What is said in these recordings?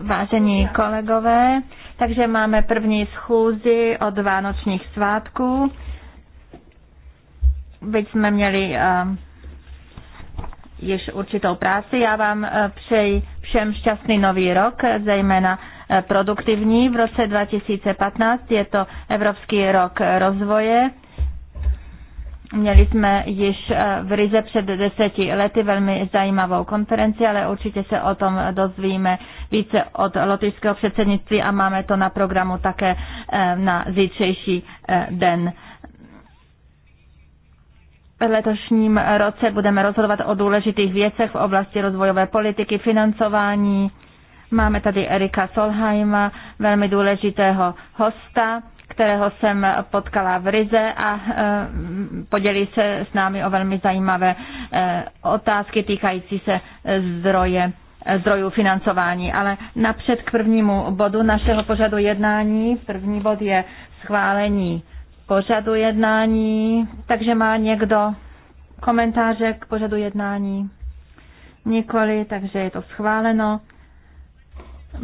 Vážení kolegové, takže máme první schůzi od vánočních svátků. Byť jsme měli uh, již určitou práci, já vám uh, přeji všem šťastný nový rok, zejména eh, produktivní. V roce 2015 je to Evropský rok rozvoje Měli jsme již eh, v Rize před deseti lety velmi zajímavou konferenci, ale určitě se o tom dozvíme více od lotyšského předsednictví a máme to na programu také eh, na zítřejší eh, den. V letošním roce budeme rozhodovat o důležitých věcech v oblasti rozvojové politiky, financování. Máme tady Erika Solheima, velmi důležitého hosta kterého jsem potkala v Rize a e, podělí se s námi o velmi zajímavé e, otázky týkající se zdroje zdrojů financování. Ale napřed k prvnímu bodu našeho pořadu jednání. První bod je schválení pořadu jednání. Takže má někdo komentáře k pořadu jednání? Nikoli, takže je to schváleno.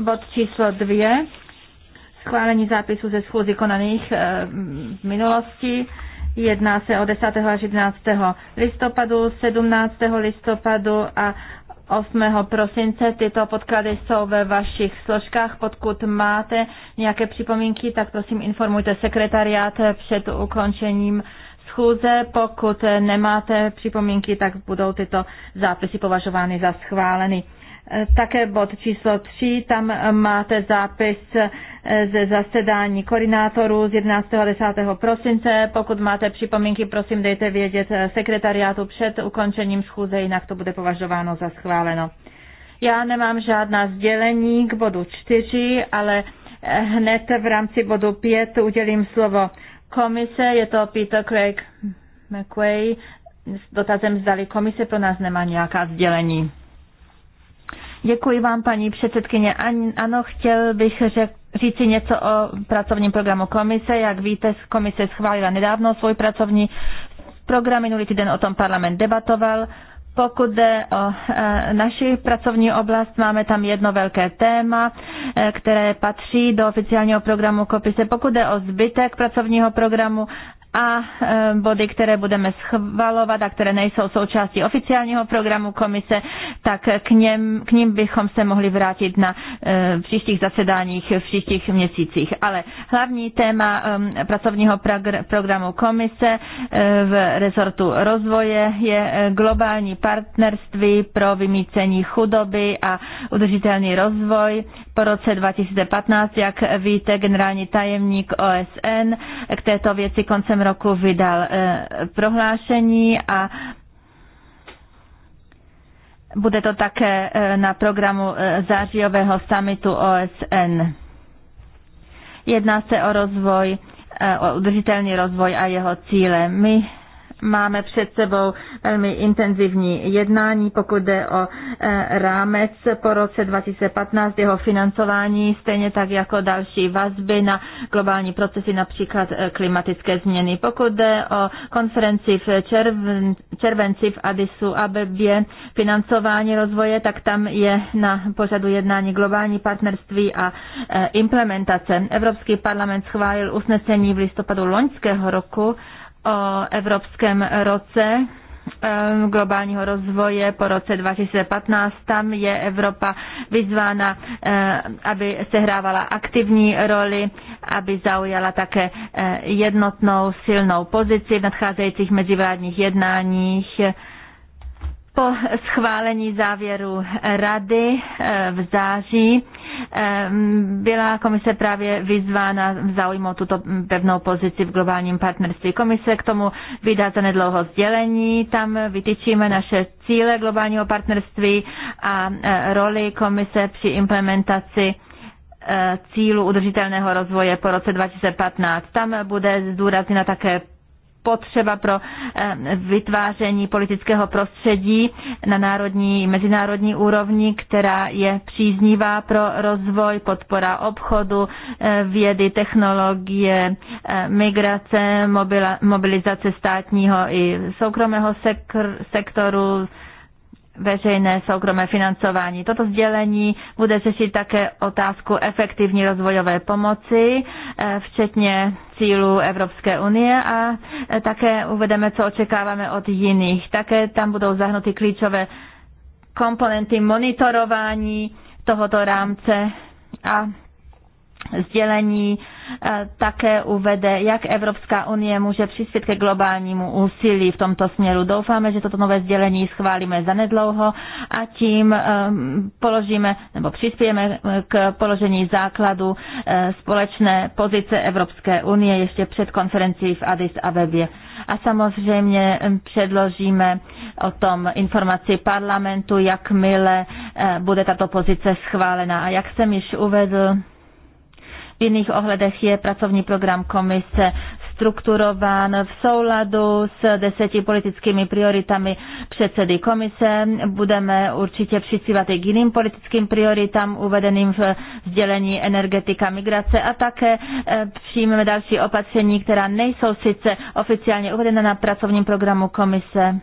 Bod číslo dvě schválení zápisu ze schůzí konaných eh, v minulosti. Jedná se o 10. až 11. listopadu, 17. listopadu a 8. prosince. Tyto podklady jsou ve vašich složkách. Pokud máte nějaké připomínky, tak prosím informujte sekretariát před ukončením schůze. Pokud nemáte připomínky, tak budou tyto zápisy považovány za schváleny. Také bod číslo 3, tam máte zápis eh, ze zasedání koordinátorů z 11. a 10. prosince. Pokud máte připomínky, prosím dejte vědět eh, sekretariátu před ukončením schůze, jinak to bude považováno za schváleno. Já nemám žádná sdělení k bodu 4, ale eh, hned v rámci bodu 5 udělím slovo komise. Je to Peter Craig McQuay s dotazem, zdali komise pro nás nemá nějaká sdělení. Děkuji vám, paní předsedkyně. Ano, chtěl bych řek, říci něco o pracovním programu komise. Jak víte, komise schválila nedávno svůj pracovní program. Minulý týden o tom parlament debatoval. Pokud jde o eh, naši pracovní oblast, máme tam jedno velké téma, eh, které patří do oficiálního programu Komise. Pokud jde o zbytek pracovního programu, a e, body, které budeme schvalovat a které nejsou součástí oficiálního programu komise, tak k, něm, k ním bychom se mohli vrátit na e, příštích zasedáních v příštích měsících. Ale hlavní téma e, pracovního programu komise v rezortu rozvoje je globální partnerství pro vymícení chudoby a udržitelný rozvoj po roce 2015, jak víte, generální tajemník OSN k této věci koncem roku vydal eh, prohlášení a bude to také eh, na programu eh, zářijového samitu OSN. Jedná se o rozvoj, o udržitelný rozvoj a jeho cíle. My Máme před sebou velmi intenzivní jednání, pokud jde o eh, rámec po roce 2015, jeho financování, stejně tak jako další vazby na globální procesy, například eh, klimatické změny. Pokud jde o konferenci v červenci v Addisu Abebě financování rozvoje, tak tam je na pořadu jednání globální partnerství a eh, implementace. Evropský parlament schválil usnesení v listopadu loňského roku o Evropském roce globálního rozvoje po roce 2015. Tam je Evropa vyzvána, aby sehrávala aktivní roli, aby zaujala také jednotnou silnou pozici v nadcházejících mezivládních jednáních po schválení závěru rady eh, v září eh, byla komise právě vyzvána zaujmout tuto pevnou pozici v globálním partnerství. Komise k tomu vydá zanedlouho sdělení, tam vytyčíme naše cíle globálního partnerství a eh, roli komise při implementaci cílu udržitelného rozvoje po roce 2015. Tam bude zdůrazněna také potřeba pro eh, vytváření politického prostředí na národní mezinárodní úrovni, která je příznivá pro rozvoj, podpora obchodu, eh, vědy, technologie, eh, migrace, mobilizace státního i soukromého sektoru, veřejné soukromé financování. Toto sdělení bude řešit také otázku efektivní rozvojové pomoci, eh, včetně cílů Evropské unie a eh, také uvedeme, co očekáváme od jiných. Také tam budou zahnuty klíčové komponenty monitorování tohoto rámce a sdělení eh, také uvede, jak Evropská unie může přispět ke globálnímu úsilí v tomto směru. Doufáme, že toto nové sdělení schválíme zanedlouho a tím eh, položíme nebo přispějeme eh, k položení základu společné pozice Evropské unie ještě před konferencí v Addis Abebě. A samozřejmě předložíme o tom informaci parlamentu, jakmile bude tato pozice schválena. A jak jsem již uvedl, v jiných ohledech je pracovní program komise strukturován v souladu s deseti politickými prioritami předsedy komise. Budeme určitě přispívat i k jiným politickým prioritám uvedeným v sdělení energetika migrace a také eh, přijmeme další opatření, která nejsou sice oficiálně uvedena na pracovním programu komise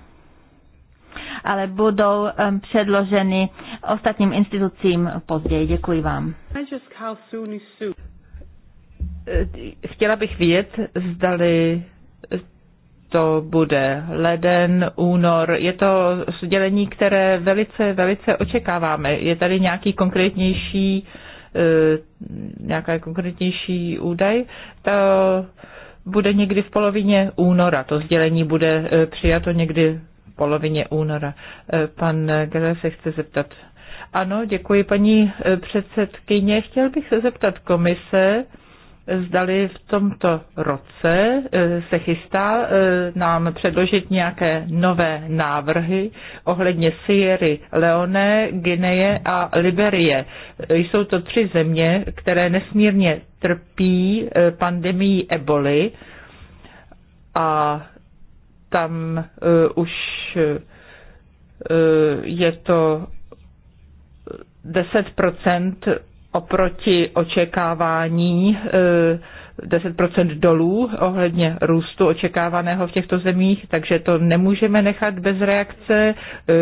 ale budou eh, předloženy ostatním institucím později. Děkuji vám chtěla bych vědět, zdali to bude leden, únor. Je to sdělení, které velice, velice očekáváme. Je tady nějaký konkrétnější, eh, nějaká konkrétnější údaj? To bude někdy v polovině února. To sdělení bude eh, přijato někdy v polovině února. Eh, pan Gele se chce zeptat. Ano, děkuji paní předsedkyně. Chtěl bych se zeptat komise, zdali v tomto roce eh, se chystá eh, nám předložit nějaké nové návrhy ohledně Sierry Leone, Gineje a Liberie. Eh, jsou to tři země, které nesmírně trpí pandemii eboli a tam už je to 10 oproti očekávání 10% eh, dolů ohledně růstu očekávaného v těchto zemích, takže to nemůžeme nechat bez reakce. Eh,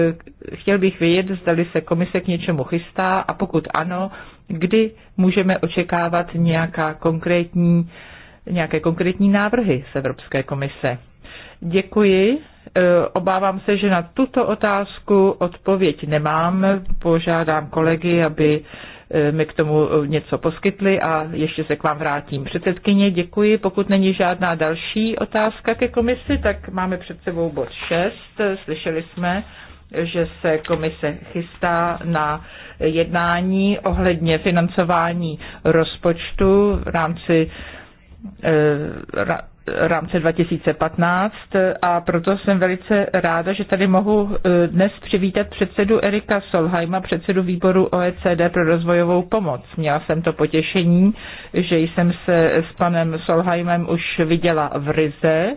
chtěl bych vědět, zdali se komise k něčemu chystá a pokud ano, kdy můžeme očekávat nějaká konkrétní, nějaké konkrétní návrhy z Evropské komise. Děkuji. E, obávám se, že na tuto otázku odpověď nemám. Požádám kolegy, aby e, mi k tomu něco poskytli a ještě se k vám vrátím. Předsedkyně, děkuji. Pokud není žádná další otázka ke komisi, tak máme před sebou bod 6. Slyšeli jsme, že se komise chystá na jednání ohledně financování rozpočtu v rámci e, rámce 2015 a proto jsem velice ráda, že tady mohu eh, dnes přivítat předsedu Erika Solheima, předsedu výboru OECD pro rozvojovou pomoc. Měla jsem to potěšení, že jsem se s panem Solheimem už viděla v Rize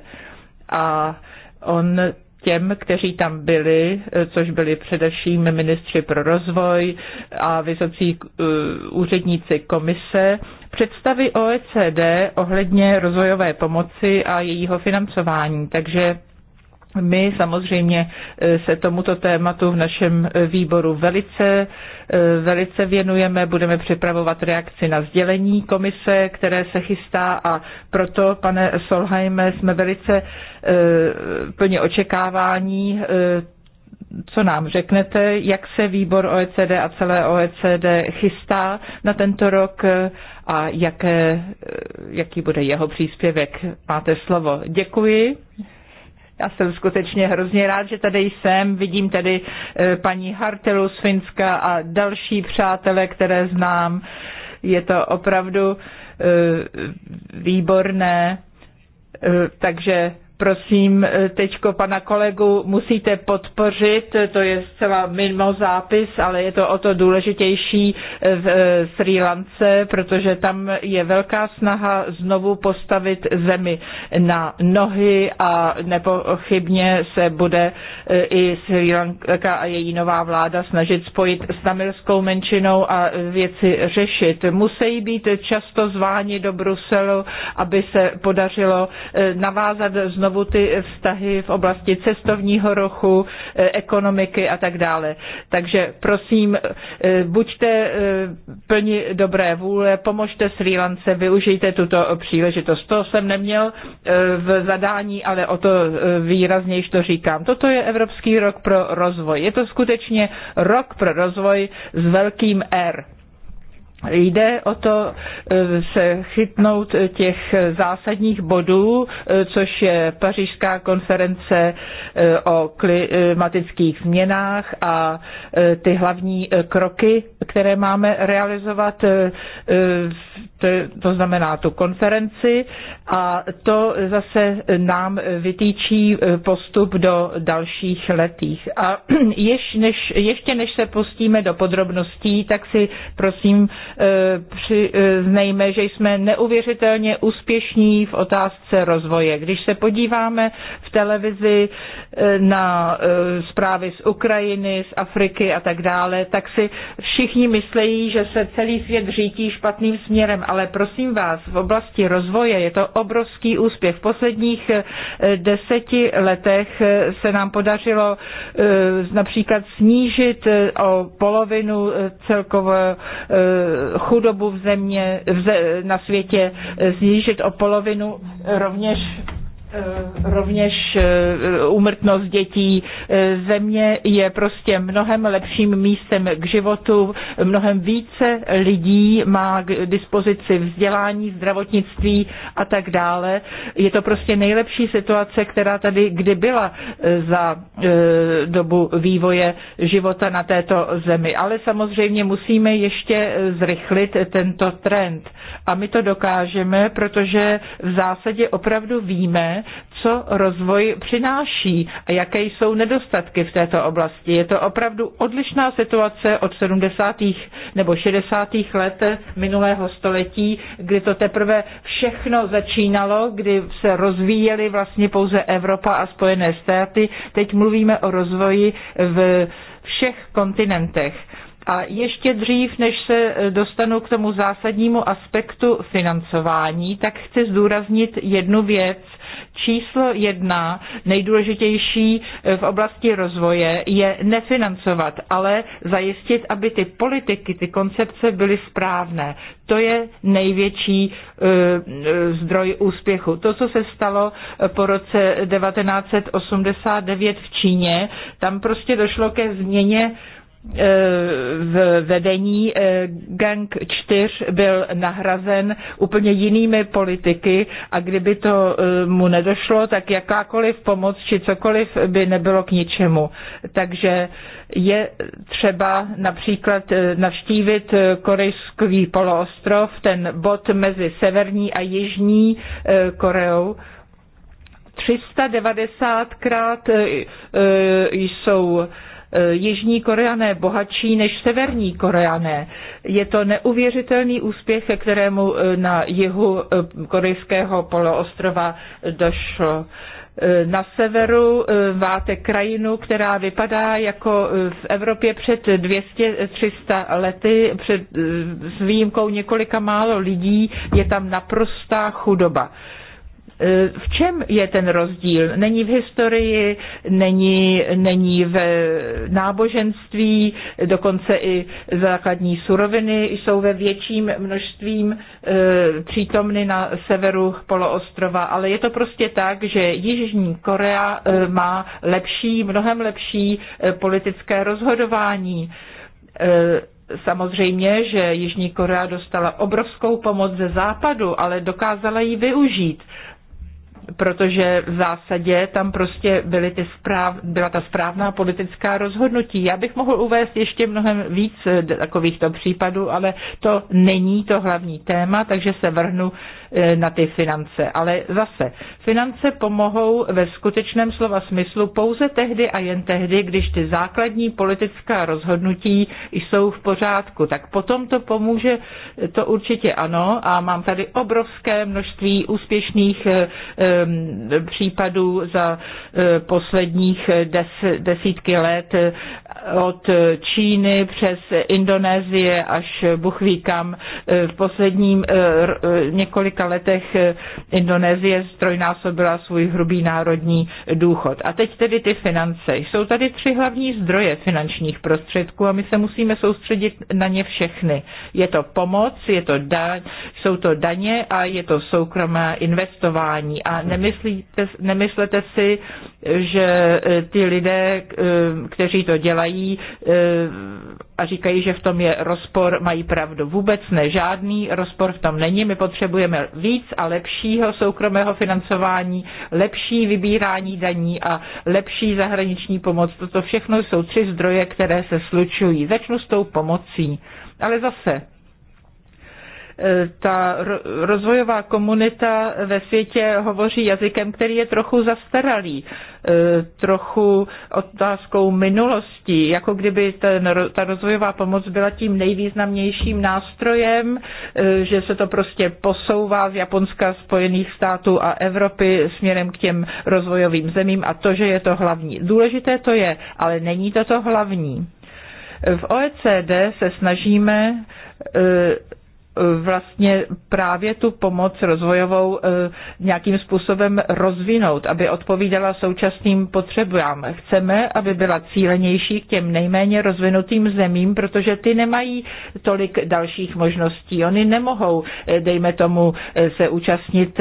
a on těm, kteří tam byli, eh, což byli především ministři pro rozvoj a vysocí eh, úředníci komise, představy OECD ohledně rozvojové pomoci a jejího financování. Takže my samozřejmě e, se tomuto tématu v našem e, výboru velice, e, velice věnujeme, budeme připravovat reakci na sdělení komise, které se chystá a proto, pane Solheime, jsme velice plně očekávání co nám řeknete, jak se výbor OECD a celé OECD chystá na tento rok a jaké, jaký bude jeho příspěvek. Máte slovo. Děkuji. Já jsem skutečně hrozně rád, že tady jsem. Vidím tady eh, paní Hartelu z Finska a další přátele, které znám. Je to opravdu eh, výborné. Eh, takže Prosím, eh, teďko pana kolegu musíte podpořit, to je zcela mimo zápis, ale je to o to důležitější eh, v eh, Sri Lance, protože tam je velká snaha znovu postavit zemi na nohy a nepochybně se bude i Sri Lanka a její nová vláda snažit spojit s tamilskou menšinou a věci řešit. Musí být často zváni do Bruselu, aby se podařilo navázat znovu znovu ty vztahy v oblasti cestovního rochu, e, ekonomiky a tak dále. Takže prosím, e, buďte e, plni dobré vůle, pomožte Sri Lance, využijte tuto příležitost. To jsem neměl v zadání, ale o to výrazněji to říkám. Toto je Evropský rok pro rozvoj. Je to skutečně rok pro rozvoj s velkým R. Jde o to e, se chytnout těch zásadních bodů, e, což je pařížská konference e, o klimatických změnách a ty hlavní kroky, které máme realizovat, to znamená tu konferenci a to zase nám vytýčí postup do dalších letých. A ještě než, se pustíme do podrobností, tak si prosím Eh, přiznejme, že jsme neuvěřitelně úspěšní v otázce rozvoje. Když se podíváme v televizi eh, na eh, zprávy z Ukrajiny, z Afriky a tak dále, tak si všichni myslejí, že se celý svět řítí špatným směrem, ale prosím vás, v oblasti rozvoje je to obrovský úspěch. V posledních deseti letech se nám podařilo například snížit o polovinu celkové chudobu v země, v, na světě e, snížit o polovinu, rovněž Eh, rovněž eh, úmrtnost dětí. Eh, země je prostě mnohem lepším místem k životu, mnohem více lidí má k dispozici vzdělání, zdravotnictví a tak dále. Je to prostě nejlepší situace, která tady kdy byla za dobu vývoje života na této zemi. Ale samozřejmě musíme ještě zrychlit tento trend. A my to dokážeme, protože v zásadě opravdu víme, co rozvoj přináší a jaké jsou nedostatky v této oblasti. Je to opravdu odlišná situace od 70. nebo 60. let minulého století, kdy to teprve všechno začínalo, kdy se rozvíjely vlastně pouze Evropa a Spojené státy. Teď mluvíme o rozvoji v všech kontinentech. A ještě dřív, než se dostanu k tomu zásadnímu aspektu financování, tak chci zdůraznit jednu věc číslo jedna nejdůležitější eh, v oblasti rozvoje je nefinancovat, ale zajistit, aby ty politiky, ty koncepce byly správné. To je největší eh, eh, zdroj úspěchu. To, co se stalo po roce 1989 v Číně, tam prostě došlo ke změně Eh, v vedení eh, Gang 4 byl nahrazen úplně jinými politiky a kdyby to eh, mu nedošlo, tak jakákoliv pomoc či cokoliv by nebylo k ničemu. Takže je třeba například navštívit korejský poloostrov, ten bod mezi severní a jižní Koreou, 390krát jsou E, Jižní Koreané bohatší než Severní Koreané. Je to neuvěřitelný úspěch, ke kterému e, na jihu e, korejského poloostrova došlo na severu máte krajinu, která vypadá jako v Evropě před 200-300 lety, před, s výjimkou několika málo lidí, je tam naprostá chudoba. V čem je ten rozdíl? Není v historii, není, není v náboženství, dokonce i základní suroviny jsou ve větším množstvím eh, přítomny na severu poloostrova, ale je to prostě tak, že Jižní Korea eh, má lepší, mnohem lepší eh, politické rozhodování samozřejmě, že Jižní Korea dostala obrovskou pomoc ze západu, ale dokázala ji využít protože v zásadě tam prostě byly ty správ, byla ta správná politická rozhodnutí. Já bych mohl uvést ještě mnohem víc takovýchto případů, ale to není to hlavní téma, takže se vrhnu Eh, na ty finance. Ale zase, finance pomohou ve skutečném slova smyslu pouze tehdy a jen tehdy, když ty základní politická rozhodnutí jsou v pořádku. Tak potom to pomůže, to určitě ano. A mám tady obrovské množství úspěšných eh, eh, případů za posledních des, desítky let od Číny přes Indonésie až Buchvíkam v posledním několika několika letech eh, Indonésie strojnásobila svůj hrubý národní důchod. A teď tedy ty finance. Jsou tady tři hlavní zdroje finančních prostředků a my se musíme soustředit na ně všechny. Je to pomoc, je to da, jsou to daně a je to soukromé investování. A nemyslíte, nemyslete si, že eh, ty lidé, eh, kteří to dělají eh, a říkají, že v tom je rozpor, mají pravdu. Vůbec ne, žádný rozpor v tom není. My potřebujeme víc a lepšího soukromého financování, lepší vybírání daní a lepší zahraniční pomoc. Toto všechno jsou tři zdroje, které se slučují. Začnu s tou pomocí. Ale zase, ta rozvojová komunita ve světě hovoří jazykem, který je trochu zastaralý, e, trochu otázkou minulosti, jako kdyby ten, ta rozvojová pomoc byla tím nejvýznamnějším nástrojem, e, že se to prostě posouvá z Japonska, Spojených států a Evropy směrem k těm rozvojovým zemím a to, že je to hlavní. Důležité to je, ale není to to hlavní. V OECD se snažíme e, vlastně právě tu pomoc rozvojovou eh, nějakým způsobem rozvinout, aby odpovídala současným potřebám. Chceme, aby byla cílenější k těm nejméně rozvinutým zemím, protože ty nemají tolik dalších možností. Oni nemohou, eh, dejme tomu, eh, se účastnit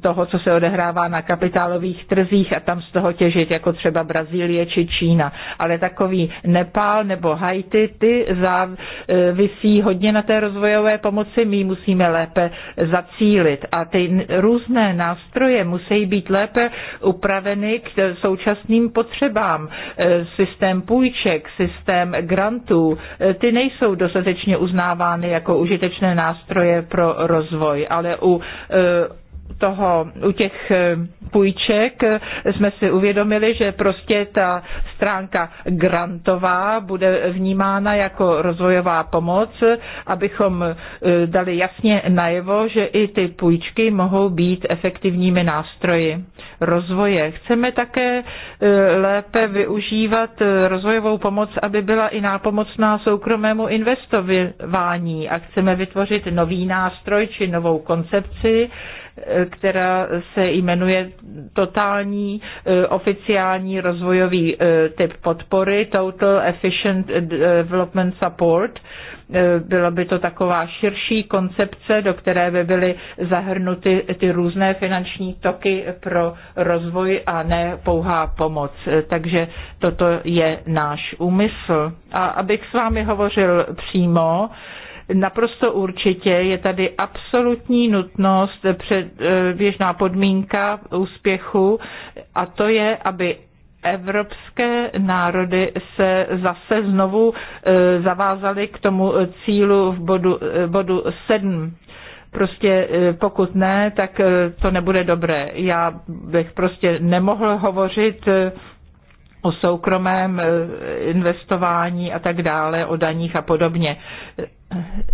toho, co se odehrává na kapitálových trzích a tam z toho těžit, jako třeba Brazílie či Čína. Ale takový Nepál nebo Haiti, ty závisí hodně na té rozvojové pomoci pomoci, my musíme lépe zacílit. A ty různé nástroje musí být lépe upraveny k současným potřebám. E, systém půjček, systém grantů, e, ty nejsou dostatečně uznávány jako užitečné nástroje pro rozvoj, ale u e, toho, u těch eh, půjček eh, jsme si uvědomili, že prostě ta stránka grantová bude vnímána jako rozvojová pomoc, abychom eh, dali jasně najevo, že i ty půjčky mohou být efektivními nástroji rozvoje. Chceme také lépe využívat rozvojovou pomoc, aby byla i nápomocná soukromému investování a chceme vytvořit nový nástroj či novou koncepci, která se jmenuje totální eh, oficiální rozvojový eh, typ podpory, Total Efficient eh, Development Support. Byla by to taková širší koncepce, do které by byly zahrnuty ty různé finanční toky pro rozvoj a ne pouhá pomoc. Takže toto je náš úmysl. A abych s vámi hovořil přímo, Naprosto určitě je tady absolutní nutnost, eh, běžná podmínka úspěchu a to je, aby evropské národy se zase znovu eh, zavázaly k tomu cílu v bodu, eh, bodu 7 prostě pokud ne, tak to nebude dobré. Já bych prostě nemohl hovořit o soukromém investování a tak dále, o daních a podobně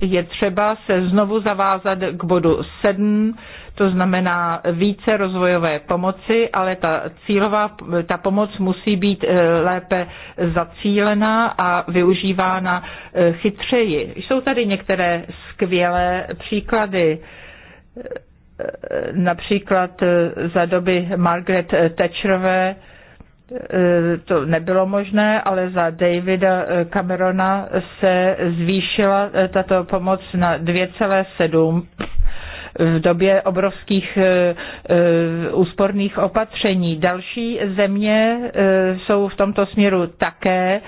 je třeba se znovu zavázat k bodu 7, to znamená více rozvojové pomoci, ale ta cílová, ta pomoc musí být eh, lépe zacílená a využívána eh, chytřeji. Jsou tady některé skvělé příklady eh, například za doby Margaret Thatcherové Eh, to nebylo možné, ale za Davida eh, Camerona se zvýšila eh, tato pomoc na 2,7 v době obrovských úsporných opatření. Další země jsou v tomto směru také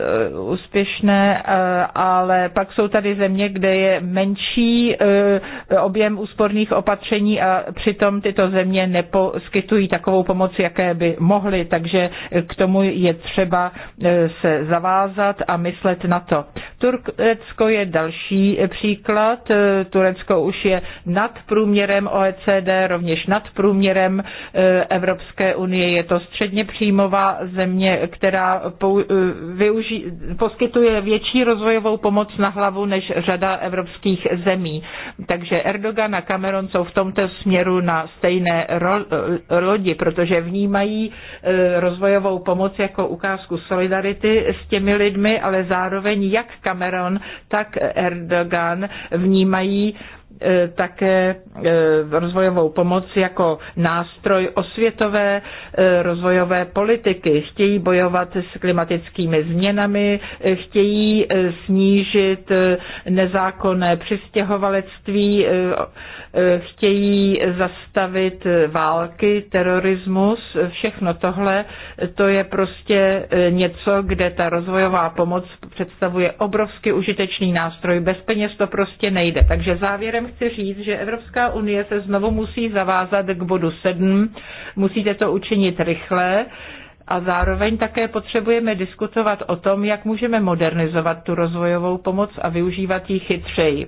Eh, úspěšné, eh, ale pak jsou tady země, kde je menší eh, objem úsporných opatření a přitom tyto země neposkytují takovou pomoc, jaké by mohly, takže k tomu je třeba se zavázat a myslet na to. Turecko je další příklad. Turecko už je nad průměrem OECD, rovněž nad průměrem Evropské unie. Je to středně příjmová země, která vy využí, poskytuje větší rozvojovou pomoc na hlavu než řada evropských zemí. Takže Erdogan a Cameron jsou v tomto směru na stejné ro, lodi, protože vnímají e, rozvojovou pomoc jako ukázku solidarity s těmi lidmi, ale zároveň jak Cameron, tak Erdogan vnímají E, také e, rozvojovou pomoc jako nástroj osvětové e, rozvojové politiky. Chtějí bojovat s klimatickými změnami, chtějí snížit nezákonné přistěhovalectví, Eh, chtějí zastavit eh, války, terorismus, eh, všechno tohle, to je prostě něco, kde ta rozvojová pomoc představuje obrovsky užitečný nástroj. Bez peněz to prostě nejde. Takže závěrem chci říct, že Evropská unie se znovu musí zavázat k bodu 7. Musíte to učinit rychle a zároveň také potřebujeme diskutovat o tom, jak můžeme modernizovat tu rozvojovou pomoc a využívat ji chytřeji.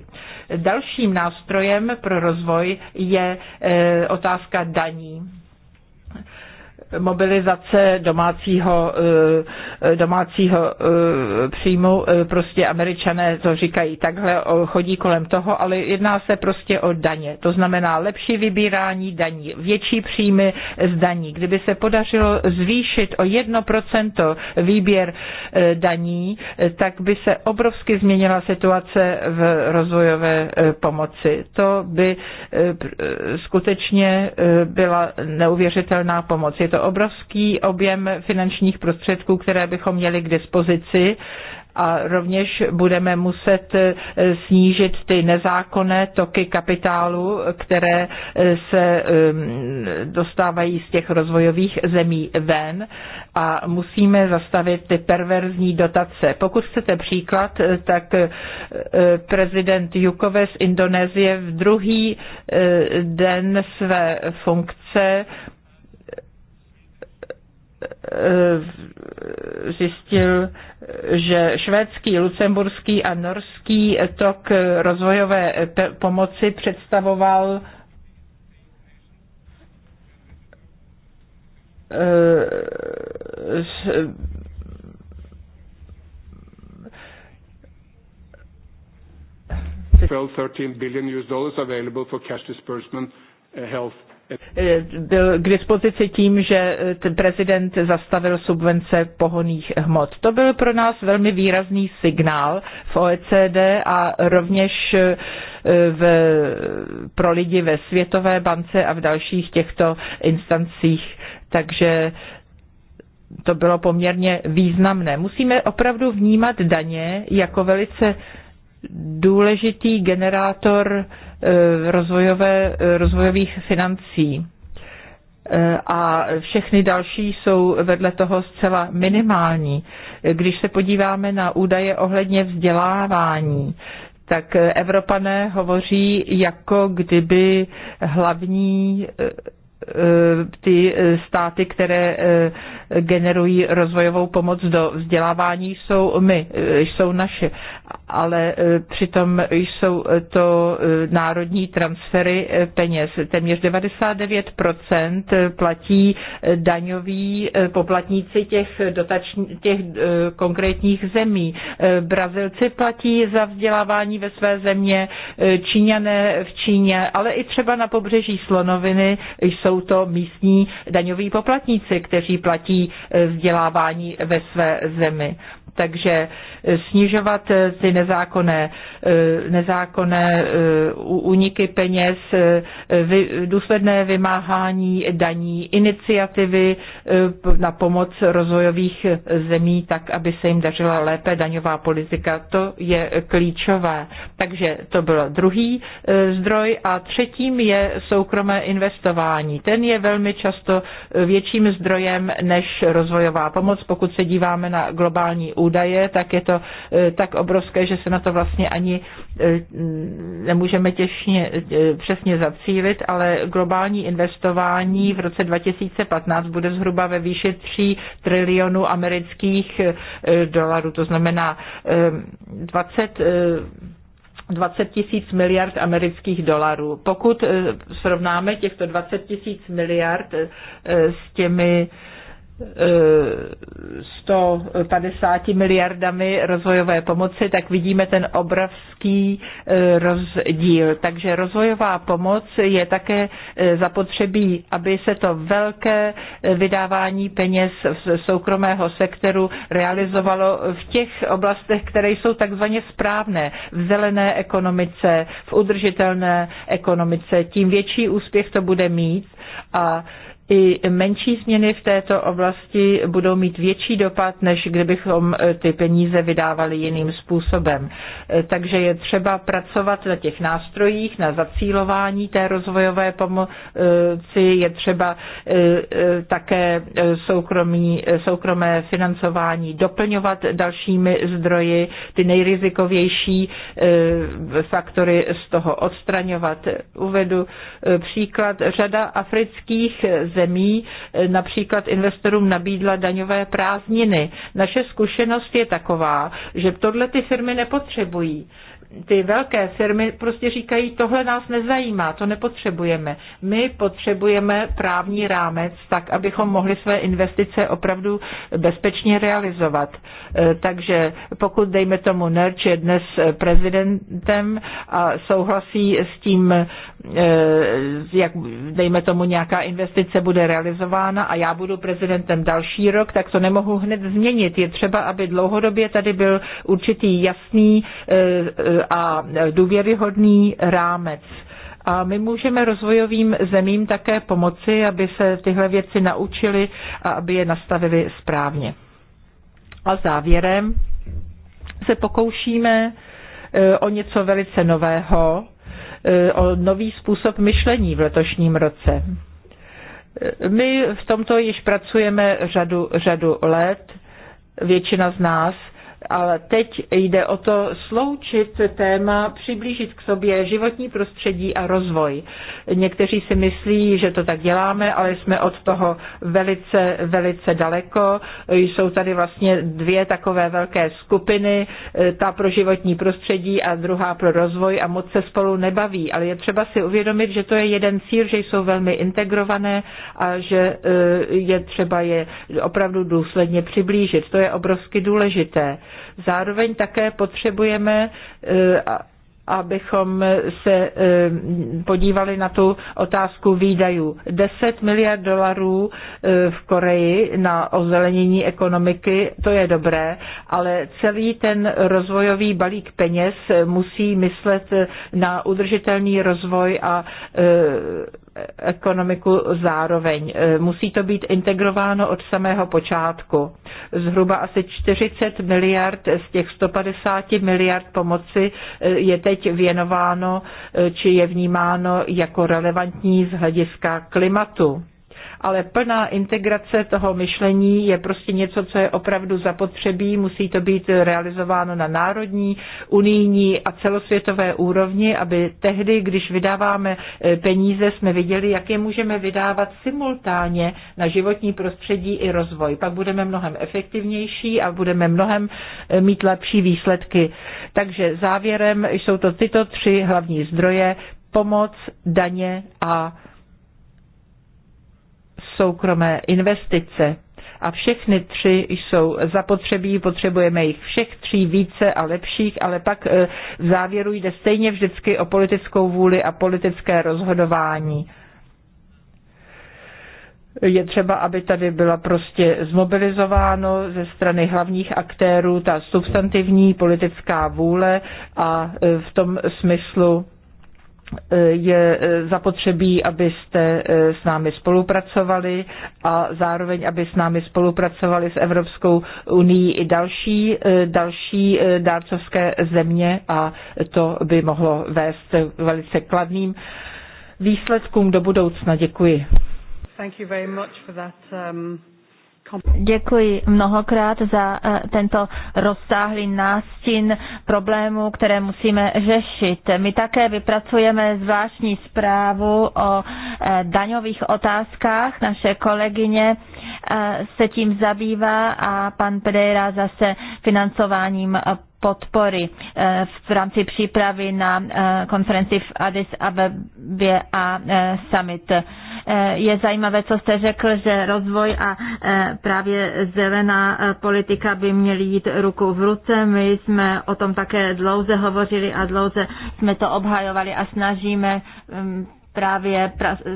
Dalším nástrojem pro rozvoj je eh, otázka daní mobilizace domácího, eh, domácího eh, příjmu. Eh, prostě američané to říkají takhle, chodí kolem toho, ale jedná se prostě o daně. To znamená lepší vybírání daní, větší příjmy z daní. Kdyby se podařilo zvýšit o 1% výběr daní, tak by se obrovsky změnila situace v rozvojové pomoci. To by skutečně byla neuvěřitelná pomoc. Je to obrovský objem finančních prostředků, které bychom měli k dispozici a rovněž budeme muset eh, snížit ty nezákonné toky kapitálu, které eh, se ehm, dostávají z těch rozvojových zemí ven a musíme zastavit ty perverzní dotace. Pokud chcete příklad, eh, tak prezident Jukové z Indonésie v druhý den své funkce Eh, zjistil, že švédský, lucemburský a norský tok rozvojové eh, pomoci představoval uh, eh, $12-13 billion US dollars available for cash disbursement, uh, health Eh, byl k dispozici tím, že eh, prezident zastavil subvence pohoných hmot. To byl pro nás velmi výrazný signál v OECD a rovněž eh, v, pro lidi ve Světové bance a v dalších těchto instancích. Takže to bylo poměrně významné. Musíme opravdu vnímat daně jako velice důležitý generátor eh, rozvojové, eh, rozvojových financí eh, a všechny další jsou vedle toho zcela minimální. Když se podíváme na údaje ohledně vzdělávání, tak Evropané hovoří jako kdyby hlavní ty státy, které generují rozvojovou pomoc do vzdělávání, jsou my, jsou naše ale e, přitom jsou to e, národní transfery e, peněz. Téměř 99% platí daňoví poplatníci těch, dotační, těch konkrétních zemí. Brazilci platí za vzdělávání ve své země, Číňané v Číně, ale i třeba na pobřeží Slonoviny jsou to místní daňoví poplatníci, kteří platí vzdělávání ve své zemi. Takže snižovat ty nezákonné, eh, nezákonné eh, úniky peněz, eh, důsledné vymáhání daní, iniciativy na pomoc rozvojových zemí, tak aby se jim dařila lépe daňová politika. To je klíčové. Takže to byl druhý zdroj a třetím je soukromé investování. Ten je velmi často větším zdrojem než rozvojová pomoc. Pokud se díváme na globální údaje, tak je to tak obrovské obrovské, že se na to vlastně ani e, nemůžeme těžně, e, přesně zacílit, ale globální investování v roce 2015 bude zhruba ve výši 3 trilionů amerických e, dolarů, to znamená 20 20 tisíc miliard amerických dolarů. Pokud srovnáme těchto 20 tisíc miliard s těmi 150 miliardami rozvojové pomoci, tak vidíme ten obrovský e, rozdíl. Takže rozvojová pomoc je také e, zapotřebí, aby se to velké e, vydávání peněz z soukromého sektoru realizovalo v těch oblastech, které jsou takzvaně správné, v zelené ekonomice, v udržitelné ekonomice. Tím větší úspěch to bude mít a i menší změny v této oblasti budou mít větší dopad, než kdybychom eh, ty peníze vydávali jiným způsobem. Eh, takže je třeba pracovat na těch nástrojích, na zacílování té rozvojové pomoci, je třeba eh, také soukromí, soukromé financování doplňovat dalšími zdroji, ty nejrizikovější faktory z toho odstraňovat. Uvedu příklad řada afrických zemí, zemí e, například investorům nabídla daňové prázdniny. Naše zkušenost je taková, že tohle ty firmy nepotřebují ty velké firmy prostě říkají, tohle nás nezajímá, to nepotřebujeme. My potřebujeme právní rámec, tak abychom mohli své investice opravdu bezpečně realizovat. E, takže pokud, dejme tomu, NERČ je dnes prezidentem a souhlasí s tím, e, jak, dejme tomu, nějaká investice bude realizována a já budu prezidentem další rok, tak to nemohu hned změnit. Je třeba, aby dlouhodobě tady byl určitý jasný e, a důvěryhodný rámec. A my můžeme rozvojovým zemím také pomoci, aby se tyhle věci naučili a aby je nastavili správně. A závěrem se pokoušíme e, o něco velice nového, e, o nový způsob myšlení v letošním roce. E, my v tomto již pracujeme řadu, řadu let, většina z nás ale teď jde o to sloučit téma, přiblížit k sobě životní prostředí a rozvoj. Někteří si myslí, že to tak děláme, ale jsme od toho velice, velice daleko. Jsou tady vlastně dvě takové velké skupiny, eh, ta pro životní prostředí a druhá pro rozvoj a moc se spolu nebaví. Ale je třeba si uvědomit, že to je jeden cíl, že jsou velmi integrované a že eh, je třeba je opravdu důsledně přiblížit. To je obrovsky důležité Zároveň také potřebujeme, eh, abychom se eh, podívali na tu otázku výdajů. 10 miliard dolarů eh, v Koreji na ozelenění ekonomiky, to je dobré, ale celý ten rozvojový balík peněz musí myslet na udržitelný rozvoj a ekonomiku zároveň. E, musí to být integrováno od samého počátku. Zhruba asi 40 miliard z těch 150 miliard pomoci e, je teď věnováno e, či je vnímáno jako relevantní z hlediska klimatu ale plná integrace toho myšlení je prostě něco, co je opravdu zapotřebí, musí to být realizováno na národní, unijní a celosvětové úrovni, aby tehdy, když vydáváme e, peníze, jsme viděli, jak je můžeme vydávat simultánně na životní prostředí i rozvoj. Pak budeme mnohem efektivnější a budeme mnohem e, mít lepší výsledky. Takže závěrem jsou to tyto tři hlavní zdroje, pomoc, daně a soukromé investice. A všechny tři jsou zapotřebí, potřebujeme jich všech tří více a lepších, ale pak e, v závěru jde stejně vždycky o politickou vůli a politické rozhodování je třeba, aby tady byla prostě zmobilizováno ze strany hlavních aktérů ta substantivní politická vůle a e, v tom smyslu je e, zapotřebí, abyste e, s námi spolupracovali a zároveň, aby s námi spolupracovali s Evropskou unii i další, e, další dárcovské země a to by mohlo vést velice kladným výsledkům do budoucna. Děkuji. Thank you very much for that, um... Děkuji mnohokrát za eh, tento rozsáhlý nástin problémů, které musíme řešit. My také vypracujeme zvláštní zprávu o eh, daňových otázkách. Naše kolegyně eh, se tím zabývá a pan Pereira zase financováním podpory eh, v rámci přípravy na eh, konferenci v Addis Abebě a eh, summit. Je zajímavé, co jste řekl, že rozvoj a právě zelená politika by měly jít ruku v ruce. My jsme o tom také dlouze hovořili a dlouze jsme to obhajovali a snažíme mm, právě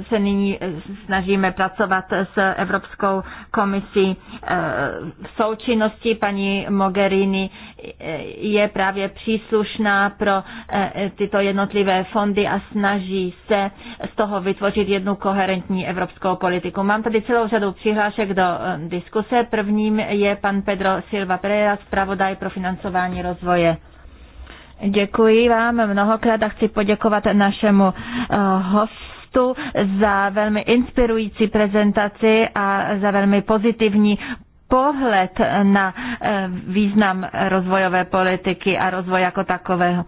se nyní eh, snažíme pracovat s Evropskou komisí eh, v součinnosti. Paní Mogherini eh, je právě příslušná pro tyto jednotlivé fondy a snaží se z toho vytvořit jednu koherentní evropskou politiku. Mám tady celou řadu přihlášek do diskuse. Prvním je pan Pedro Silva Pereira, zpravodaj pro financování rozvoje. Děkuji vám mnohokrát a chci poděkovat našemu eh, hostu za velmi inspirující prezentaci a za velmi pozitivní pohled na eh, význam rozvojové politiky a rozvoj jako takového.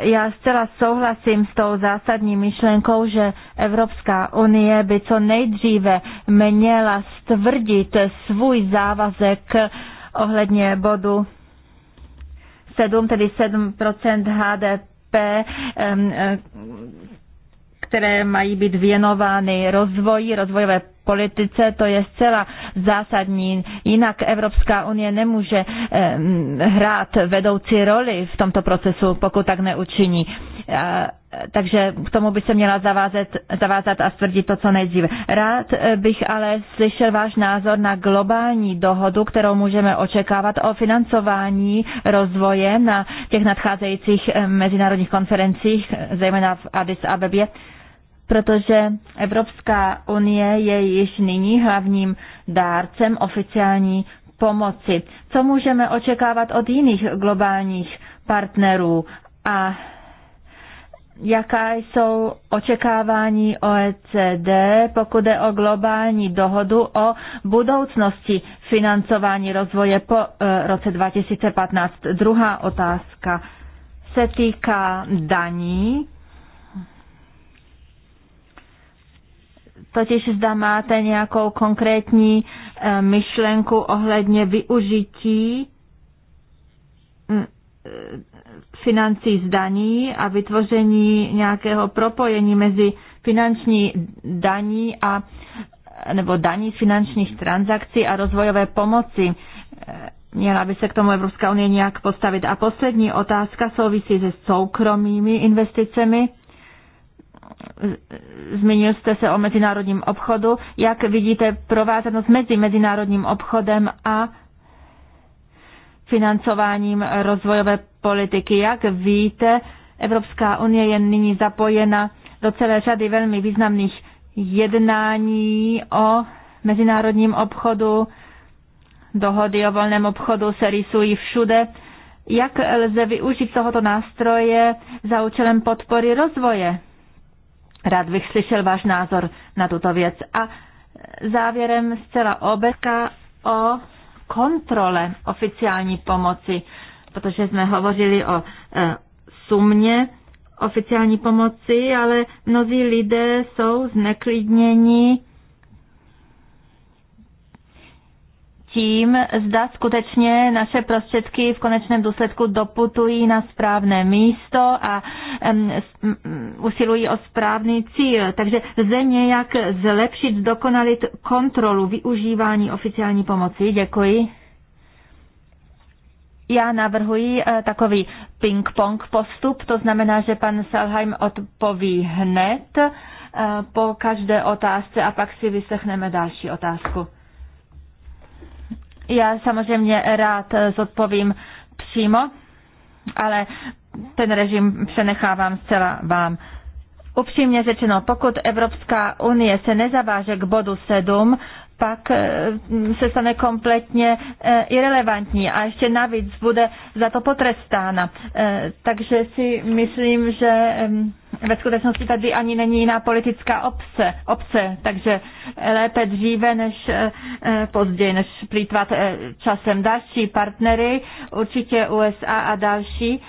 Já zcela souhlasím s tou zásadní myšlenkou, že Evropská unie by co nejdříve měla stvrdit svůj závazek ohledně bodu 7, tedy 7 HDP, e, které mají být věnovány rozvoji, rozvojové politice, to je zcela zásadní. Jinak Evropská unie nemůže hrát vedoucí roli v tomto procesu, pokud tak neučiní takže k tomu by se měla zavázet, zavázat a stvrdit to, co nejdříve. Rád eh, bych ale slyšel váš názor na globální dohodu, kterou můžeme očekávat o financování rozvoje na těch nadcházejících eh, mezinárodních konferencích, zejména v Addis Abebě, protože Evropská unie je již nyní hlavním dárcem oficiální pomoci. Co můžeme očekávat od jiných globálních partnerů a jaká jsou očekávání OECD, pokud je o globální dohodu o budoucnosti financování rozvoje po e, roce 2015. Druhá otázka se týká daní. Totiž zda máte nějakou konkrétní e, myšlenku ohledně využití financí z daní a vytvoření nějakého propojení mezi finanční daní a nebo daní z finančních transakcí a rozvojové pomoci. Měla by se k tomu Evropská unie nějak postavit. A poslední otázka souvisí se soukromými investicemi. Zmínil jste se o mezinárodním obchodu. Jak vidíte provázanost mezi mezinárodním obchodem a financováním rozvojové politiky. Jak víte, Evropská unie je nyní zapojena do celé řady velmi významných jednání o mezinárodním obchodu. Dohody o volném obchodu se rysují všude. Jak lze využít tohoto nástroje za účelem podpory rozvoje? Rád bych slyšel váš názor na tuto věc. A závěrem zcela obecka o kontrole oficiální pomoci protože jsme hovořili o e, sumě oficiální pomoci, ale mnozí lidé jsou zneklidněni tím, zda skutečně naše prostředky v konečném důsledku doputují na správné místo a um, usilují o správný cíl. Takže lze nějak zlepšit, dokonalit kontrolu využívání oficiální pomoci. Děkuji. Já navrhuji eh, takový ping-pong postup, to znamená, že pan Salheim odpoví hned eh, po každé otázce a pak si vysechneme další otázku. Já samozřejmě rád eh, zodpovím přímo, ale ten režim přenechávám zcela vám. Upřímně řečeno, pokud Evropská unie se nezaváže k bodu 7, pak eh, se stane kompletně eh, irrelevantní a ještě navíc bude za to potrestána. Eh, takže si myslím, že ve skutečnosti tady ani není jiná politická obce, obce takže lépe dříve než později, než plýtvat časem. Další partnery, určitě USA a další,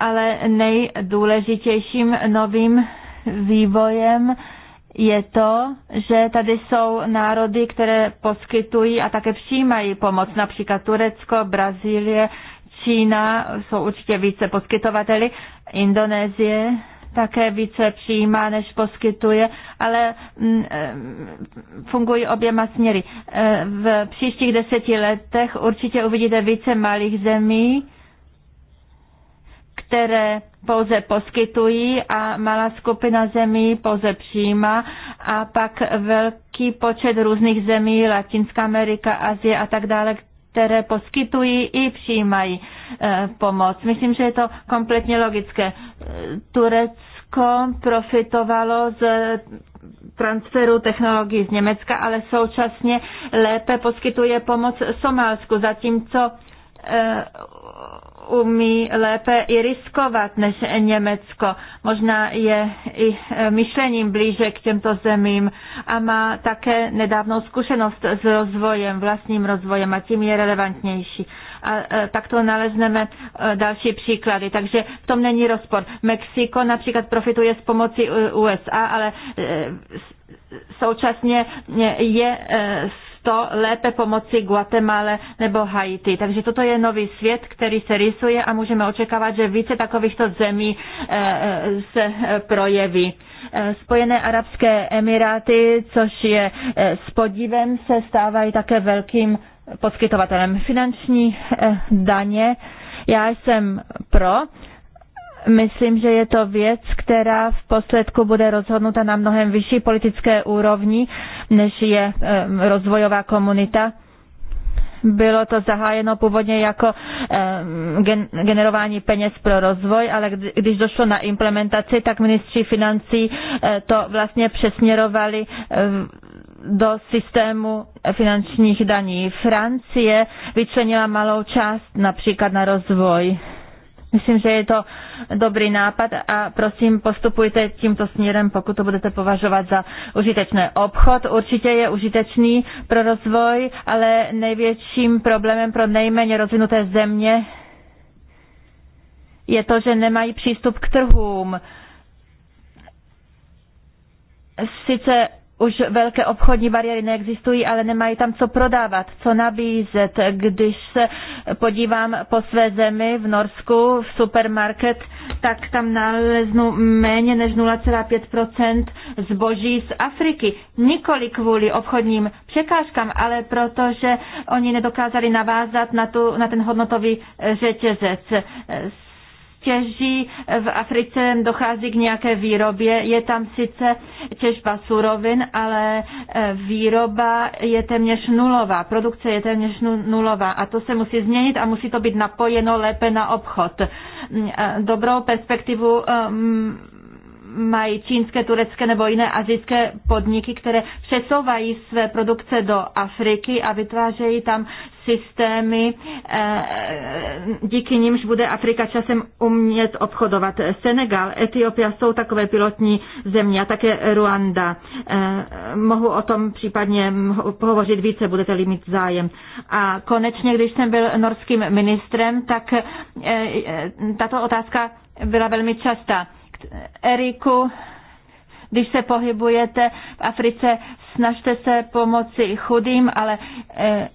ale nejdůležitějším novým vývojem je to, že tady jsou národy, které poskytují a také přijímají pomoc, například Turecko, Brazílie, Čína jsou určitě více poskytovateli, Indonésie také více přijímá, než poskytuje, ale mm, eh, fungují oběma směry. Eh, v příštích deseti letech určitě uvidíte více malých zemí, které pouze poskytují a malá skupina zemí pouze přijímá a pak velký počet různých zemí, Latinská Amerika, Asie a tak dále, které poskytují i přijímají e, pomoc. Myslím, že je to kompletně logické. Eh, Turecko profitovalo z transferu technologií z Německa, ale současně lépe poskytuje pomoc Somálsku, zatímco eh, umí lépe i riskovat než Německo. Možná je i e, myšlením blíže k těmto zemím a má také nedávnou zkušenost s rozvojem, vlastním rozvojem a tím je relevantnější. A e, to nalezneme e, další příklady. Takže v tom není rozpor. Mexiko například profituje z pomoci USA, ale současně je to lépe pomoci Guatemala nebo Haiti. Takže toto je nový svět, který se rysuje a můžeme očekávat, že více takovýchto zemí eh, eh, se projeví. Eh, Spojené arabské emiráty, což je s podívem, se stávají také velkým poskytovatelem finanční daně. Já jsem pro, Myslím, že je to věc, která v posledku bude rozhodnuta na mnohem vyšší politické úrovni, než je rozvojová komunita. Bylo to zahájeno původně jako generování peněz pro rozvoj, ale když došlo na implementaci, tak ministři financí eh, to vlastně přesměrovali do systému finančních daní. Francie vyčlenila malou část například na rozvoj Myslím, že je to dobrý nápad a prosím postupujte tímto směrem, pokud to budete považovat za užitečné. Obchod určitě je užitečný pro rozvoj, ale největším problémem pro nejméně rozvinuté země je to, že nemají přístup k trhům. Sice už velké obchodní bariéry neexistují, ale nemají tam co prodávat, co nabízet. Když se podívám po své zemi v Norsku, v supermarket, tak tam naleznu méně než 0,5% zboží z Afriky. Nikoli kvůli obchodním překážkám, ale protože oni nedokázali navázat na, tu, na ten hodnotový řetězec těží, v Africe dochází k nějaké výrobě, je tam sice těžba surovin, ale e, výroba je téměř nulová, produkce je téměř nulová a to se musí změnit a musí to být napojeno lépe na obchod. Mm, e, dobrou perspektivu e, mají čínské, turecké nebo jiné azijské podniky, které přesouvají své produkce do Afriky a vytvářejí tam systémy, eh, eh, díky nimž bude Afrika časem umět obchodovat. Senegal, Etiopia jsou takové pilotní země a také Ruanda. Eh, mohu o tom případně pohovořit více, budete-li mít zájem. A konečně, když jsem byl norským ministrem, tak tato otázka byla velmi častá Eriku, když se pohybujete v Africe, snažte se pomoci chudým, ale eh,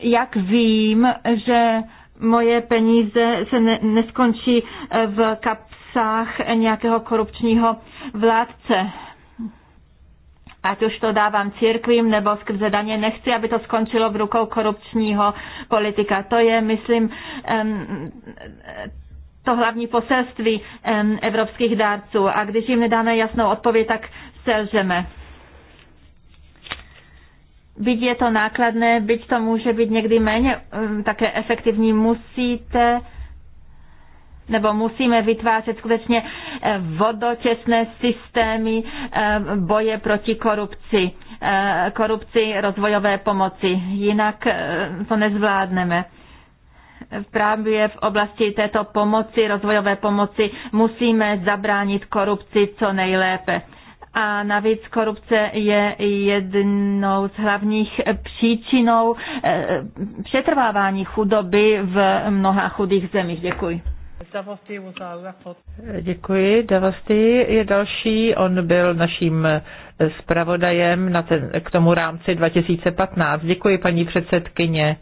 jak vím, že moje peníze se ne, neskončí eh, v kapsách nějakého korupčního vládce. Ať už to dávám církvím nebo skrze daně, nechci, aby to skončilo v rukou korupčního politika. To je, myslím, to hlavní poselství evropských dárců. A když jim nedáme jasnou odpověď, tak selžeme. Byť je to nákladné, byť to může být někdy méně také efektivní, musíte nebo musíme vytvářet skutečně eh, vodotěsné systémy eh, boje proti korupci, eh, korupci rozvojové pomoci. Jinak to nezvládneme právě v oblasti této pomoci, rozvojové pomoci, musíme zabránit korupci co nejlépe. A navíc korupce je jednou z hlavních příčinou eh, přetrvávání chudoby v mnoha chudých zemích. Děkuji. Děkuji. Davosty je další. On byl naším eh, zpravodajem na ten, k tomu rámci 2015. Děkuji, paní předsedkyně.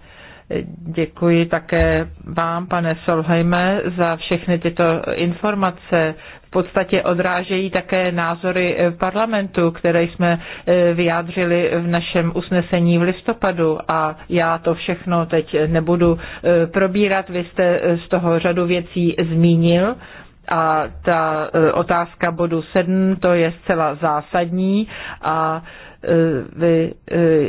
Děkuji také vám, pane Solheime, za všechny tyto informace. V podstatě odrážejí také názory parlamentu, které jsme eh, vyjádřili v našem usnesení v listopadu a já to všechno teď nebudu eh, probírat. Vy jste eh, z toho řadu věcí zmínil a ta otázka bodu 7, to je zcela zásadní a Eh, vy eh,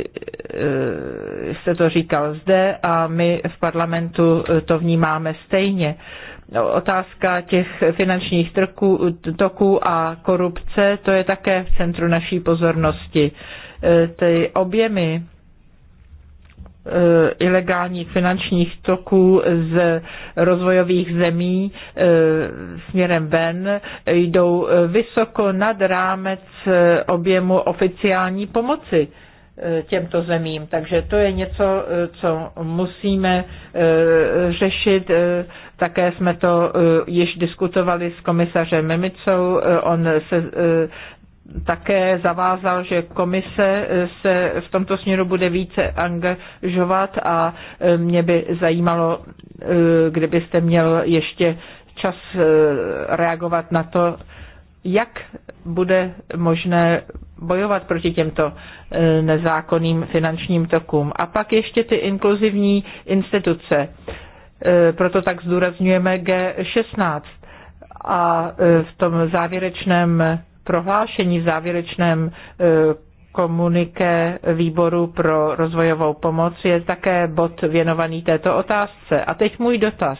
eh, jste to říkal zde a my v parlamentu to vnímáme stejně. Otázka těch finančních toků a korupce, to je také v centru naší pozornosti. Ty objemy Eh, ilegálních finančních toků z rozvojových zemí eh, směrem ven jdou eh, vysoko nad rámec objemu oficiální pomoci těmto zemím. Takže to je něco, co musíme řešit. Také jsme to již diskutovali s komisařem Mimicou. On se také zavázal, že komise se v tomto směru bude více angažovat a e, mě by zajímalo, e, kdybyste měl ještě čas e, reagovat na to, jak bude možné bojovat proti těmto nezákonným finančním tokům. A pak ještě ty inkluzivní instituce. Proto tak zdůrazňujeme G16. A v tom závěrečném prohlášení v závěrečném e, komuniké výboru pro rozvojovou pomoc je také bod věnovaný této otázce. A teď můj dotaz.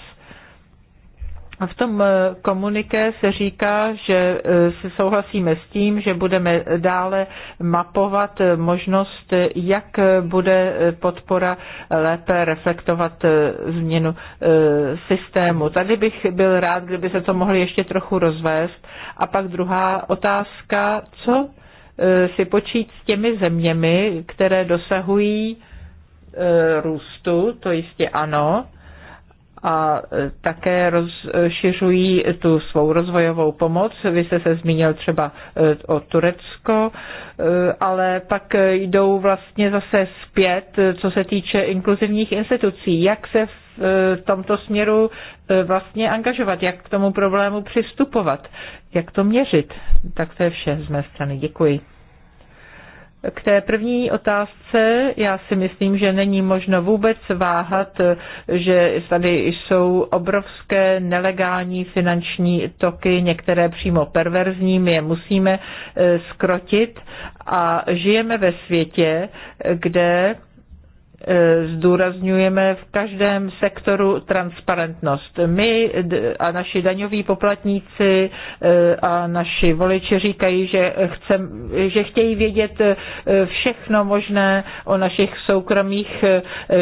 A v tom eh, komuniké se říká, že eh, se souhlasíme s tím, že budeme dále mapovat eh, možnost, jak bude podpora lépe reflektovat změnu systému. Tady bych byl rád, kdyby se to mohli ještě trochu rozvést. A pak druhá otázka, co si počít s těmi zeměmi, které dosahují růstu, to jistě ano, a e, také rozšiřují tu svou rozvojovou pomoc. Vy jste se zmínil třeba e, o Turecko, e, ale pak jdou vlastně zase zpět, co se týče inkluzivních institucí. Jak se v tomto směru vlastně angažovat, jak k tomu problému přistupovat, jak to měřit. Tak to je vše z mé strany. Děkuji. K té první otázce já si myslím, že není možno vůbec váhat, že tady jsou obrovské nelegální finanční toky, některé přímo perverzní, my je musíme skrotit eh, a žijeme ve světě, kde Eh, zdůrazňujeme v každém sektoru transparentnost. My a naši daňoví poplatníci eh, a naši voliči říkají, že, chcem, že chtějí vědět eh, všechno možné o našich soukromých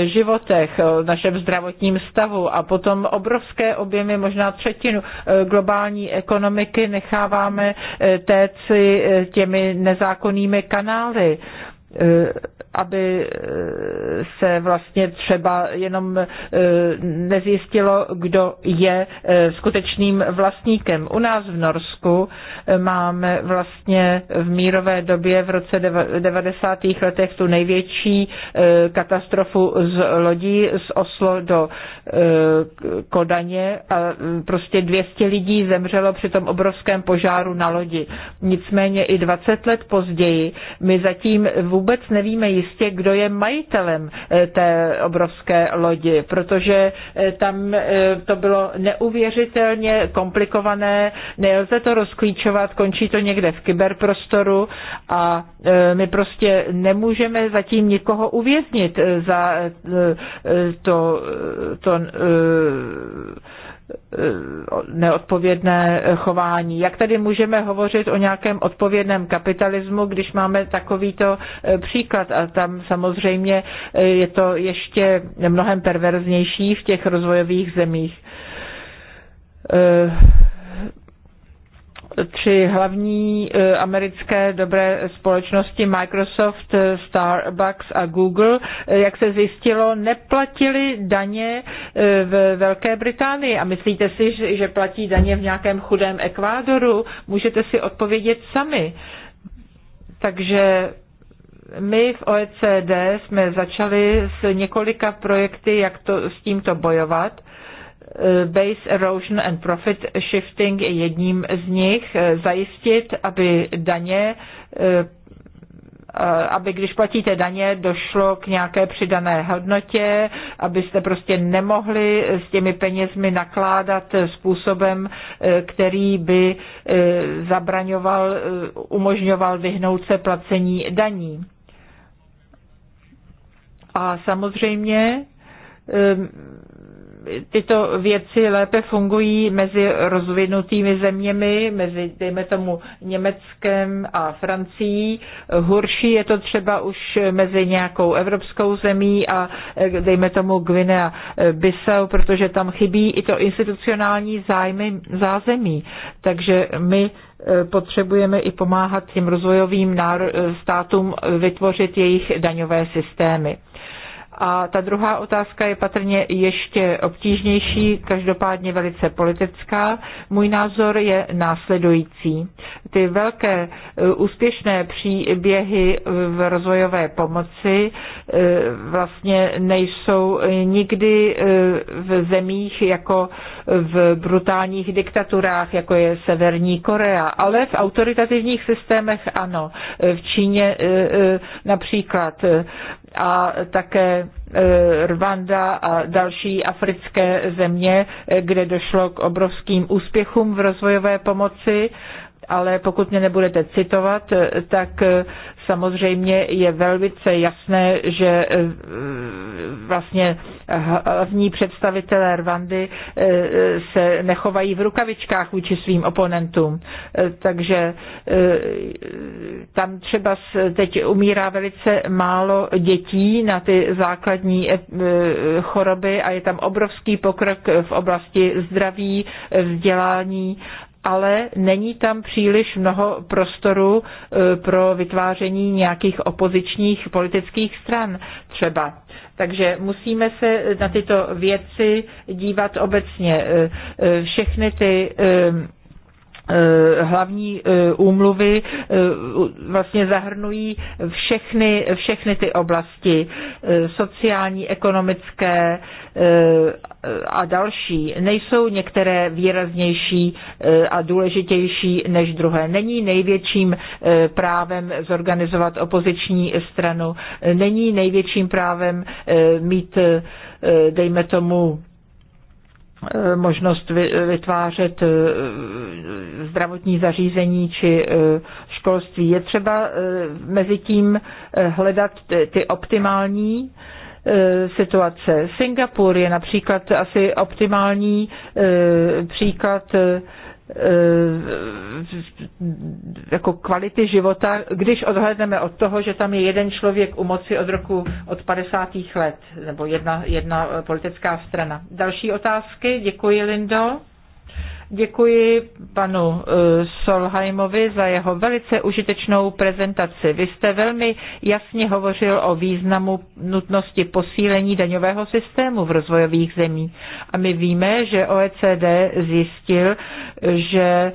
životech, o našem zdravotním stavu a potom obrovské objemy, možná třetinu globální ekonomiky necháváme téci těmi nezákonnými kanály. Eh, aby eh, se vlastně třeba jenom eh, nezjistilo, kdo je skutečným vlastníkem. U nás v Norsku máme vlastně v mírové době v roce 90. letech tu největší katastrofu z lodí z Oslo do Kodaně a prostě 200 lidí zemřelo při tom obrovském požáru na lodi. Nicméně i 20 let později my zatím vůbec vůbec nevíme jistě, kdo je majitelem eh, té obrovské lodi, protože eh, tam eh, to bylo neuvěřitelně komplikované, nelze to rozklíčovat, končí to někde v kyberprostoru a my prostě nemůžeme zatím nikoho uvěznit za to, to Eh, neodpovědné chování. Jak tedy můžeme hovořit o nějakém odpovědném kapitalismu, když máme takovýto eh, příklad a tam samozřejmě eh, je to ještě mnohem perverznější v těch rozvojových zemích tři hlavní e, americké dobré společnosti Microsoft, e, Starbucks a Google, e, jak se zjistilo, neplatili daně v Velké Británii. A myslíte si, že platí daně v nějakém chudém Ekvádoru? Můžete si odpovědět sami. Takže my v OECD jsme začali s několika projekty, jak to, s tímto bojovat Eh, base Erosion and Profit Shifting je jedním z nich, eh, zajistit, aby daně eh, aby když platíte daně, došlo k nějaké přidané hodnotě, abyste prostě nemohli s těmi penězmi nakládat způsobem, který by zabraňoval, umožňoval vyhnout se placení daní. A samozřejmě tyto věci lépe fungují mezi rozvinutými zeměmi, mezi, dejme tomu, Německem a Francií. Horší je to třeba už mezi nějakou evropskou zemí a, dejme tomu, a Bissau, protože tam chybí i to institucionální zájmy zázemí. Takže my e, potřebujeme i pomáhat těm rozvojovým státům vytvořit jejich daňové systémy. A ta druhá otázka je patrně ještě obtížnější, každopádně velice politická. Můj názor je následující. Ty velké e, úspěšné příběhy v rozvojové pomoci e, vlastně nejsou nikdy e, v zemích jako v brutálních diktaturách, jako je Severní Korea, ale v autoritativních systémech ano. V Číně například a také e, Rwanda a další africké země, e, kde došlo k obrovským úspěchům v rozvojové pomoci ale pokud mě nebudete citovat, e, tak samozřejmě je velice jasné, že e, vlastně hlavní představitelé Rwandy e, se nechovají v rukavičkách vůči svým oponentům. E, takže tam třeba teď umírá velice málo dětí na ty základní choroby a je tam obrovský pokrok v oblasti zdraví, vzdělání ale není tam příliš mnoho prostoru e, pro vytváření nějakých opozičních politických stran třeba. Takže musíme se na tyto věci dívat obecně. E, e, všechny ty Eh, hlavní eh, úmluvy eh, vlastně zahrnují všechny, všechny ty oblasti sociální, ekonomické a další. Nejsou některé výraznější a důležitější než druhé. Není největším právem zorganizovat opoziční stranu, není největším právem mít, dejme tomu, Eh, možnost vytvářet eh, zdravotní zařízení či eh, školství. Je třeba mezi tím hledat ty optimální situace. Singapur je například asi optimální příklad Eh, jako kvality života, když odhledneme od toho, že tam je jeden člověk u moci od roku od 50. let, nebo jedna, jedna politická strana. Další otázky? Děkuji, Lindo. Děkuji panu eh, Solheimovi za jeho velice užitečnou prezentaci. Vy jste velmi jasně hovořil o významu nutnosti posílení daňového systému v rozvojových zemích. A my víme, že OECD zjistil, že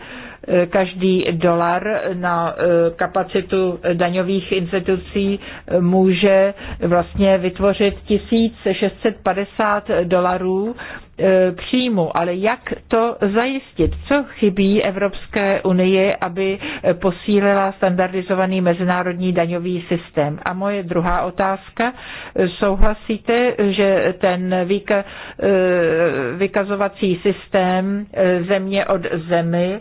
eh, každý dolar na eh, kapacitu daňových institucí může vlastně vytvořit 1650 dolarů E, příjmu, ale jak to zajistit? Co chybí Evropské unii, aby e, posílila standardizovaný mezinárodní daňový systém? A moje druhá otázka, e, souhlasíte, že ten výka, vykazovací systém země od zemi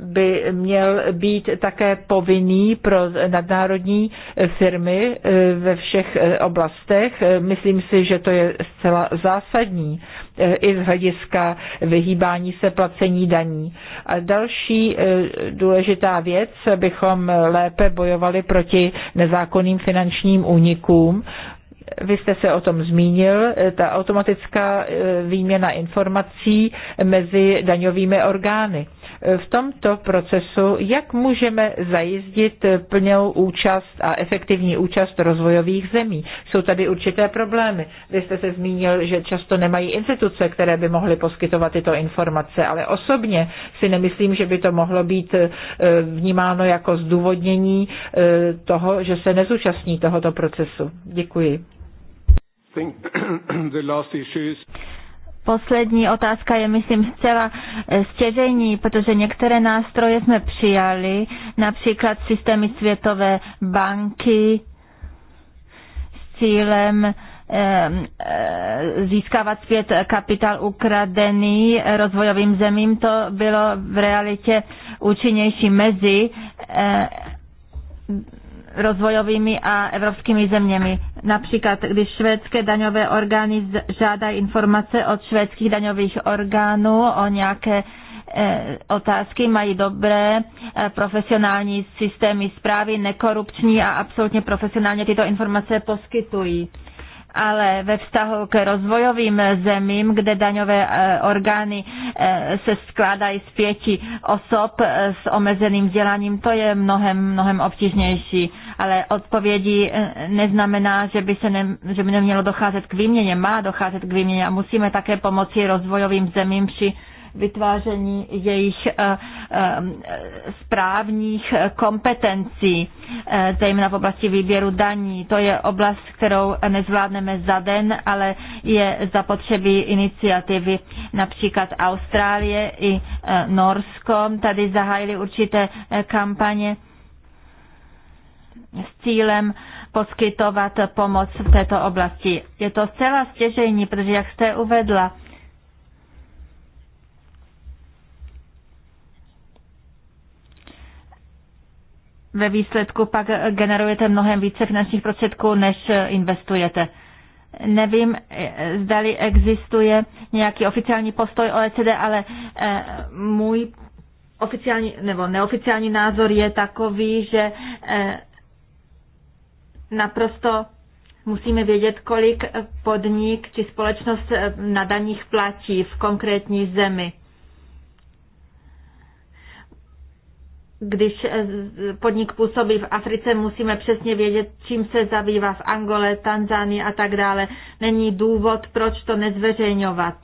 by měl být také povinný pro nadnárodní firmy ve všech oblastech? Myslím si, že to je zcela zásadní. Eh, i z hlediska vyhýbání se placení daní. A další eh, důležitá věc, bychom lépe bojovali proti nezákonným finančním únikům, vy jste se o tom zmínil, eh, ta automatická výměna informací mezi daňovými orgány v tomto procesu, jak můžeme zajistit plnou účast a efektivní účast rozvojových zemí. Jsou tady určité problémy. Vy jste se zmínil, že často nemají instituce, které by mohly poskytovat tyto informace, ale osobně si nemyslím, že by to mohlo být eh, vnímáno jako zdůvodnění eh, toho, že se nezúčastní tohoto procesu. Děkuji. poslední otázka je, myslím, zcela eh, stěžení, protože některé nástroje jsme přijali, například systémy Světové banky s cílem ehm, eh, získávat zpět kapitál ukradený rozvojovým zemím, to bylo v realitě účinnější mezi eh, rozvojovými a evropskými zeměmi. Například, když švédské daňové orgány žádají informace od švédských daňových orgánů o nějaké e, otázky, mají dobré e, profesionální systémy zprávy, nekorupční a absolutně profesionálně tyto informace poskytují ale ve vztahu k rozvojovým zemím, kde daňové eh, orgány eh, se skládají z pěti osob eh, s omezeným vzděláním, to je mnohem, mnohem obtížnější. Ale odpovědi neznamená, že by, se ne, že by nemělo docházet k výměně. Má docházet k výměně a musíme také pomoci rozvojovým zemím při vytváření jejich eh, eh, správních kompetencí, eh, zejména v oblasti výběru daní. To je oblast, kterou nezvládneme za den, ale je zapotřebí iniciativy například Austrálie i Norsko. Tady zahájili určité kampaně s cílem poskytovat pomoc v této oblasti. Je to zcela stěžejní, protože jak jste uvedla, ve výsledku pak generujete mnohem více finančních prostředků, než investujete. Nevím, zdali existuje nějaký oficiální postoj OECD, ale eh, můj oficiální nebo neoficiální názor je takový, že eh, naprosto musíme vědět, kolik podnik či společnost eh, na daních platí v konkrétní zemi. když eh, podnik působí v Africe, musíme přesně vědět, čím se zabývá v Angole, Tanzánii a tak dále. Není důvod, proč to nezveřejňovat.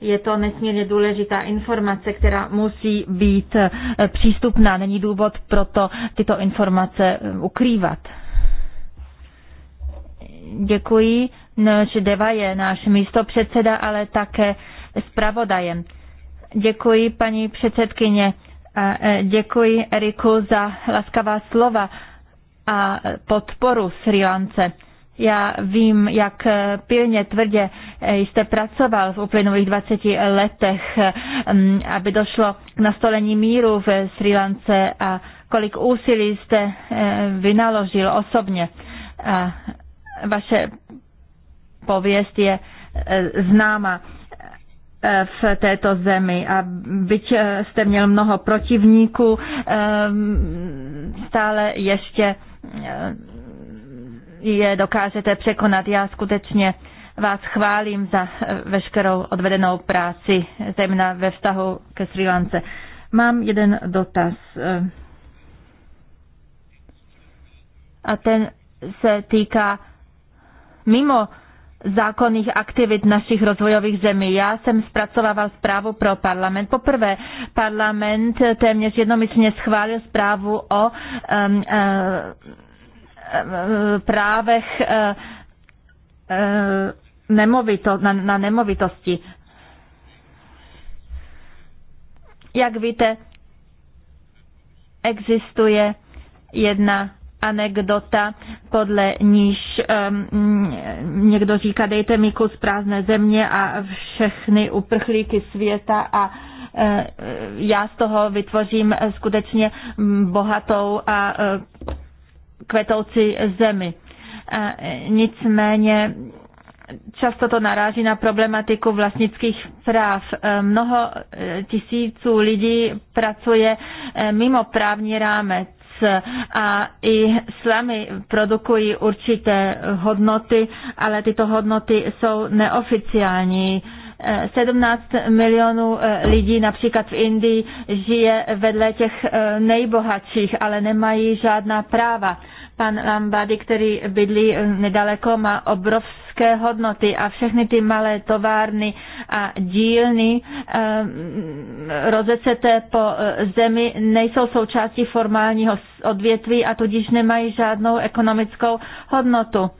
Je to nesmírně důležitá informace, která musí být eh, přístupná. Není důvod pro to tyto informace eh, ukrývat. Děkuji. Nož Deva je náš místopředseda, ale také zpravodajem. Děkuji, paní předsedkyně. E, děkuji Eriku za laskavá slova a podporu Sri Lance. Já vím, jak e, pilně tvrdě e, jste pracoval v uplynulých 20 letech, mm, aby došlo k nastolení míru v Sri Lance a kolik úsilí jste vynaložil osobně. A vaše pověst je známa v této zemi a byť eh, jste měl mnoho protivníků, ehm, stále ještě eh, je dokážete překonat. Já skutečně vás chválím za eh, veškerou odvedenou práci, zejména ve vztahu ke Sri Lance. Mám jeden dotaz. A ten se týká mimo zákonných aktivit našich rozvojových zemí. Já jsem zpracovával zprávu pro parlament. Poprvé parlament téměř jednomyslně schválil zprávu o um, uh, uh, právech uh, uh, nemovito, na, na nemovitosti. Jak víte, existuje jedna anekdota, podle níž um, někdo říká, dejte mi kus prázdné země a všechny uprchlíky světa a uh, já z toho vytvořím skutečně bohatou a uh, kvetoucí zemi. Uh, nicméně často to naráží na problematiku vlastnických práv. Mnoho tisíců lidí pracuje mimo právní rámec a i slamy produkují určité hodnoty, ale tyto hodnoty jsou neoficiální. 17 milionů eh, lidí například v Indii žije vedle těch eh, nejbohatších, ale nemají žádná práva pan Lambady, který bydlí eh, nedaleko, má obrovské hodnoty a všechny ty malé továrny a dílny eh, rozecete po eh, zemi nejsou součástí formálního odvětví a tudíž nemají žádnou ekonomickou hodnotu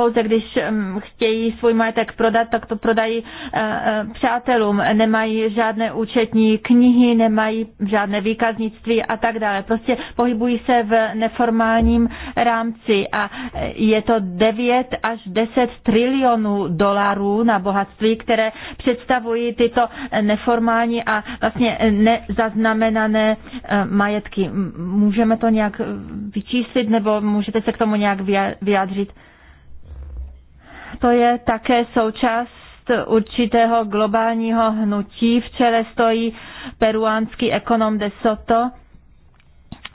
pouze když mm, chtějí svůj majetek prodat, tak to prodají eh, eh, přátelům. Nemají žádné účetní knihy, nemají žádné výkaznictví a tak dále. Prostě pohybují se v neformálním rámci a eh, je to 9 až 10 trilionů dolarů na bohatství, které představují tyto neformální a vlastně nezaznamenané majetky. Můžeme to nějak vyčíslit nebo můžete se k tomu nějak vyjádřit? To je také součást určitého globálního hnutí. V čele stojí peruánský ekonom de Soto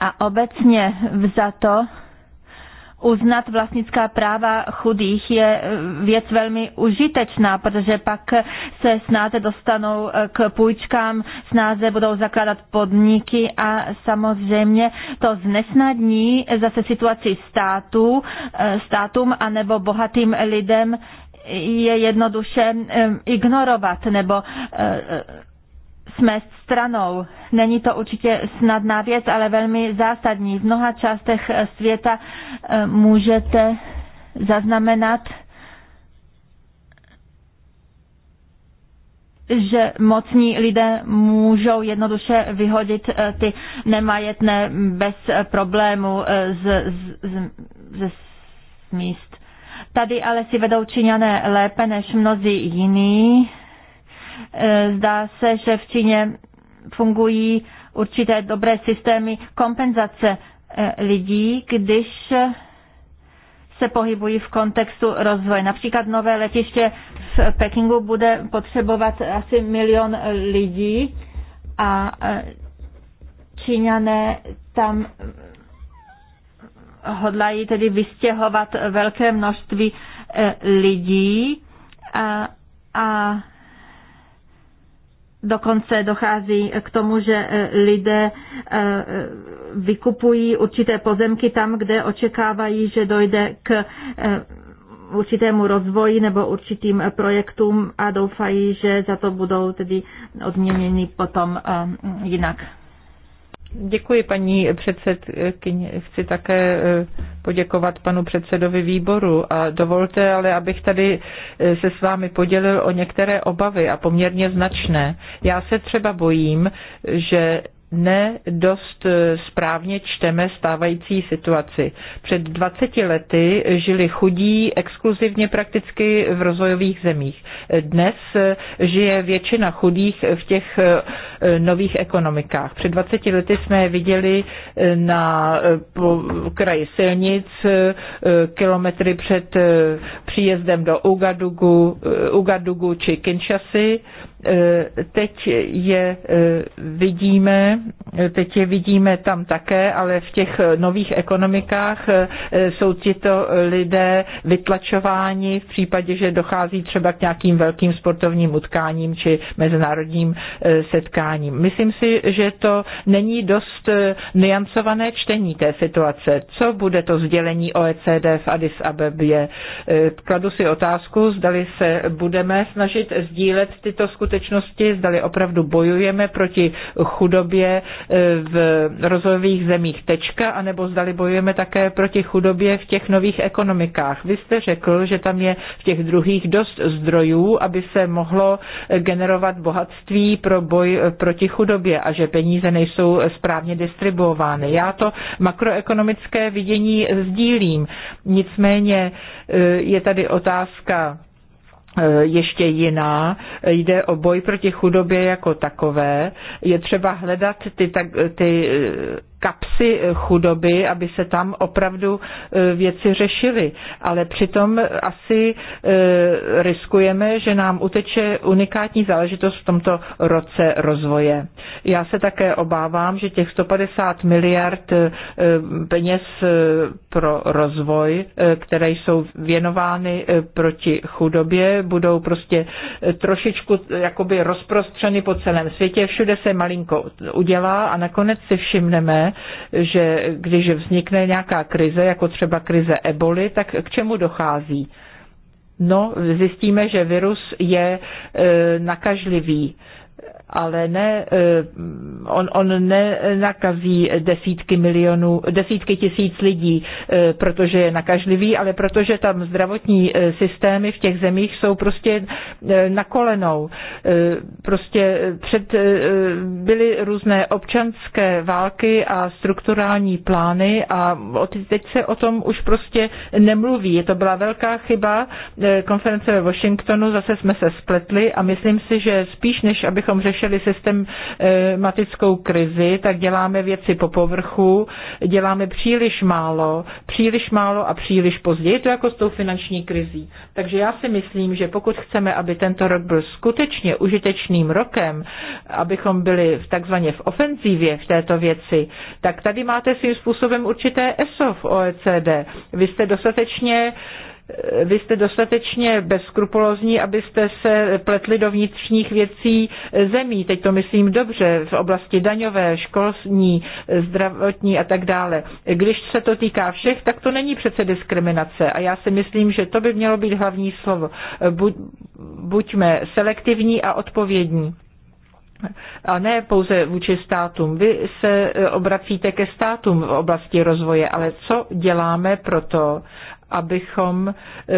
a obecně vzato uznat vlastnická práva chudých je eh, věc velmi užitečná, protože pak se snáze dostanou eh, k půjčkám, snáze budou zakládat podniky a samozřejmě to znesnadní zase situaci státu, eh, státům anebo bohatým lidem je jednoduše ignorovat nebo smést stranou. Není to určitě snadná věc, ale velmi zásadní. V mnoha částech světa eh, můžete zaznamenat, že mocní lidé můžou jednoduše vyhodit eh, ty nemajetné bez problému eh, z, z, z, z míst. Tady ale si vedou Číňané lépe než mnozí jiní Eh, zdá se, že v Číně fungují určité dobré systémy kompenzace eh, lidí, když se pohybují v kontextu rozvoje. Například nové letiště v Pekingu bude potřebovat asi milion lidí a eh, Číňané tam hodlají tedy vystěhovat velké množství lidí a, a Dokonce dochází k tomu, že e, lidé e, vykupují určité pozemky tam, kde očekávají, že dojde k e, určitému rozvoji nebo určitým projektům a doufají, že za to budou tedy odměněni potom jinak. Děkuji, paní předsedkyně. Chci také e, poděkovat panu předsedovi výboru a dovolte ale, abych tady e, se s vámi podělil o některé obavy a poměrně značné. Já se třeba bojím, že nedost dost správně čteme stávající situaci. Před 20 lety žili chudí exkluzivně prakticky v rozvojových zemích. Dnes žije většina chudých v těch eh, nových ekonomikách. Před 20 lety jsme viděli eh, na eh, kraji silnic kilometry před příjezdem do Ugadugu, Ugadugu či Kinshasy Eh, teď je eh, vidíme, eh, teď je vidíme tam také, ale v těch nových ekonomikách jsou tito lidé vytlačováni v případě, že dochází třeba k nějakým velkým sportovním utkáním či mezinárodním setkáním. Myslím si, že to není dost niancované čtení té situace. Co bude to sdělení OECD v Addis Abebě? Kladu si otázku, zdali se budeme snažit sdílet tyto skutečnosti skutečnosti, zdali opravdu bojujeme proti chudobě e, v rozvojových zemích tečka, anebo zdali bojujeme také proti chudobě v těch nových ekonomikách. Vy jste řekl, že tam je v těch druhých dost zdrojů, aby se mohlo generovat bohatství pro boj e, proti chudobě a že peníze nejsou správně distribuovány. Já to makroekonomické vidění sdílím. Nicméně e, je tady otázka Eh, ještě jiná. Jde o boj proti chudobě jako takové. Je třeba hledat ty, tak, ty eh, kapsy eh, chudoby, aby se tam opravdu eh, věci řešily. Ale přitom eh, asi riskujeme, že nám uteče unikátní záležitost v tomto roce rozvoje. Já se také obávám, že těch 150 miliard peněz pro rozvoj, které jsou věnovány proti chudobě, budou prostě trošičku jakoby rozprostřeny po celém světě. Všude se malinko udělá a nakonec si všimneme, že když vznikne nějaká krize, jako třeba krize eboli, tak k čemu dochází? No, zjistíme, že virus je e, nakažlivý ale ne, eh, on, on nenakazí desítky milionů, desítky tisíc lidí, eh, protože je nakažlivý, ale protože tam zdravotní eh, systémy v těch zemích jsou prostě na kolenou. Prostě před, byly různé občanské války a strukturální plány a teď se o tom už prostě nemluví. To byla velká chyba konference ve Washingtonu, zase jsme se spletli a myslím si, že spíš než abychom řešili řešili systematickou krizi, tak děláme věci po povrchu, děláme příliš málo, příliš málo a příliš pozdě. Je to jako s tou finanční krizí. Takže já si myslím, že pokud chceme, aby tento rok byl skutečně užitečným rokem, abychom byli v takzvaně v ofenzívě v této věci, tak tady máte svým způsobem určité ESO v OECD. Vy jste dostatečně vy jste dostatečně bezskrupulózní, abyste se pletli do vnitřních věcí e, zemí. Teď to myslím dobře v oblasti daňové, školní, zdravotní a tak dále. Když se to týká všech, tak to není přece diskriminace. A já si myslím, že to by mělo být hlavní slovo. Buďme selektivní a odpovědní a ne pouze vůči státům. Vy se e, obracíte ke státům v oblasti rozvoje, ale co děláme pro to, abychom eh,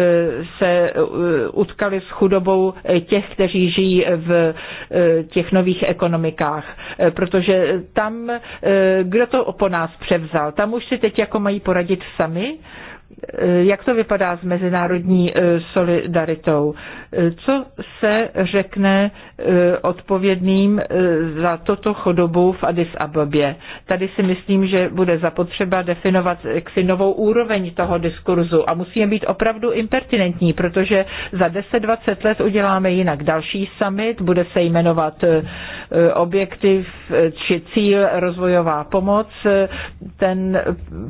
se eh, utkali s chudobou eh, těch, kteří žijí v těch nových ekonomikách. Protože tam, kdo to po nás převzal, tam už si teď jako mají poradit sami, Eh, jak to vypadá s mezinárodní eh, solidaritou? Eh, co se řekne odpovědným za toto chodobu v Addis Abobě? Tady si myslím, že bude zapotřeba definovat jaksi novou úroveň toho diskurzu a musíme být opravdu impertinentní, protože za 10-20 let uděláme jinak další summit, bude se jmenovat objektiv či cíl rozvojová pomoc, ten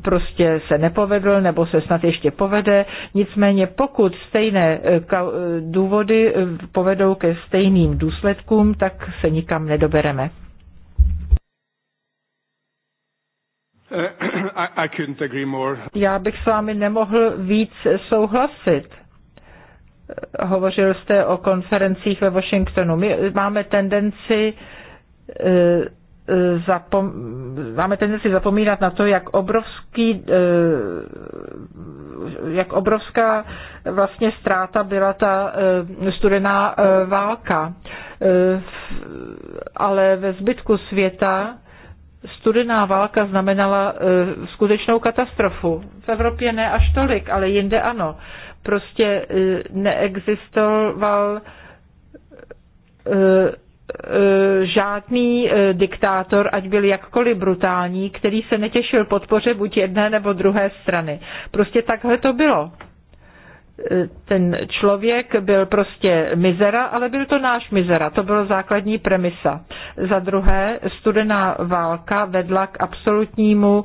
prostě se nepovedl nebo se snad ještě povede. Nicméně pokud stejné eh, eh, důvody eh, povedou ke stejným důsledkům, tak se nikam nedobereme. I couldn't agree more. Já bych s vámi nemohl víc souhlasit. Hovořil jste o konferencích ve Washingtonu. My máme tendenci E, zapom- máme tendenci zapomínat na to, jak obrovský, e, jak obrovská vlastně ztráta byla ta e, studená válka. Ale ve zbytku světa studená válka znamenala skutečnou katastrofu. V Evropě ne až tolik, ale jinde ano. Prostě neexistoval Eh, žádný eh, diktátor, ať byl jakkoliv brutální, který se netěšil podpoře buď jedné nebo druhé strany. Prostě takhle to bylo eh, ten člověk byl prostě mizera, ale byl to náš mizera. To byla základní premisa. Za druhé, studená válka vedla k absolutnímu,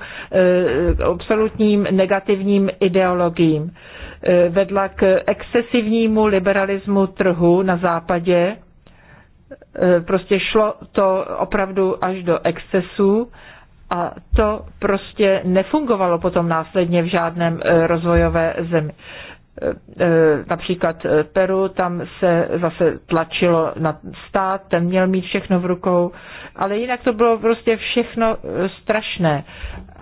k absolutním negativním ideologiím. Vedla k excesivnímu liberalismu trhu na západě, Eh, prostě šlo to opravdu až do excesů a to prostě nefungovalo potom následně v žádném eh, rozvojové zemi. Eh, například Peru, tam se zase tlačilo na stát, ten měl mít všechno v rukou, ale jinak to bylo prostě všechno strašné.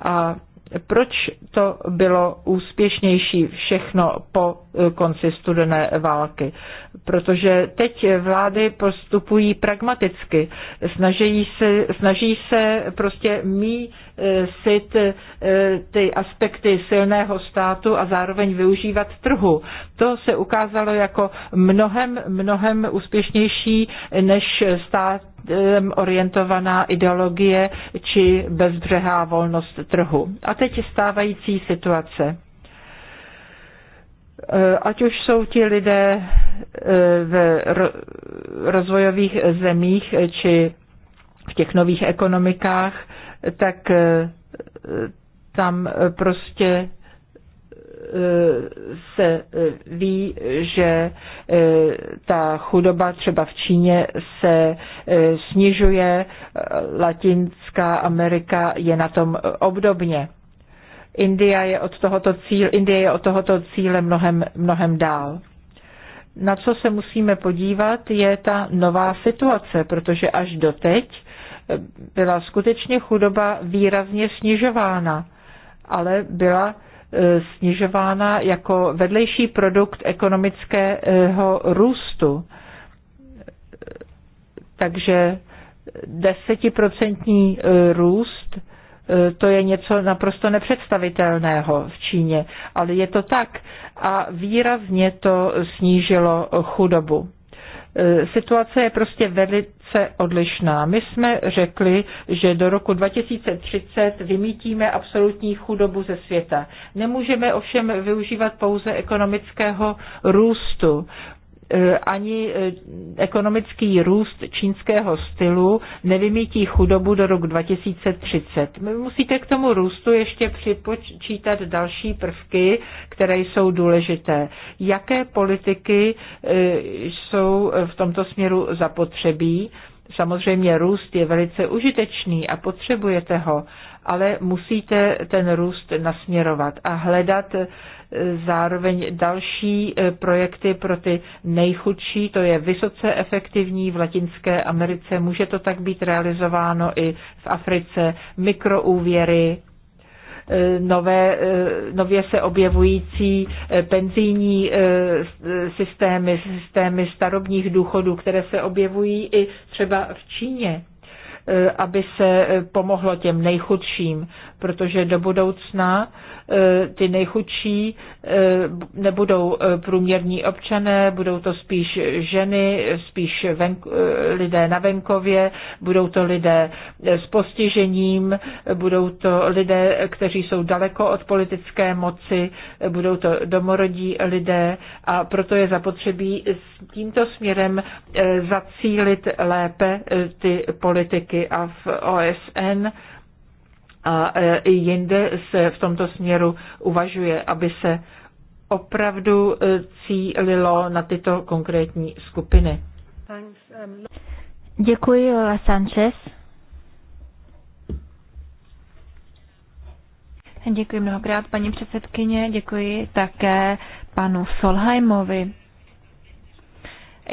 A proč to bylo úspěšnější všechno po eh, konci studené války? Protože teď vlády postupují pragmaticky, snaží se, snaží se prostě mít sit eh, ty aspekty silného státu a zároveň využívat trhu. To se ukázalo jako mnohem, mnohem úspěšnější než stát orientovaná ideologie či bezbřehá volnost trhu. A teď stávající situace eh, ať už jsou ti lidé eh, v rozvojových zemích či v těch nových ekonomikách, tak eh, tam prostě eh, se eh, ví, že ta chudoba třeba v Číně se snižuje, Latinská Amerika je na tom obdobně. India je od tohoto cíl, Indie je od tohoto cíle mnohem, mnohem dál. Na co se musíme podívat, je ta nová situace, protože až doteď byla skutečně chudoba výrazně snižována, ale byla e, snižována jako vedlejší produkt ekonomického růstu. Takže desetiprocentní e, růst e, to je něco naprosto nepředstavitelného v Číně, ale je to tak a výrazně to snížilo chudobu. E, situace je prostě velice odlišná. My jsme řekli, že do roku 2030 vymítíme absolutní chudobu ze světa. Nemůžeme ovšem využívat pouze ekonomického růstu. E, ani e, ekonomický růst čínského stylu nevymítí chudobu do roku 2030. My musíte k tomu růstu ještě připočítat další prvky, které jsou důležité. Jaké politiky e, jsou v tomto směru zapotřebí? Samozřejmě růst je velice užitečný a potřebujete ho, ale musíte ten růst nasměrovat a hledat zároveň další e, projekty pro ty nejchudší, to je vysoce efektivní v Latinské Americe, může to tak být realizováno i v Africe, mikroúvěry, e, nové, e, nově se objevující penzijní systémy, systémy starobních důchodů, které se objevují i třeba v Číně aby se pomohlo těm nejchudším protože do budoucna e, ty nejchudší e, nebudou e, průměrní občané, budou to spíš ženy, spíš venku, lidé na venkově, budou to lidé s postižením, budou to lidé, kteří jsou daleko od politické moci, budou to domorodí lidé a proto je zapotřebí s tímto směrem zacílit lépe ty politiky a v OSN a e, i jinde se v tomto směru uvažuje, aby se opravdu e, cílilo na tyto konkrétní skupiny. Děkuji, Lola Sanchez. Děkuji mnohokrát, paní předsedkyně. Děkuji také panu Solheimovi.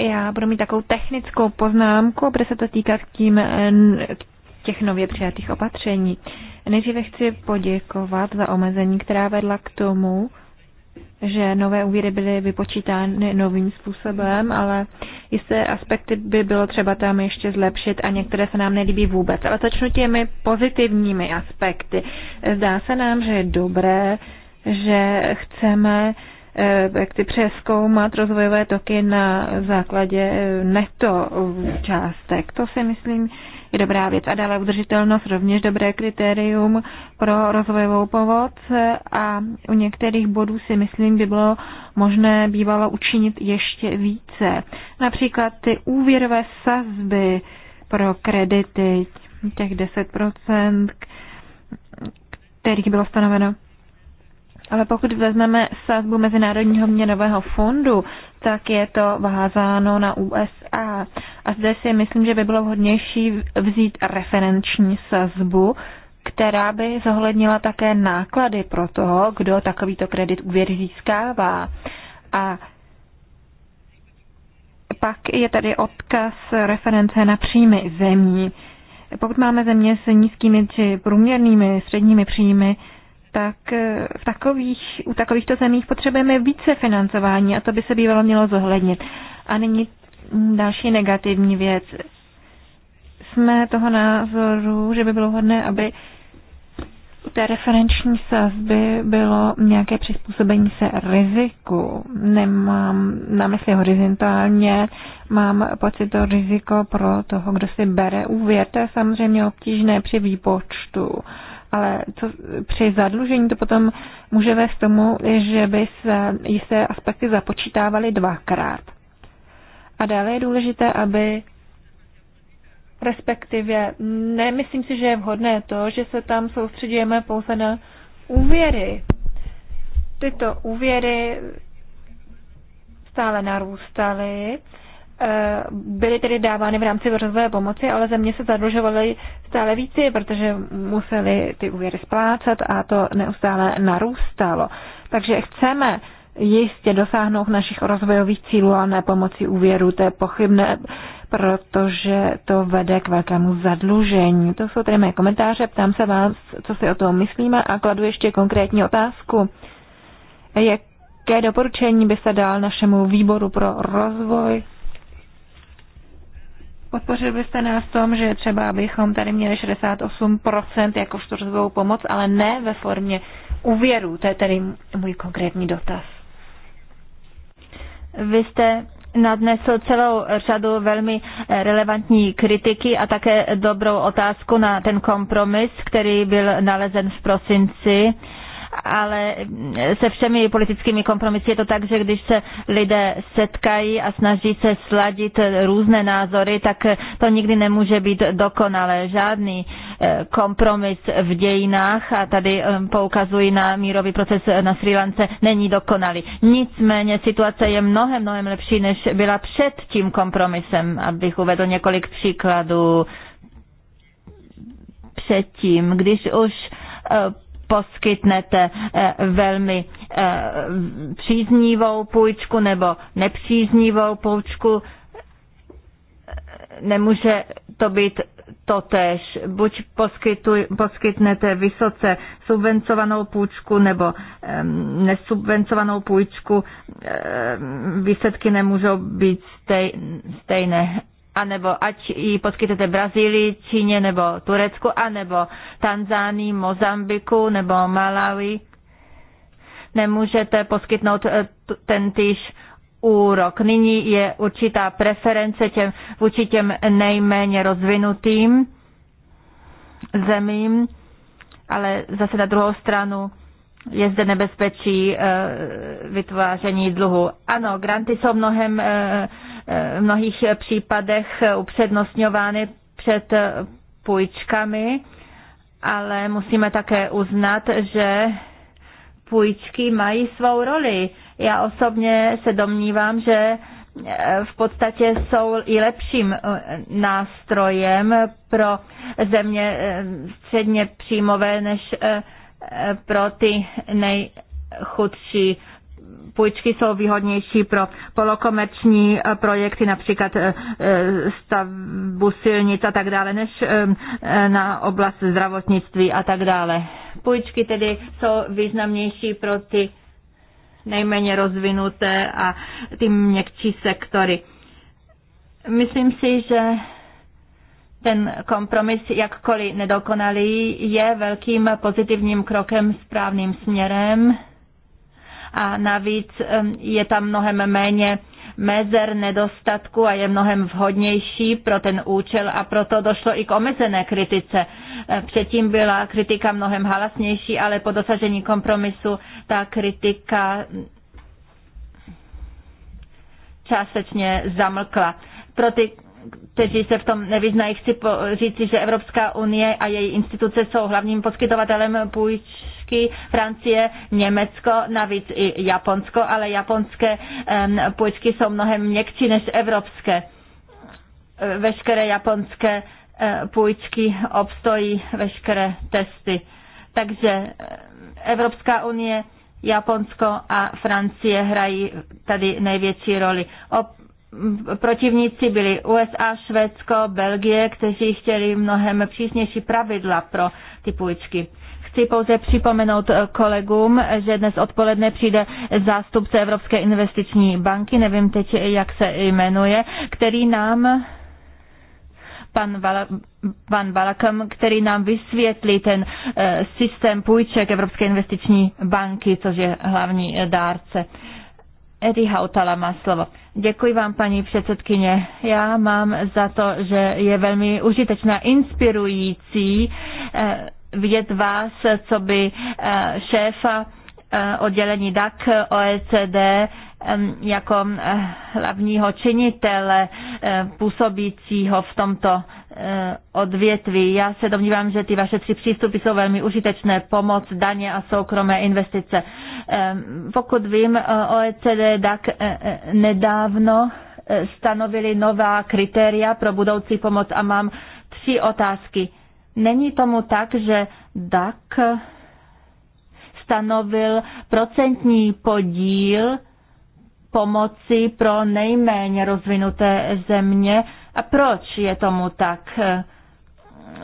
Já budu mít takovou technickou poznámku, bude se to týkat k, tím, k těch nově přijatých opatření. Nejdříve chci poděkovat za omezení, která vedla k tomu, že nové úvěry byly vypočítány novým způsobem, ale jisté aspekty by bylo třeba tam ještě zlepšit a některé se nám nelíbí vůbec. Ale začnu těmi pozitivními aspekty. Zdá se nám, že je dobré, že chceme eh, jak ty přeskoumat rozvojové toky na základě eh, neto eh, částek. To si myslím, je dobrá věc. A dále udržitelnost rovněž dobré kritérium pro rozvojovou pomoc a u některých bodů si myslím by bylo možné bývalo učinit ještě více. Například ty úvěrové sazby pro kredity, těch 10%, kterých bylo stanoveno ale pokud vezmeme sazbu Mezinárodního měnového fondu tak je to vázáno na USA. A zde si myslím, že by bylo vhodnější vzít referenční sazbu, která by zohlednila také náklady pro toho, kdo takovýto kredit úvěr získává. A pak je tady odkaz reference na příjmy zemí. Pokud máme země s nízkými či průměrnými středními příjmy, tak eh, v takových, u takovýchto zemích potřebujeme více financování a to by se bývalo mělo zohlednit. A nyní další negativní věc. Jsme toho názoru, že by bylo hodné, aby u té referenční sazby bylo nějaké přizpůsobení se riziku. Nemám na mysli horizontálně, mám pocit to riziko pro toho, kdo si bere úvěr. To je samozřejmě obtížné při výpočtu. Uh, ale co, při zadlužení to potom může vést tomu, že by se jisté aspekty započítávaly dvakrát. A dále je důležité, aby respektive nemyslím si, že je vhodné to, že se tam soustředujeme pouze na úvěry. Tyto úvěry stále narůstaly Eh, byly tedy dávány v rámci rozvoje pomoci, ale země se zadlužovaly stále více, protože museli ty úvěry splácet a to neustále narůstalo. Takže chceme jistě dosáhnout našich rozvojových cílů, a ne pomocí úvěru, to je pochybné, protože to vede k velkému zadlužení. To jsou tedy mé komentáře, ptám se vás, co si o tom myslíme a kladu ještě konkrétní otázku. Jaké doporučení by se dal našemu výboru pro rozvoj Podpořil byste nás v tom, že třeba abychom tady měli 68% jako čtvrtovou pomoc, ale ne ve formě úvěru. To je tedy můj konkrétní dotaz. Vy jste nadnesl celou řadu velmi eh, relevantní kritiky a také dobrou otázku na ten kompromis, který byl nalezen v prosinci ale se všemi politickými kompromisy je to tak, že když se lidé setkají a snaží se sladit různé názory, tak to nikdy nemůže být dokonalé. Žádný eh, kompromis v dějinách, a tady eh, poukazují na mírový proces na Sri Lance, není dokonalý. Nicméně situace je mnohem, mnohem lepší, než byla před tím kompromisem, abych uvedl několik příkladů předtím, když už eh, poskytnete eh, velmi eh, příznivou půjčku nebo nepříznivou půjčku, nemůže to být totéž. Buď poskytuj, poskytnete vysoce subvencovanou půjčku nebo nesubvencovanou půjčku, um, výsledky nemůžou být stej, stejné anebo ať ji poskytete Brazílii, Číně nebo Turecku, anebo Tanzánii, Mozambiku nebo Malawi, nemůžete poskytnout eh, ten týž úrok. Nyní je určitá preference těm, vůči těm nejméně rozvinutým zemím, ale zase na druhou stranu je zde nebezpečí eh, vytváření dluhu. Ano, granty jsou mnohem eh, v mnohých případech upřednostňovány před půjčkami, ale musíme také uznat, že půjčky mají svou roli. Já osobně se domnívám, že v podstatě jsou i lepším nástrojem pro země středně příjmové než pro ty nejchudší půjčky jsou výhodnější pro polokomerční eh, projekty, například eh, eh, stavbu silnic a tak dále, než na oblast zdravotnictví a tak dále. Půjčky tedy jsou významnější pro ty nejméně rozvinuté a ty měkčí sektory. Myslím si, že ten kompromis, jakkoliv nedokonalý, je velkým pozitivním krokem správným směrem a navíc je tam mnohem méně mezer nedostatku a je mnohem vhodnější pro ten účel a proto došlo i k omezené kritice. E, předtím byla kritika mnohem halasnější, ale po dosažení kompromisu ta kritika částečně zamlkla. Pro ty, kteří se v tom nevyznají, chci říci, že Evropská unie a její instituce jsou hlavním poskytovatelem půjč půjčky Francie, Německo, navíc i Japonsko, ale japonské půjčky jsou mnohem měkčí než evropské. Veškeré japonské půjčky obstojí veškeré testy. Takže Evropská unie, Japonsko a Francie hrají tady největší roli. O protivníci byli USA, Švédsko, Belgie, kteří chtěli mnohem přísnější pravidla pro ty půjčky. Chci pouze připomenout eh, kolegům, že dnes odpoledne přijde zástupce Evropské investiční banky, nevím teď, jak se jmenuje, který nám pan, Vala, pan Balakam, který nám vysvětlí ten e, systém půjček Evropské investiční banky, což je hlavní dárce. Edi Hautala má slovo. Děkuji vám, paní předsedkyně. Já mám za to, že je velmi užitečná, inspirující. E, vidět vás, co by eh, šéfa eh, oddělení DAC OECD jako eh, hlavního činitele působícího v tomto odvětví. Já se domnívám, že ty vaše tři přístupy jsou velmi užitečné. Pomoc, daně a soukromé investice. Pokud vím, OECD DAC nedávno stanovili nová kritéria pro budoucí pomoc a mám tři otázky Není tomu tak, že DAC stanovil procentní podíl pomoci pro nejméně rozvinuté země. A proč je tomu tak?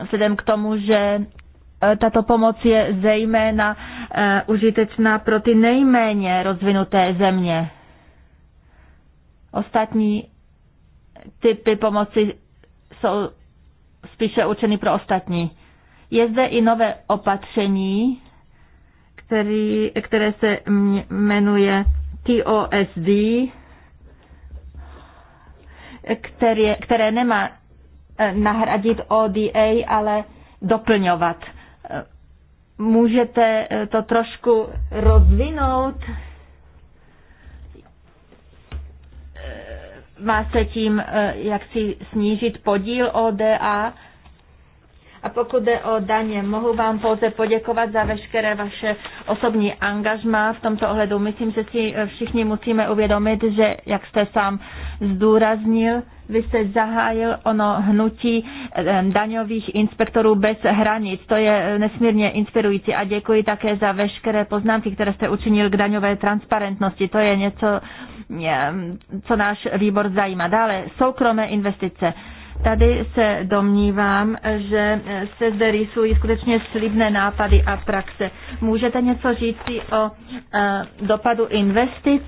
Vzhledem k tomu, že eh, tato pomoc je zejména eh, užitečná pro ty nejméně rozvinuté země. Ostatní typy pomoci jsou spíše určený pro ostatní. Je zde i nové opatření, který, které se jmenuje TOSD, které, které nemá e, nahradit ODA, ale doplňovat. E, můžete e, to trošku rozvinout, má se tím eh, jak si snížit podíl ODA a pokud jde o daně, mohu vám pouze poděkovat za veškeré vaše osobní angažma v tomto ohledu. Myslím, že si eh, všichni musíme uvědomit, že, jak jste sám zdůraznil, vy jste zahájil ono hnutí eh, daňových inspektorů bez hranic. To je eh, nesmírně inspirující a děkuji také za veškeré poznámky, které jste učinil k daňové transparentnosti. To je něco, co náš výbor zajímá. Dále soukromé investice. Tady se domnívám, že se zde rýsují skutečně slibné nápady a praxe. Můžete něco říci o eh, dopadu investic,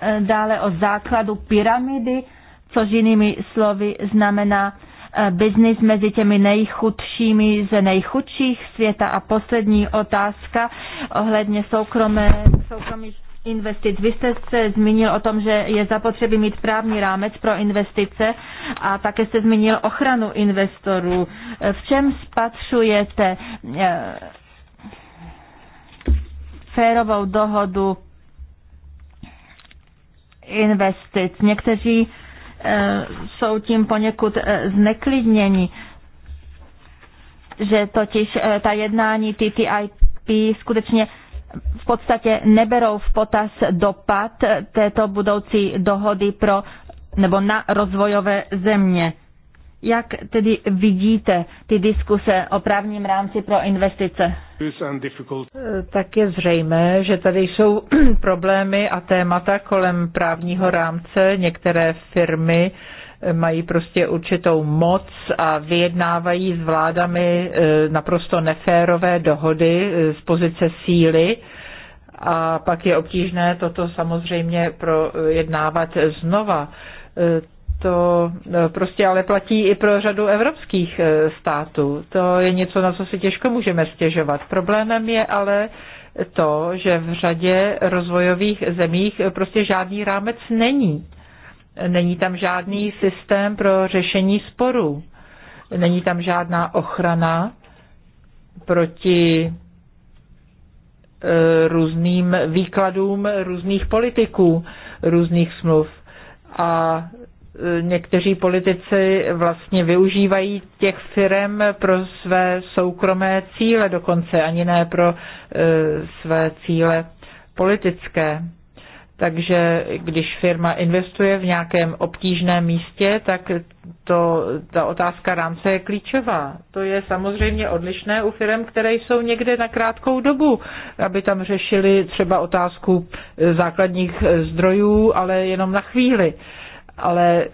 eh, dále o základu pyramidy, což jinými slovy znamená eh, biznis mezi těmi nejchudšími ze nejchudších světa. A poslední otázka ohledně soukromé, soukromých investic. Vy jste se zmínil o tom, že je zapotřebí mít právní rámec pro investice a také jste zmínil ochranu investorů. V čem spatřujete eh, férovou dohodu investic? Někteří eh, jsou tím poněkud eh, zneklidněni, že totiž ta jednání TTIP skutečně v podstatě neberou v potaz dopad této budoucí dohody pro nebo na rozvojové země. Jak tedy vidíte ty diskuse o právním rámci pro investice? Tak je zřejmé, že tady jsou problémy a témata kolem právního rámce. Některé firmy mají prostě určitou moc a vyjednávají s vládami e, naprosto neférové dohody e, z pozice síly a pak je obtížné toto samozřejmě projednávat znova. E, to prostě ale platí i pro řadu evropských států. To je něco, na co si těžko můžeme stěžovat. Problémem je ale to, že v řadě rozvojových zemích prostě žádný rámec není Není tam žádný systém pro řešení sporů. Není tam žádná ochrana proti eh, různým výkladům různých politiků, různých smluv. A eh, někteří politici vlastně využívají těch firm pro své soukromé cíle, dokonce ani ne pro eh, své cíle politické. Takže když firma investuje v nějakém obtížném místě, tak to, ta otázka rámce je klíčová. To je samozřejmě odlišné u firm, které jsou někde na krátkou dobu, aby tam řešili třeba otázku základních zdrojů, ale jenom na chvíli. Ale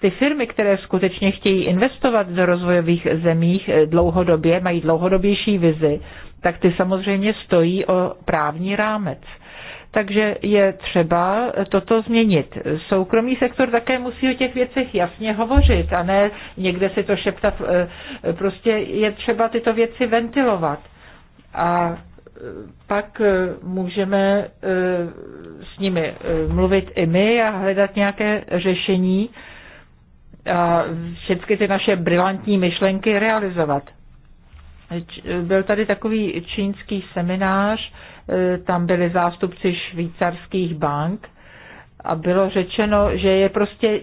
ty firmy, které skutečně chtějí investovat do rozvojových zemích dlouhodobě, mají dlouhodobější vizi, tak ty samozřejmě stojí o právní rámec takže je třeba toto změnit. Soukromý sektor také musí o těch věcech jasně hovořit a ne někde si to šeptat. Eh, prostě je třeba tyto věci ventilovat. A eh, pak eh, můžeme s nimi mluvit i my a hledat nějaké řešení a všechny ty naše brilantní myšlenky realizovat. Byl tady takový čínský seminář, E, tam byli zástupci švýcarských bank a bylo řečeno, že je prostě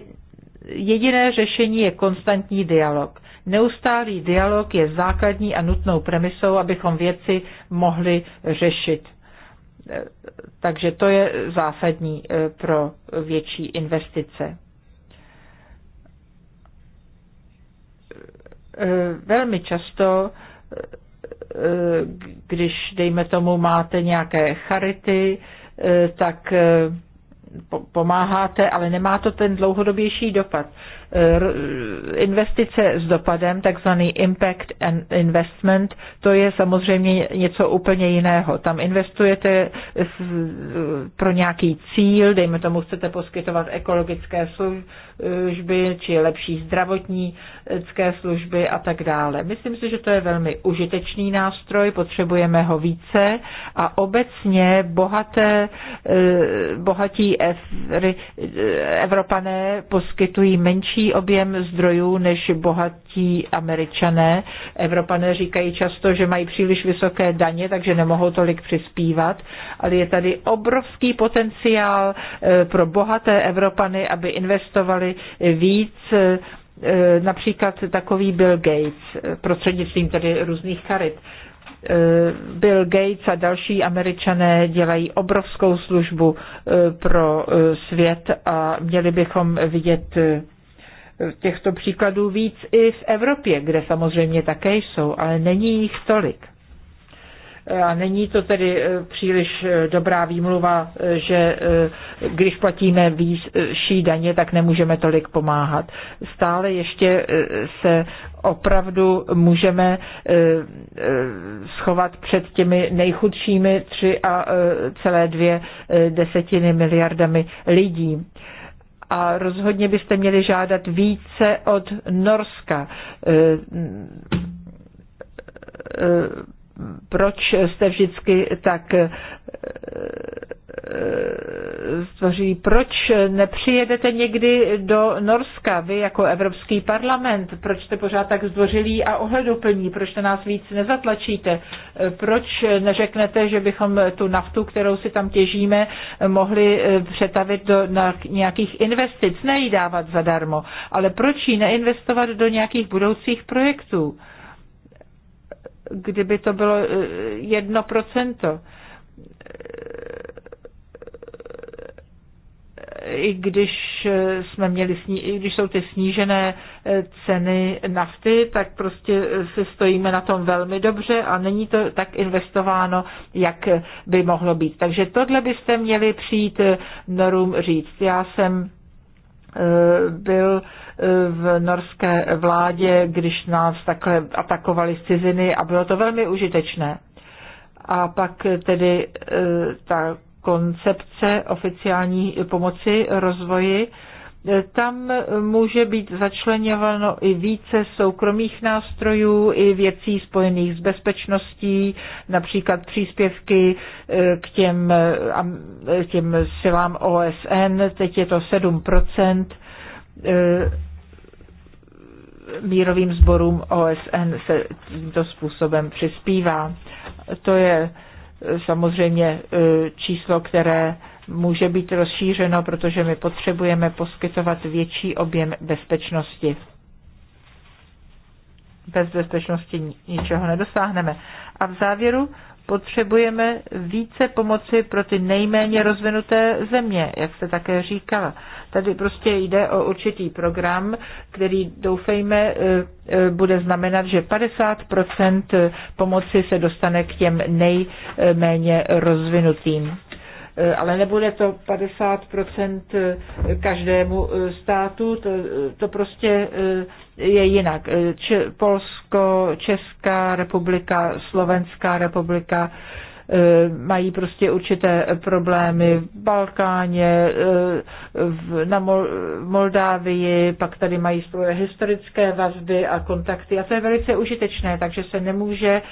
jediné řešení je konstantní dialog. Neustálý dialog je základní a nutnou premisou, abychom věci mohli řešit. E, takže to je zásadní e, pro větší investice. Velmi často Eh, když, dejme tomu, máte nějaké charity, eh, tak eh, pomáháte, ale nemá to ten dlouhodobější dopad. Investice s dopadem, takzvaný impact and investment, to je samozřejmě něco úplně jiného. Tam investujete pro nějaký cíl, dejme tomu, chcete poskytovat ekologické služby, služby či lepší zdravotnické služby a tak dále. Myslím si, že to je velmi užitečný nástroj, potřebujeme ho více a obecně bohaté, eh, bohatí eh, Evropané poskytují menší objem zdrojů než bohatí platí američané. Evropané říkají často, že mají příliš vysoké daně, takže nemohou tolik přispívat, ale je tady obrovský potenciál eh, pro bohaté Evropany, aby investovali víc eh, například takový Bill Gates, eh, prostřednictvím tedy různých charit. Bill Gates a další američané dělají obrovskou službu pro svět a měli bychom vidět těchto příkladů víc i v Evropě, kde samozřejmě také jsou, ale není jich tolik. A není to tedy e, příliš e, dobrá výmluva, e, že když platíme vyšší daně, tak nemůžeme tolik pomáhat. Stále ještě se opravdu můžeme schovat před těmi nejchudšími 3,2 desetiny miliardami lidí a rozhodně byste měli žádat více od Norska eh, eh, proč jste vždycky tak eh, eh, stvoří, proč nepřijedete někdy do Norska, vy jako Evropský parlament, proč jste pořád tak zdvořilí a ohleduplní, proč to nás víc nezatlačíte, proč neřeknete, že bychom tu naftu, kterou si tam těžíme, mohli eh, přetavit do nějakých investic, ne ji dávat zadarmo, ale proč ji neinvestovat do nějakých budoucích projektů? kdyby to bylo eh, jedno procento. Eh, I když eh, jsme měli, i když jsou ty snížené ceny nafty, tak prostě se stojíme na tom velmi dobře a není to tak investováno, jak by mohlo být. Takže tohle byste měli přijít Norům říct. Já jsem byl v norské vládě, když nás takhle atakovali z ciziny a bylo to velmi užitečné. A pak tedy e, ta koncepce oficiální pomoci rozvoji, e, tam může být začleněváno i více soukromých nástrojů, i věcí spojených s bezpečností, například příspěvky e, k těm, těm silám OSN, teď je to 7 mírovým sborům OSN se tímto způsobem přispívá. To je e, samozřejmě e, číslo, které může být rozšířeno, protože my potřebujeme poskytovat větší objem bezpečnosti. Bez bezpečnosti ničeho nedosáhneme. A v závěru potřebujeme více pomoci pro ty nejméně rozvinuté země, jak jste také říkala. Tady prostě jde o určitý program, který doufejme eh, eh, bude znamenat, že 50% pomoci se dostane k těm nejméně rozvinutým. E, ale nebude to 50% e, každému e, státu, to, to prostě je jinak. Če, Polsko, Česká republika, Slovenská republika mají prostě určité problémy v Balkáně, v, na Mol, Moldávii, pak tady mají svoje historické vazby a kontakty a to je velice užitečné, takže se nemůže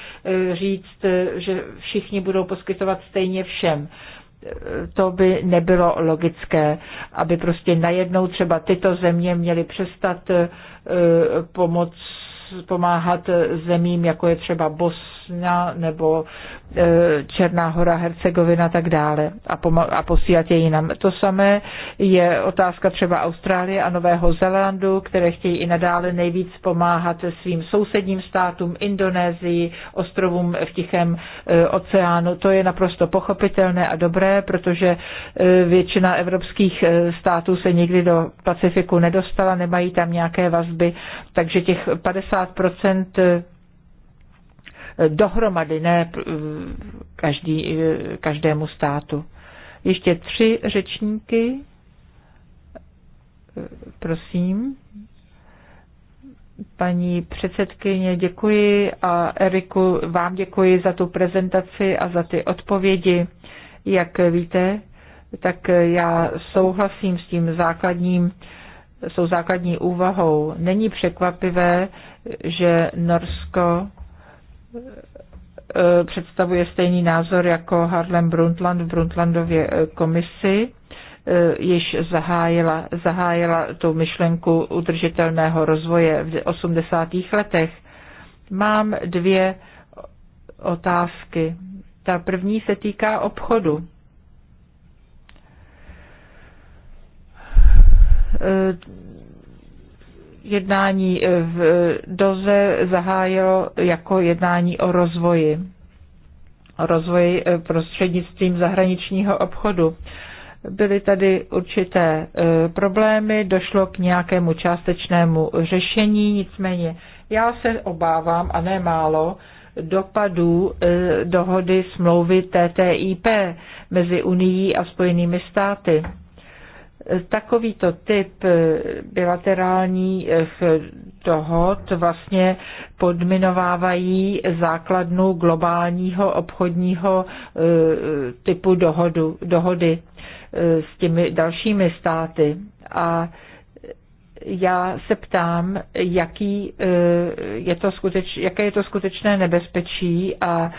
říct, že všichni budou poskytovat stejně všem to by nebylo logické, aby prostě najednou třeba tyto země měly přestat eh, pomoc pomáhat zemím, jako je třeba Bosna nebo E, Černá hora, Hercegovina a tak dále a, pomo- a posílat je jinam. To samé je otázka třeba Austrálie a Nového Zélandu, které chtějí i nadále nejvíc pomáhat svým sousedním státům, Indonésii, ostrovům v Tichém e, oceánu. To je naprosto pochopitelné a dobré, protože e, většina evropských států se nikdy do Pacifiku nedostala, nemají tam nějaké vazby, takže těch 50 dohromady, ne eh, každý, eh, každému státu. Ještě tři řečníky, eh, prosím. Paní předsedkyně, děkuji a Eriku, vám děkuji za tu prezentaci a za ty odpovědi. Jak víte, tak já souhlasím s tím základním, jsou základní úvahou. Není překvapivé, že Norsko E, představuje stejný názor jako Harlem Brundtland v Brundtlandově e, komisi e, již zahájila, zahájila tu myšlenku udržitelného rozvoje v 80. letech. Mám dvě otázky. Ta první se týká obchodu jednání eh, v Doze zahájilo jako jednání o rozvoji, o rozvoji eh, prostřednictvím zahraničního obchodu. Byly tady určité eh, problémy, došlo k nějakému částečnému řešení, nicméně já se obávám, a ne málo, dopadů dohody smlouvy TTIP mezi Unií a Spojenými státy Takovýto typ eh, bilaterálních eh, dohod vlastně podminovávají základnu globálního obchodního eh, typu dohodu, dohody s těmi dalšími státy. A já se ptám, jaký je to skuteč, jaké je to skutečné nebezpečí a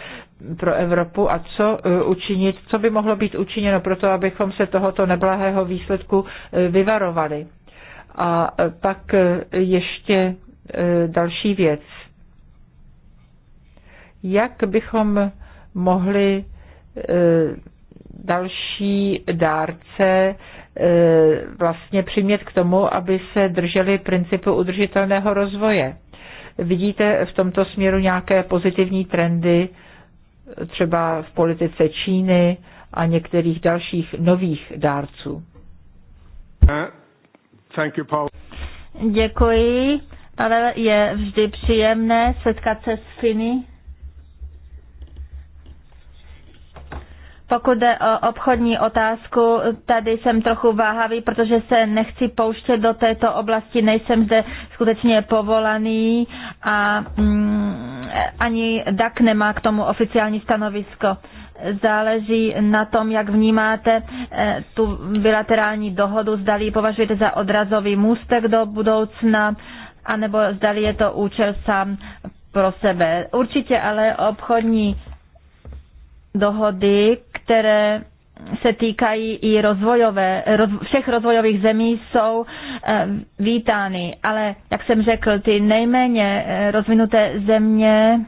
pro Evropu a co e, učinit, co by mohlo být učiněno pro to, abychom se tohoto neblahého výsledku e, vyvarovali. A e, pak ještě další věc. Jak bychom mohli další dárce vlastně přimět k tomu, aby se drželi principu udržitelného rozvoje. Vidíte v tomto směru nějaké pozitivní trendy, třeba v politice Číny a některých dalších nových dárců. Thank you, Paul. Děkuji, ale je vždy příjemné setkat se s Finy. Pokud jde o obchodní otázku, tady jsem trochu váhavý, protože se nechci pouštět do této oblasti, nejsem zde skutečně povolaný a mm, ani DAC nemá k tomu oficiální stanovisko. Záleží na tom, jak vnímáte eh, tu bilaterální dohodu, zdali ji považujete za odrazový můstek do budoucna, anebo zdali je to účel sám pro sebe. Určitě ale obchodní dohody, které se týkají i rozvojové, roz, všech rozvojových zemí jsou e, vítány, ale jak jsem řekl, ty nejméně eh, rozvinuté země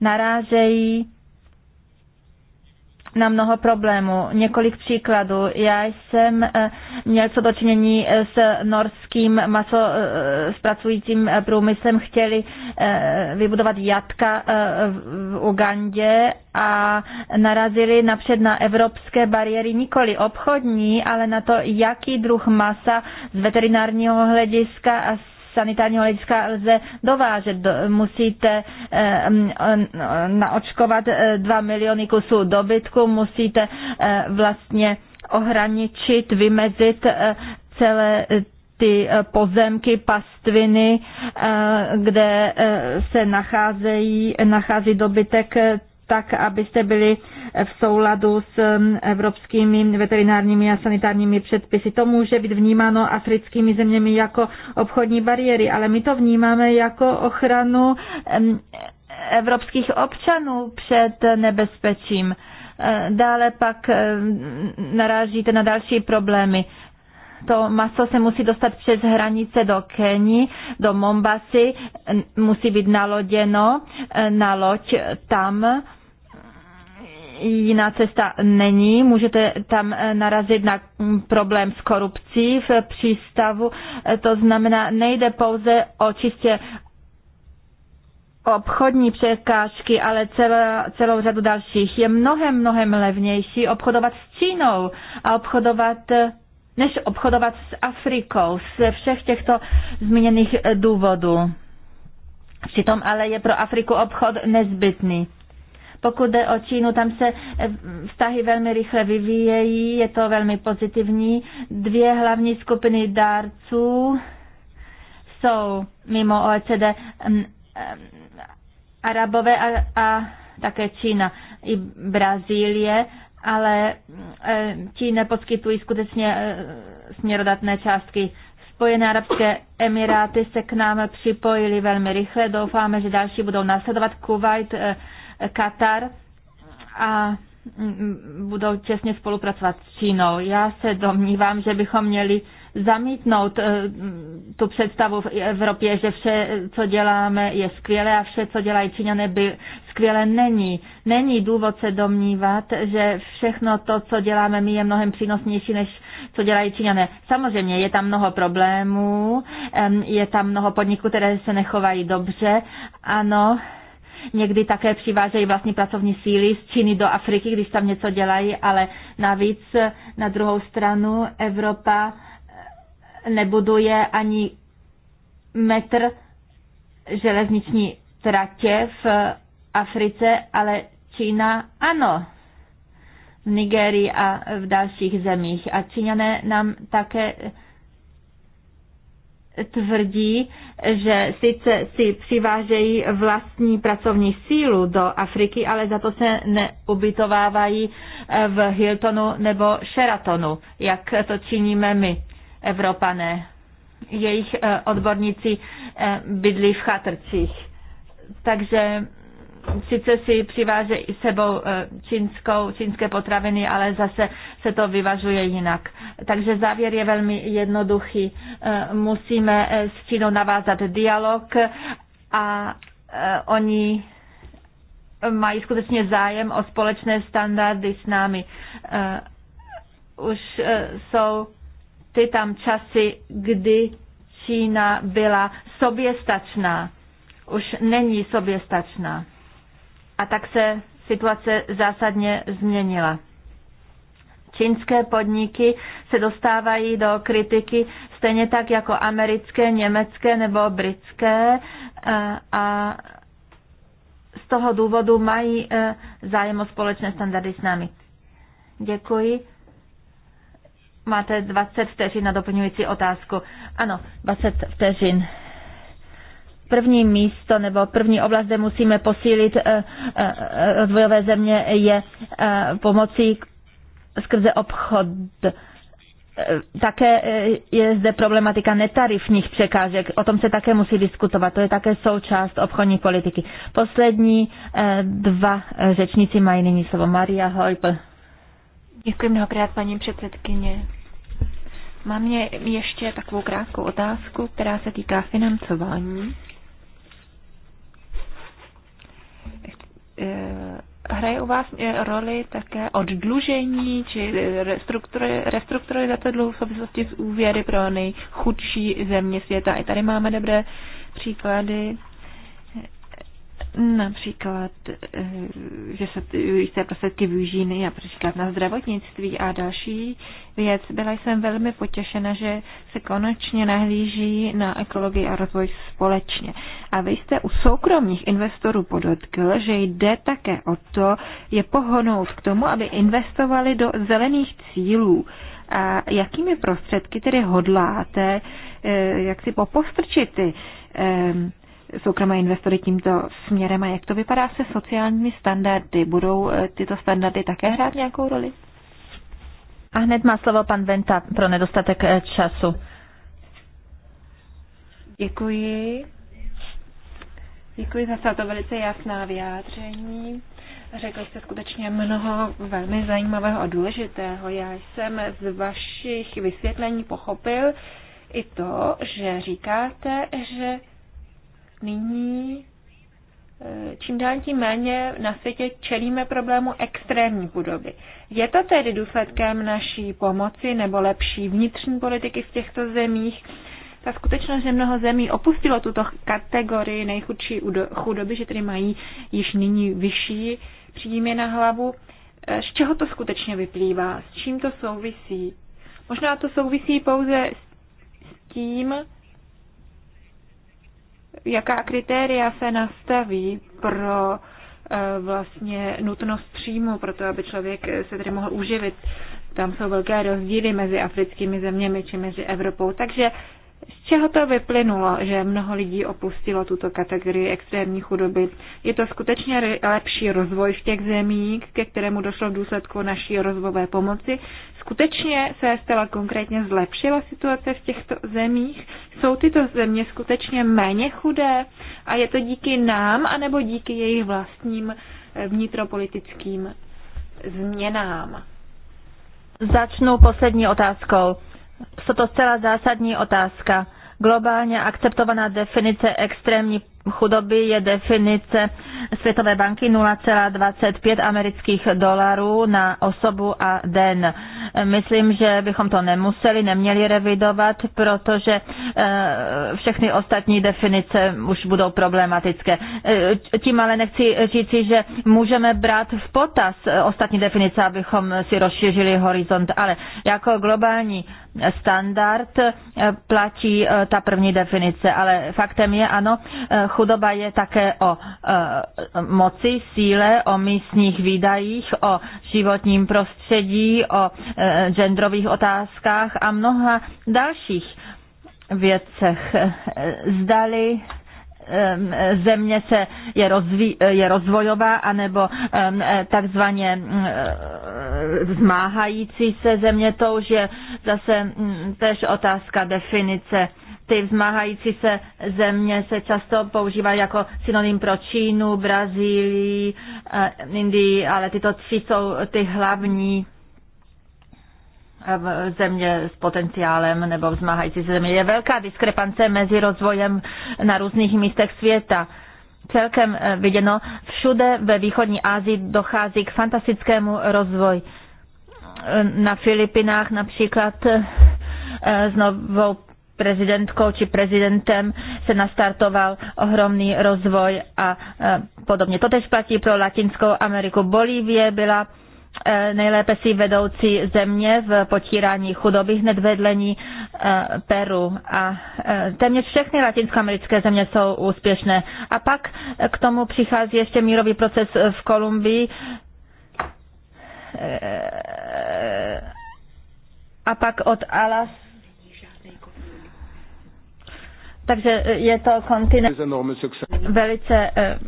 narážejí na mnoho problémů. Několik příkladů. Já jsem eh, měl co dočinění eh, s norským maso zpracujícím eh, průmyslem. Chtěli vybudovat jatka v Ugandě a narazili napřed na evropské bariéry, nikoli obchodní, ale na to, jaký druh masa z veterinárního hlediska a sanitárního hlediska lze dovážet. Musíte eh, mm, eh, naočkovat 2 eh, miliony kusů dobytku, musíte vlastně ohraničit, vymezit celé ty pozemky, pastviny, kde se nacházejí, nachází dobytek, tak, abyste byli v souladu s um, evropskými veterinárními a sanitárními předpisy. To může být vnímáno africkými zeměmi jako obchodní bariéry, ale my to vnímáme jako ochranu um, evropských občanů před nebezpečím. Uh, dále pak uh, narážíte na další problémy to maso se musí dostat přes hranice do Keni, do Mombasy, musí být naloděno e, na loď tam jiná cesta není. Můžete tam e, narazit na mm, problém s korupcí v přístavu. E, to znamená, nejde pouze o čistě obchodní překážky, ale celá, celou řadu dalších. Je mnohem, mnohem levnější obchodovat s Čínou a obchodovat než obchodovat s Afrikou z všech těchto zmíněných důvodů. Přitom ale je pro Afriku obchod nezbytný. Pokud jde o Čínu, tam se eh, vztahy velmi rychle vyvíjejí, je to velmi pozitivní. Dvě hlavní skupiny dárců jsou mimo OECD mm, mm, Arabové a, a také Čína i Brazílie ale eh, ti neposkytují skutečně eh, směrodatné částky. Spojené arabské emiráty se k nám připojili velmi rychle. Doufáme, že další budou následovat Kuwait, eh, Katar a mm, budou těsně spolupracovat s Čínou. Já se domnívám, že bychom měli zamítnout tu představu v Evropě, že vše, co děláme, je skvělé a vše, co dělají Číňané, by skvěle není. Není důvod se domnívat, že všechno to, co děláme my, je mnohem přínosnější, než co dělají Číňané. Samozřejmě je tam mnoho problémů, je tam mnoho podniků, které se nechovají dobře. Ano, někdy také přivážejí vlastní pracovní síly z Číny do Afriky, když tam něco dělají, ale navíc na druhou stranu Evropa eh, nebuduje ani metr železniční tratě v Africe, ale Čína ano v Nigerii a v dalších zemích. A Číňané nám také tvrdí, že sice si přivážejí vlastní pracovní sílu do Afriky, ale za to se neubytovávají v Hiltonu nebo Sheratonu, jak to činíme my, Evropané. Jejich eh, odborníci eh, bydlí v chatrčích. Takže sice si přiváže i sebou eh, čínskou, čínské potraviny, ale zase se to vyvažuje jinak. Takže závěr je velmi jednoduchý. Eh, musíme eh, s Čínou navázat dialog a oni mají skutečně zájem o společné standardy s námi. Už jsou ty tam časy, kdy Čína byla soběstačná. Už není soběstačná a tak se situace zásadně změnila. Čínské podniky se dostávají do kritiky stejně tak jako americké, německé nebo britské eh, a z toho důvodu mají eh, zájem o společné standardy s námi. Děkuji. Máte 20 vteřin na doplňující otázku. Ano, 20 vteřin první místo nebo první oblast, kde musíme posílit rozvojové eh, eh, země, je eh, pomocí skrze obchod. Také je zde problematika netarifních překážek. O tom se také musí diskutovat. To je také součást obchodní politiky. Poslední dva řečníci mají nyní slovo. Maria Hojpl. Děkuji mnohokrát, paní předsedkyně. Mám mě ještě takovou krátkou otázku, která se týká financování. Eh, hraje u vás eh, roli také oddlužení či restrukturalizace dluhu v souvislosti s úvěry pro nejchudší země světa. I tady máme dobré příklady Například, eh, že se jisté prostředky využijí například na zdravotnictví a další věc. Byla jsem velmi potěšena, že se konečně nahlíží na ekologii a rozvoj společně. A vy jste u soukromých investorů podotkl, že jde také o to, je pohonout k tomu, aby investovali do zelených cílů. A jakými prostředky tedy hodláte, eh, jak si popostrčit ty eh, soukromé investory tímto směrem a jak to vypadá se sociálními standardy? Budou eh, tyto standardy také hrát nějakou roli? A hned má slovo pan Venta pro nedostatek eh, času. Děkuji. Děkuji za to velice jasná vyjádření. Řekl jste skutečně mnoho velmi zajímavého a důležitého. Já jsem z vašich vysvětlení pochopil i to, že říkáte, že nyní eh, čím dál tím méně na světě čelíme problému extrémní chudoby. Je to tedy důsledkem naší pomoci nebo lepší vnitřní politiky v těchto zemích? Ta skutečnost, že mnoho zemí opustilo tuto kategorii nejchudší chudoby, že tedy mají již nyní vyšší příjmy na hlavu, eh, z čeho to skutečně vyplývá? S čím to souvisí? Možná to souvisí pouze s tím, jaká kritéria se nastaví pro eh, vlastně nutnost příjmu, proto aby člověk eh, se tedy mohl uživit. Tam jsou velké rozdíly mezi africkými zeměmi či mezi Evropou. Takže z čeho to vyplynulo, že mnoho lidí opustilo tuto kategorii extrémní chudoby? Je to skutečně lepší rozvoj v těch zemích, ke kterému došlo v důsledku naší rozvojové pomoci? Skutečně se stala konkrétně zlepšila situace v těchto zemích? Jsou tyto země skutečně méně chudé? A je to díky nám, anebo díky jejich vlastním eh, vnitropolitickým změnám? Začnu poslední otázkou jsou to zcela zásadní otázka. Globálně akceptovaná definice extrémní chudoby je definice Světové banky 0,25 amerických dolarů na osobu a den. Myslím, že bychom to nemuseli, neměli revidovat, protože eh, všechny ostatní definice už budou problematické. Eh, tím ale nechci říci, že můžeme brát v potaz eh, ostatní definice, abychom si rozšířili horizont, ale jako globální standard platí ta první definice, ale faktem je ano, chudoba je také o e, moci, síle, o místních výdajích, o životním prostředí, o e, genderových otázkách a mnoha dalších věcech. E, zdali země se je, rozví, je rozvojová, anebo takzvaně zmáhající se země, to už je zase tež otázka definice ty vzmáhající se země se často používají jako synonym pro Čínu, Brazílii, eh, Indii, ale tyto tři jsou ty hlavní eh, země s potenciálem nebo vzmáhající se země. Je velká diskrepance mezi rozvojem na různých místech světa. Celkem eh, viděno, všude ve východní Asii dochází k fantastickému rozvoji. Na Filipinách například s novou prezidentkou či prezidentem se nastartoval ohromný rozvoj a e, podobně. To tež platí pro Latinskou Ameriku. Bolívie byla e, nejlépe si vedoucí země v potírání chudoby hned vedlení e, Peru. A téměř všechny latinskoamerické země jsou úspěšné. A pak k tomu přichází ještě mírový proces v Kolumbii. A pak od Alas takže e, je to kontinent velice e,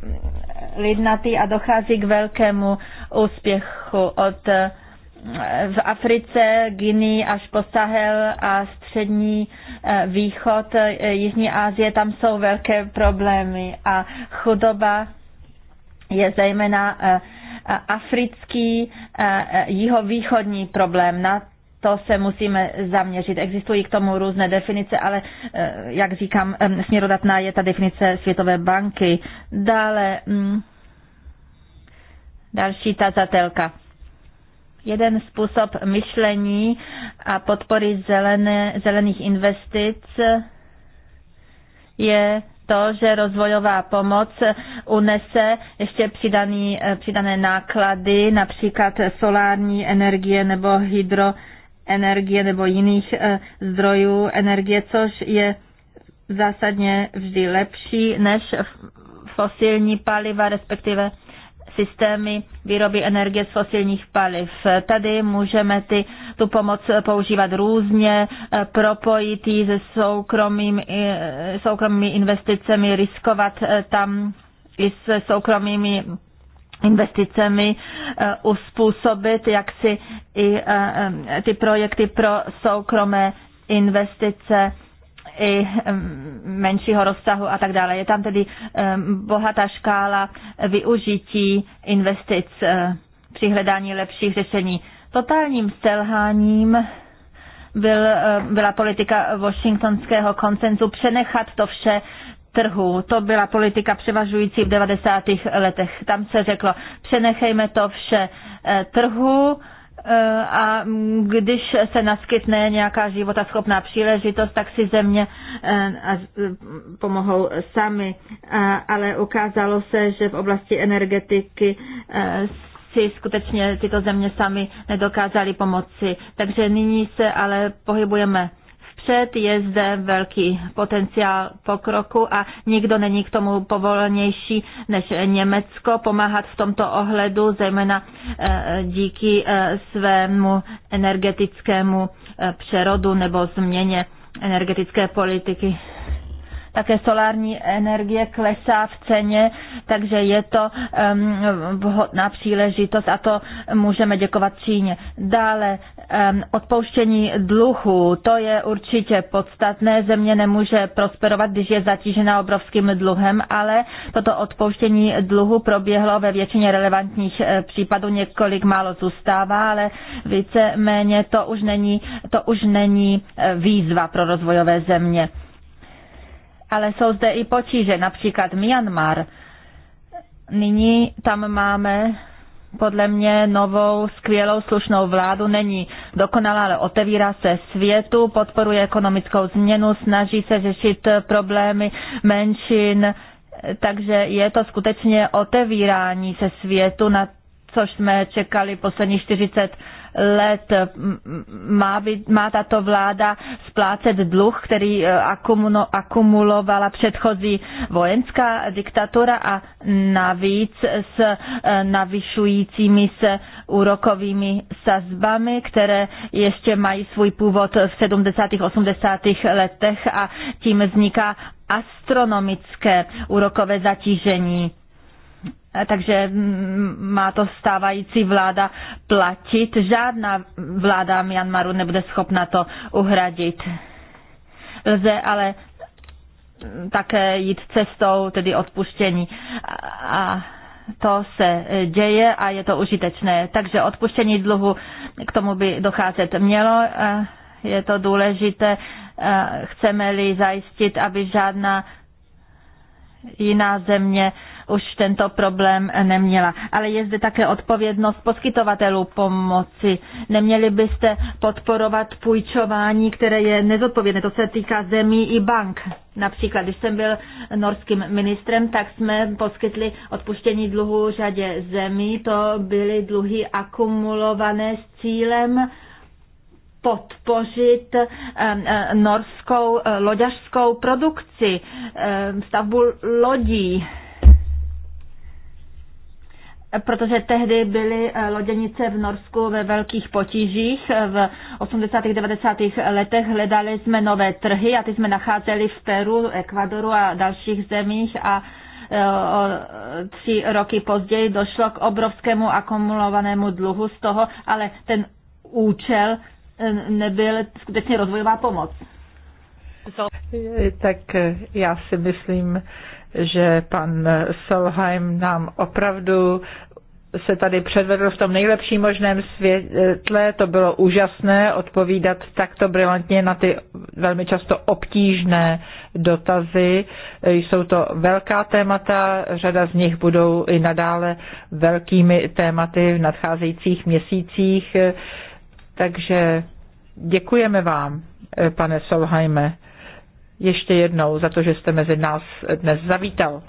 lidnatý a dochází k velkému úspěchu od e, v Africe, Guinea až po Sahel a střední východ, Jižní Asie, tam jsou velké problémy a chudoba je zejména africký jihovýchodní problém. Na to se musíme zaměřit. Existují k tomu různé definice, ale eh, jak říkám, směrodatná je ta definice Světové banky. Dále mm, další tazatelka. Jeden způsob myšlení a podpory zelené, zelených investic je to, že rozvojová pomoc unese ještě přidaný, eh, přidané náklady, například solární energie nebo hydro energie nebo jiných eh, zdrojů energie, což je zásadně vždy lepší než fosilní paliva, respektive systémy výroby energie z fosilních paliv. Tady můžeme ty, tu pomoc používat různě, eh, propojit ji se soukromým, eh, soukromými investicemi, riskovat tam i se soukromými investicemi eh, uspůsobit jak si i eh, eh, ty projekty pro soukromé investice i menšího rozsahu a tak dále. Je tam tedy bohatá škála využití investic při hledání lepších řešení. Totálním selháním byl, byla politika washingtonského koncenzu přenechat to vše trhu. To byla politika převažující v 90. letech. Tam se řeklo, přenechejme to vše eh, trhu, eh, a když se naskytne nějaká životaschopná příležitost, tak si země eh, pomohou sami. Ale ukázalo se, že v oblasti energetiky si skutečně tyto země sami nedokázaly pomoci. Takže nyní se ale pohybujeme před, je zde velký potenciál pokroku a nikdo není k tomu povolenější než Německo pomáhat v tomto ohledu, zejména eh, díky eh, svému energetickému eh, přerodu nebo změně energetické politiky také solární energie klesá v ceně, takže je to um, vhodná příležitost a to můžeme děkovat Číně. Dále odpouštění dluhu, to je určitě podstatné. Země nemůže prosperovat, když je zatížena obrovským dluhem, ale toto odpouštění dluhu proběhlo ve většině relevantních eh, případů, několik málo zůstává, ale víceméně to už není, to už není eh, výzva pro rozvojové země. Ale jsou zde i potíže, například Myanmar. Nyní tam máme podle mě novou skvělou slušnou vládu. Není dokonalá, ale otevírá se světu, podporuje ekonomickou změnu, snaží se řešit problémy menšin, takže je to skutečně otevírání se světu, na což jsme čekali poslední 40 let má, být, má tato vláda splácet dluh, který e, akumulovala předchozí vojenská diktatura a navíc s e, navyšujícími se úrokovými sazbami, které ještě mají svůj původ v 70. 80. letech a tím vzniká astronomické úrokové zatížení takže má to stávající vláda platit. Žádná vláda Myanmaru nebude schopna to uhradit. Lze ale také jít cestou, tedy odpuštění. A to se děje a je to užitečné. Takže odpuštění dluhu k tomu by docházet mělo. Je to důležité. Chceme-li zajistit, aby žádná jiná země už tento problém neměla. Ale je zde také odpovědnost poskytovatelů pomoci. Neměli byste podporovat půjčování, které je nezodpovědné. To se týká zemí i bank. Například, když jsem byl norským ministrem, tak jsme poskytli odpuštění dluhu řadě zemí. To byly dluhy akumulované s cílem podpořit norskou eh, loďařskou produkci, stavbu lodí, protože tehdy byly eh, loděnice v Norsku ve velkých potížích. Eh, v 80. 90. letech hledali jsme nové trhy a ty jsme nacházeli v Peru, Ekvadoru a dalších zemích a tři roky později došlo k obrovskému akumulovanému dluhu z toho, ale ten účel nebyl skutečně rozvojová pomoc. Tak já si myslím, že pan Solheim nám opravdu se tady předvedl v tom nejlepším možném světle. To bylo úžasné odpovídat takto brilantně na ty velmi často obtížné dotazy. Jsou to velká témata, řada z nich budou i nadále velkými tématy v nadcházejících měsících. Takže děkujeme vám, eh, pane Solheime, ještě jednou za to, že jste mezi nás dnes zavítal.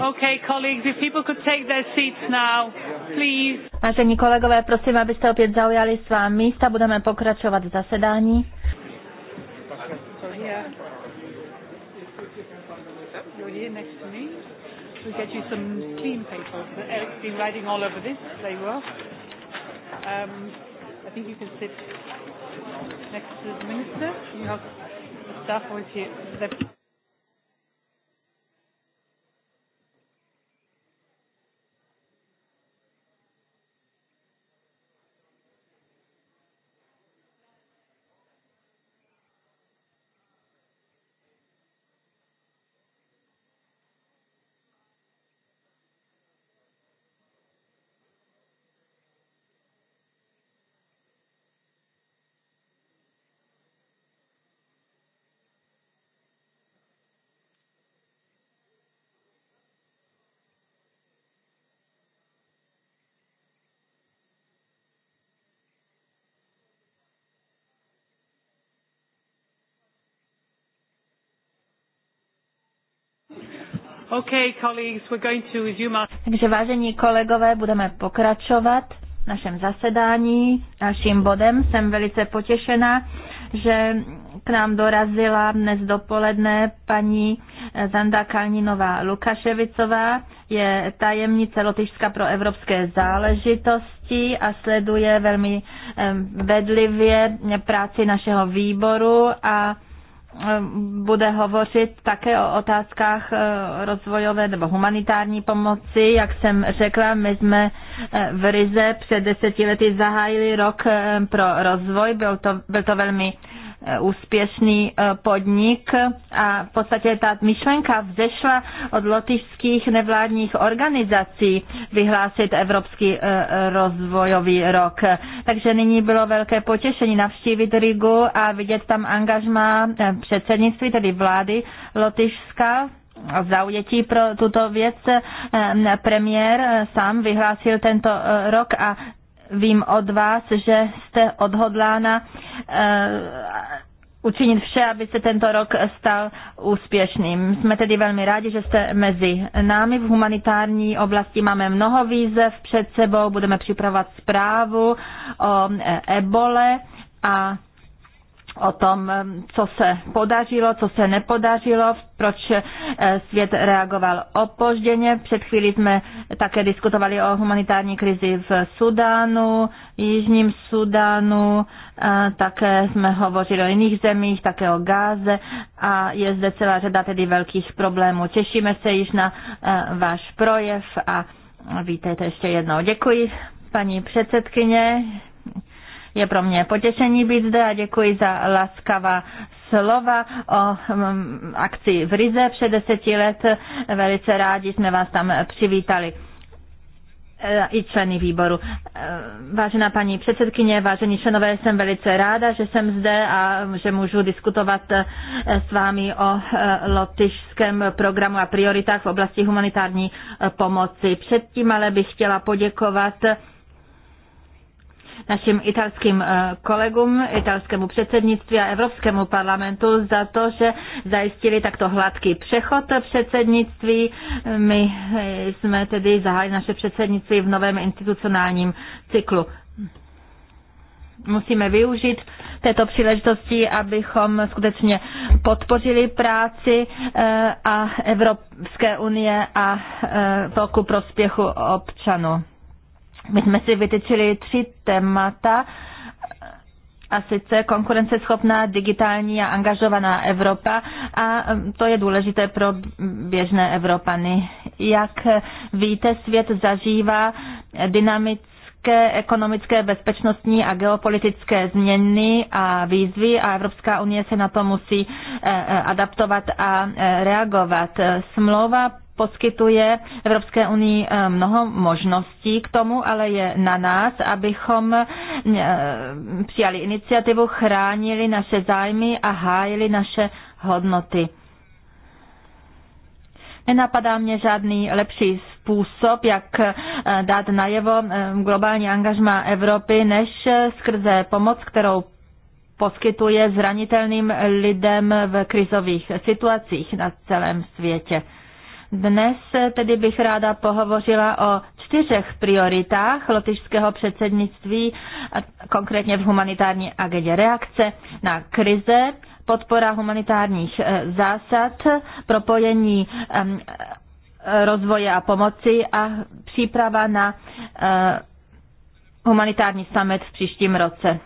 Okay, colleagues, if people could take their seats now, please. Vážení kolegové, prosím, abyste opět zaujali svá místa. Budeme pokračovat v zasedání. Um, next to the minister. You have the staff Takže vážení kolegové, budeme pokračovat v našem zasedání. Naším bodem jsem velice potěšena, že k nám dorazila dnes dopoledne paní Zanda Kalninová Lukaševicová, je tajemnice Lotyšska pro evropské záležitosti a sleduje velmi vedlivě práci našeho výboru a Eh, bude hovořit také o otázkách eh, rozvojové nebo humanitární pomoci. Jak jsem řekla, my jsme eh, v Rize před deseti lety zahájili rok pro rozvoj. Byl to, byl to velmi Eh, úspěšný eh, podnik a v podstatě ta myšlenka vzešla od lotyšských nevládních organizací vyhlásit Evropský eh, rozvojový rok. Takže nyní bylo velké potěšení navštívit Rigu a vidět tam angažma předsednictví, tedy vlády Lotyšska zaujetí pro tuto věc. Premiér sám vyhlásil tento rok a vím od vás, že jste odhodlána eh, učinit vše, aby se tento rok stal úspěšným. Jsme tedy velmi rádi, že jste mezi námi. V humanitární oblasti máme mnoho výzev před sebou, budeme připravovat zprávu o eh, ebole a o tom, eh, co se podařilo, co se nepodařilo, proč eh, svět reagoval opožděně. Před chvílí jsme také diskutovali o humanitární krizi v Sudánu, Jižním Sudánu, eh, také jsme hovořili o jiných zemích, také o Gáze a je zde celá řada tedy velkých problémů. Těšíme se již na váš projev a vítejte ještě jednou. Děkuji paní předsedkyně, je pro mě potěšení být zde a děkuji za laskavá slova o mm, akci v Rize před deseti let. Velice rádi jsme vás tam přivítali e, i členy výboru. E, vážená paní předsedkyně, vážení členové, jsem velice ráda, že jsem zde a že můžu diskutovat e, s vámi o lotyšském programu a prioritách v oblasti humanitární pomoci. Předtím ale bych chtěla poděkovat našim italským eh, kolegům, italskému předsednictví a Evropskému parlamentu za to, že zajistili takto hladký přechod předsednictví. My eh, jsme tedy zahájili naše předsednictví v novém institucionálním cyklu musíme využít této příležitosti, abychom skutečně podpořili práci eh, a Evropské unie a toku prospěchu občanů. My jsme si vytyčili tři témata, a sice konkurenceschopná, digitální a angažovaná Evropa a um, to je důležité pro běžné Evropany. Jak víte, svět zažívá dynamické ekonomické, bezpečnostní a geopolitické změny a výzvy a Evropská unie se na to musí eh, eh, adaptovat a eh, reagovat. Smlouva poskytuje Evropské unii eh, mnoho možností k tomu, ale je na nás, abychom eh, přijali iniciativu, chránili naše zájmy a hájili naše hodnoty. Nenapadá mě žádný lepší způsob, jak eh, dát najevo globální angažma Evropy, než skrze pomoc, kterou poskytuje zranitelným lidem v krizových situacích na celém světě. Dnes tedy bych ráda pohovořila o čtyřech prioritách lotyšského předsednictví, konkrétně v humanitární agendě reakce na krize, podpora humanitárních e, zásad, propojení rozvoje a pomoci a příprava na e, humanitární summit v příštím roce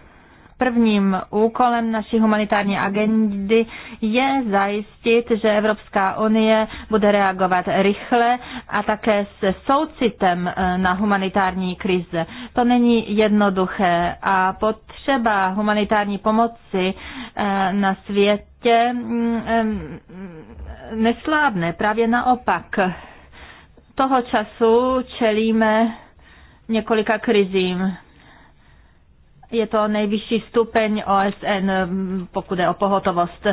prvním úkolem naší humanitární agendy je zajistit, že Evropská unie bude reagovat rychle a také se soucitem eh, na humanitární krize. To není jednoduché a potřeba humanitární pomoci eh, na světě mm, eh, neslábne, právě naopak. Toho času čelíme několika krizím je to nejvyšší stupeň OSN, pokud je o pohotovost.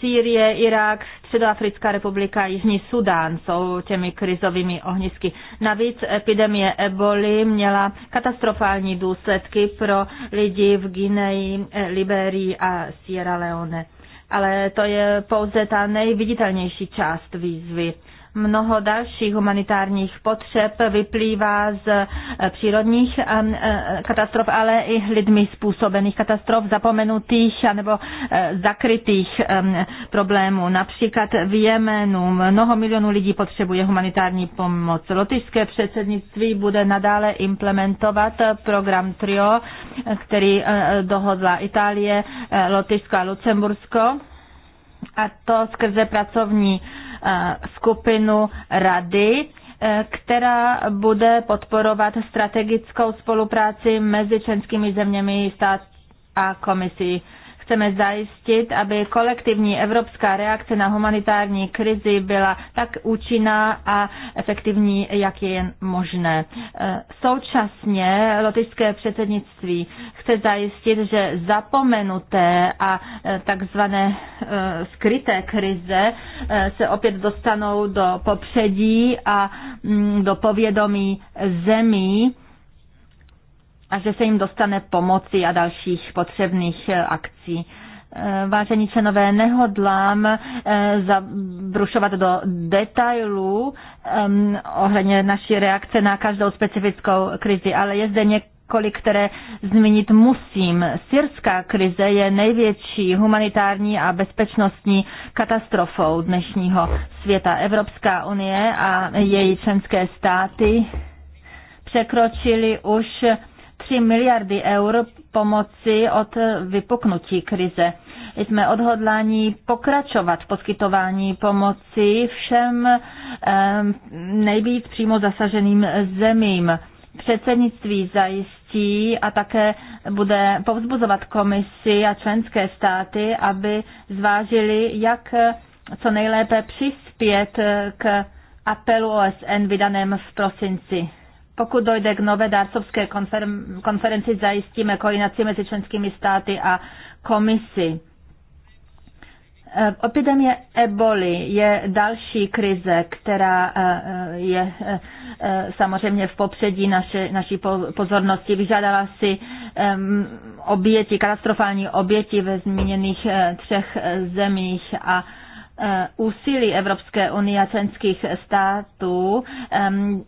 Sýrie, Irák, Středoafrická republika, Jižní Sudán jsou těmi krizovými ohnisky. Navíc epidemie eboli měla katastrofální důsledky pro lidi v Guineji, Liberii a Sierra Leone. Ale to je pouze ta nejviditelnější část výzvy mnoho dalších humanitárních potřeb vyplývá z eh, přírodních eh, eh, katastrof, ale i lidmi způsobených katastrof, zapomenutých nebo zakrytých problémů. Například v Jemenu mnoho milionů lidí potřebuje humanitární pomoc. Lotyšské předsednictví bude nadále implementovat program TRIO, který dohodla Itálie, Lotyšsko a Lucembursko a to skrze pracovní Eh, skupinu rady, eh, která bude podporovat strategickou spolupráci mezi členskými zeměmi stát a komisí chceme zajistit, aby kolektivní evropská reakce na humanitární krizi byla tak účinná a efektivní, jak je jen možné. E, současně lotyšské předsednictví chce zajistit, že zapomenuté a e, takzvané e, skryté krize se opět dostanou do popředí a mm, do povědomí zemí, a že se jim dostane pomoci a dalších potřebných eh, akcí. Eh, vážení členové, nehodlám eh, zabrušovat do detailů ehm, ohledně naší reakce na každou specifickou krizi, ale je zde několik kolik které zmínit musím. Syrská krize je největší humanitární a bezpečnostní katastrofou dnešního světa. Evropská unie a její členské státy překročili už 3 miliardy eur pomoci od vypuknutí krize. Jsme odhodláni pokračovat v poskytování pomoci všem nejvíc přímo zasaženým zemím. Předsednictví zajistí a také bude povzbuzovat komisi a členské státy, aby zvážili, jak co nejlépe přispět k apelu OSN vydaném v prosinci pokud dojde k nové dárcovské konferenci, zajistíme koordinaci mezi členskými státy a komisi. Eh, epidemie eboli je další krize, která eh, eh, je samozřejmě v popředí naše, naší pozornosti. Vyžádala si ehm, oběti, katastrofální oběti ve zmíněných třech zemích a úsilí Evropské unie a členských států ehm,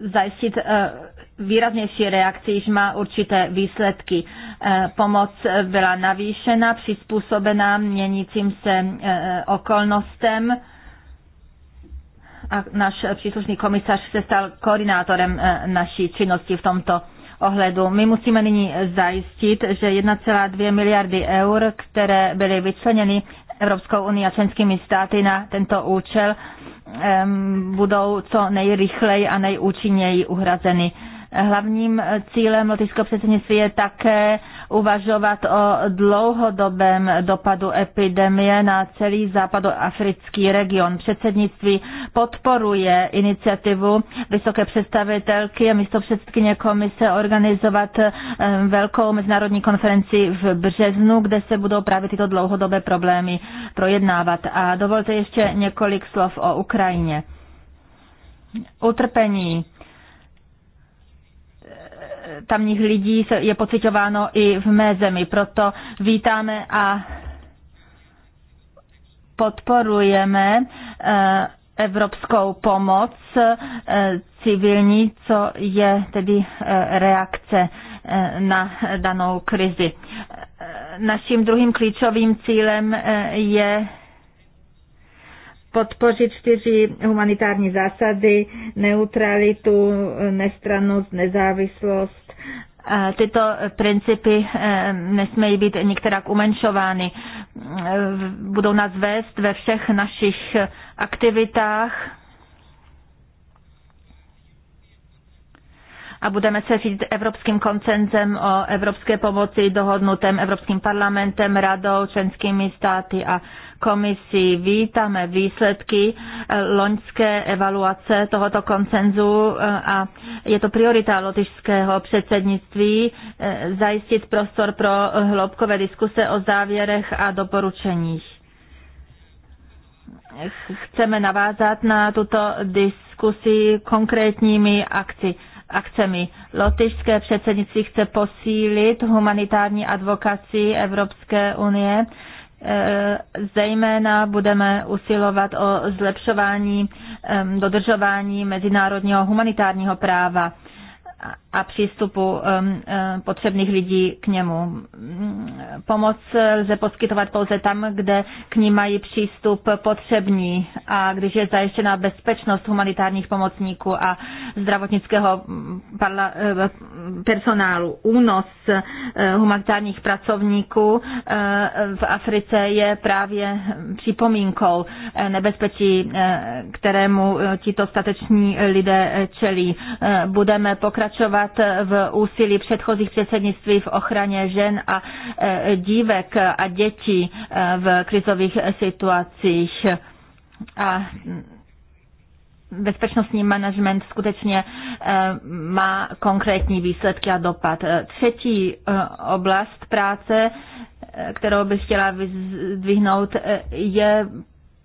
zajistit eh, výraznější reakci, již má určité výsledky. Eh, pomoc byla navýšena, přizpůsobená měnícím se eh, okolnostem a náš příslušný komisař se stal koordinátorem naší činnosti v tomto ohledu. My musíme nyní zajistit, že 1,2 miliardy eur, které byly vyčleněny Evropskou unii a členskými státy na tento účel budou co nejrychleji a nejúčinněji uhrazeny Hlavním cílem lotyšského předsednictví je také uvažovat o dlouhodobém dopadu epidemie na celý západoafrický region. Předsednictví podporuje iniciativu vysoké představitelky a místo předsedkyně komise organizovat eh, velkou mezinárodní konferenci v březnu, kde se budou právě tyto dlouhodobé problémy projednávat. A dovolte ještě několik slov o Ukrajině. Utrpení tamních lidí je pocitováno i v mé zemi. Proto vítáme a podporujeme eh, evropskou pomoc eh, civilní, co je tedy eh, reakce na danou krizi. Naším druhým klíčovým cílem je podpořit čtyři humanitární zásady, neutralitu, nestranost, nezávislost, tyto principy eh, nesmějí být některak umenšovány. Eh, budou nás vést ve všech našich aktivitách a budeme se řídit evropským koncenzem o evropské pomoci dohodnutém Evropským parlamentem, radou, členskými státy a komisí. Vítáme výsledky eh, loňské evaluace tohoto koncenzu eh, a je to priorita lotyšského předsednictví eh, zajistit prostor pro hloubkové diskuse o závěrech a doporučeních. Chceme navázat na tuto diskusi konkrétními akci akcemi. Lotyšské předsednictví chce posílit humanitární advokaci Evropské unie. E, zejména budeme usilovat o zlepšování dodržování mezinárodního humanitárního práva a přístupu um, um, potřebných lidí k němu. Pomoc lze poskytovat pouze tam, kde k ní mají přístup potřební a když je zajištěna bezpečnost humanitárních pomocníků a zdravotnického mm, eh, personálu. Únos eh, humanitárních pracovníků eh, v Africe je právě připomínkou nebezpečí, kterému tito stateční lidé čelí. Budeme pokračovat pokračovat v úsilí předchozích předsednictví v ochraně žen a e, dívek a dětí e, v krizových situacích. A mm, bezpečnostní management skutečně e, má konkrétní výsledky a dopad. Třetí oblast práce, kterou bych chtěla vyzdvihnout, je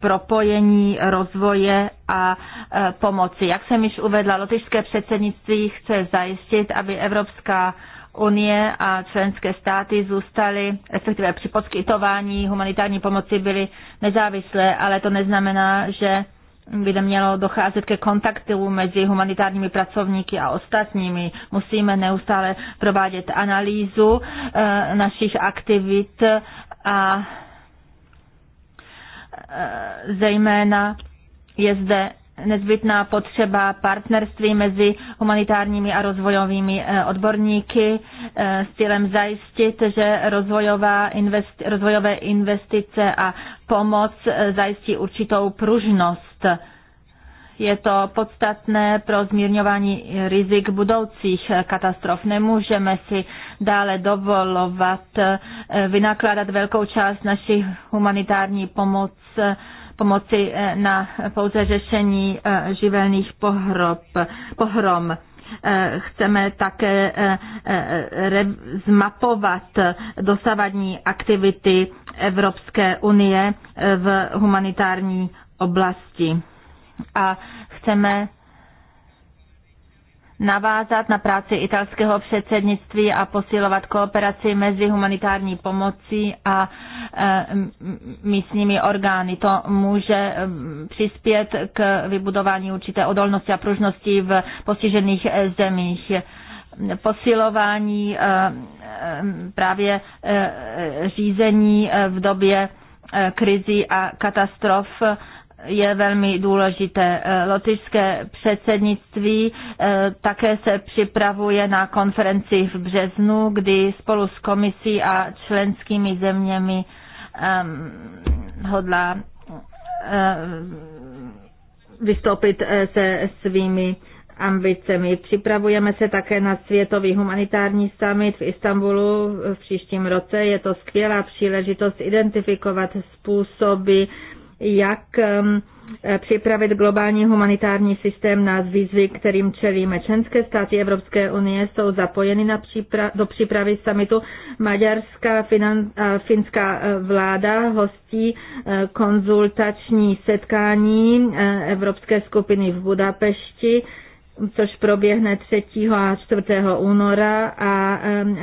propojení rozvoje a e, pomoci. Jak jsem již uvedla, lotyšské předsednictví chce zajistit, aby Evropská unie a členské státy zůstaly, respektive při poskytování humanitární pomoci byly nezávislé, ale to neznamená, že by nemělo docházet ke kontaktu mezi humanitárními pracovníky a ostatními. Musíme neustále provádět analýzu e, našich aktivit a Eh, zejména je zde nezbytná potřeba partnerství mezi humanitárními a rozvojovými eh, odborníky eh, s cílem zajistit, že rozvojová investi- rozvojové investice a pomoc zajistí určitou pružnost je to podstatné pro zmírňování rizik budoucích katastrof. Nemůžeme si dále dovolovat eh, vynakládat velkou část naší humanitární pomoc, eh, pomoci eh, na pouze řešení živelných pohrob, pohrom chceme také zmapovat dosavadní aktivity Evropské unie v humanitární oblasti a chceme navázat na práci italského předsednictví a posilovat kooperaci mezi humanitární pomocí a e, místními orgány. To může e, přispět k vybudování určité odolnosti a pružnosti v postižených e, zemích posilování právě řízení v době krizi a katastrof je velmi důležité. Eh, lotyšské předsednictví eh, také se připravuje na konferenci v březnu, kdy spolu s komisí a členskými zeměmi ehm, hodlá ehm, vystoupit eh, se svými ambicemi. Připravujeme se také na světový humanitární summit v Istanbulu v příštím roce. Je to skvělá příležitost identifikovat způsoby jak um, eh, připravit globální humanitární systém na výzvy, kterým čelíme. Členské státy Evropské unie jsou zapojeny na přípra- do přípravy samitu. Maďarská finan- finská eh, vláda hostí eh, konzultační setkání Evropské skupiny v Budapešti což proběhne 3. a 4. února a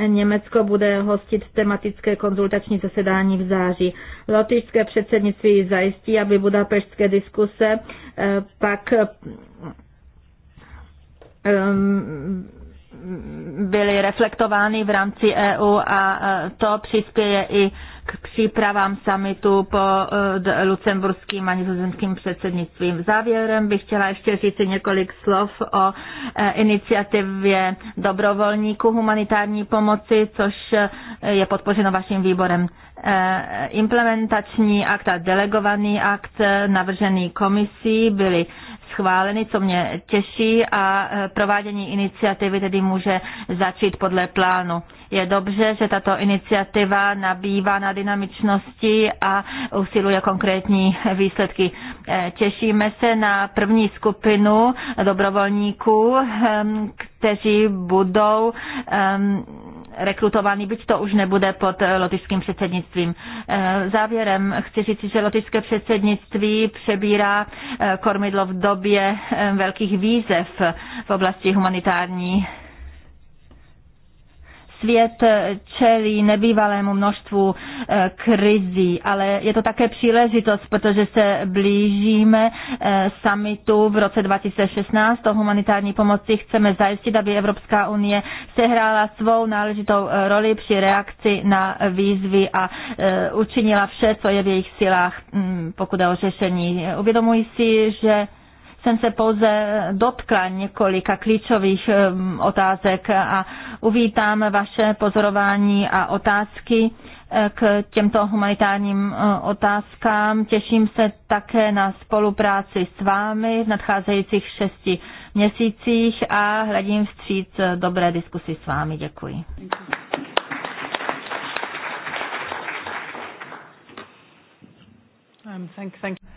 Německo bude hostit tematické konzultační zasedání v září. Lotyšské předsednictví zajistí, aby budapeštské diskuse eh, pak byly reflektovány v rámci EU a eh, to přispěje i k přípravám samitu po eh, lucemburským a nizozemským předsednictvím. Závěrem bych chtěla ještě říct několik slov o eh, iniciativě dobrovolníků humanitární pomoci, což eh, je podpořeno vaším výborem. Implementační akt a delegovaný akt navržený komisí byly schváleny, co mě těší a e, provádění iniciativy tedy může začít podle plánu. Je dobře, že tato iniciativa nabývá na dynamičnosti a usiluje konkrétní výsledky. E, těšíme se na první skupinu dobrovolníků, e, kteří budou um, rekrutovaný, byť to už nebude pod eh, lotyšským předsednictvím. Eh, závěrem chci říct, že lotyšské předsednictví přebírá eh, kormidlo v době velkých výzev v oblasti humanitární svět čelí nebývalému množstvu eh, krizí, ale je to také příležitost, protože se blížíme eh, summitu v roce 2016 o humanitární pomoci. Chceme zajistit, aby Evropská unie sehrála svou náležitou eh, roli při reakci na výzvy a učinila vše, co je v jejich silách, mm, pokud je o řešení. Uvědomuji si, že jsem se pouze dotkla několika klíčových um, otázek a uvítám vaše pozorování a otázky eh, k těmto humanitárním eh, otázkám. Těším se také na spolupráci s vámi v nadcházejících šesti měsících a hledím vstříc dobré diskusy s vámi. Děkuji. Um, thank, thank.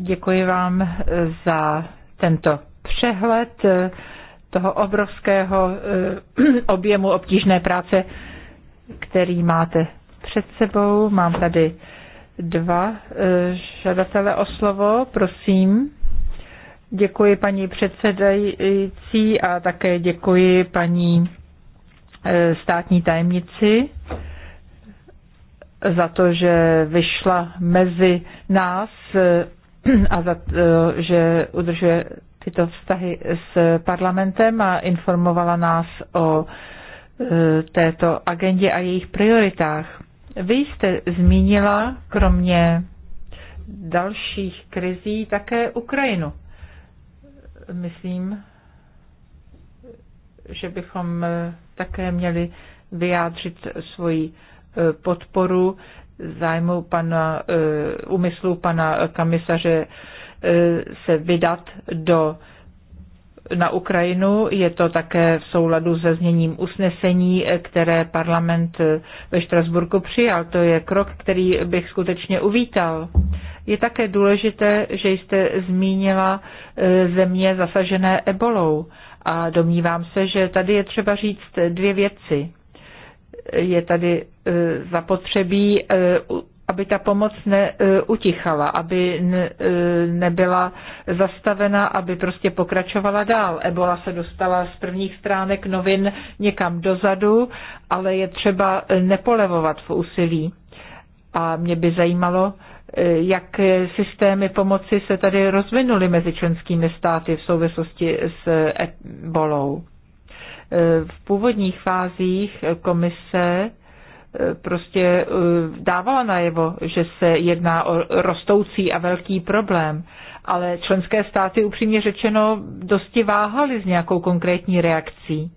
Děkuji vám eh, za tento přehled eh, toho obrovského eh, objemu obtížné práce, který máte před sebou. Mám tady dva žadatele o slovo. Prosím. Děkuji paní předsedající a také děkuji paní státní tajemnici za to, že vyšla mezi nás a za, e, že udržuje tyto vztahy s parlamentem a informovala nás o e, této agendě a jejich prioritách. Vy jste zmínila, kromě dalších krizí, také Ukrajinu. Myslím, že bychom e, také měli vyjádřit svoji podporu zájmu pana, eh, úmyslu pana komisaře eh, se vydat do na Ukrajinu. Je to také v souladu se zněním usnesení, eh, které parlament ve Štrasburku přijal. To je krok, který bych skutečně uvítal. Je také důležité, že jste zmínila země zasažené ebolou a domnívám se, že tady je třeba říct dvě věci je tady e, zapotřebí, e, aby ta pomoc neutichala, e, aby nebyla zastavena, aby prostě pokračovala dál. Ebola se dostala z prvních stránek novin někam dozadu, ale je třeba nepolevovat v úsilí. A mě by zajímalo, jak systémy pomoci se tady rozvinuly mezi členskými státy v souvislosti s ebolou. Eh, v původních fázích komise eh, prostě eh, dávala najevo, že se jedná o rostoucí a velký problém, ale členské státy upřímně řečeno dosti váhaly s nějakou konkrétní reakcí.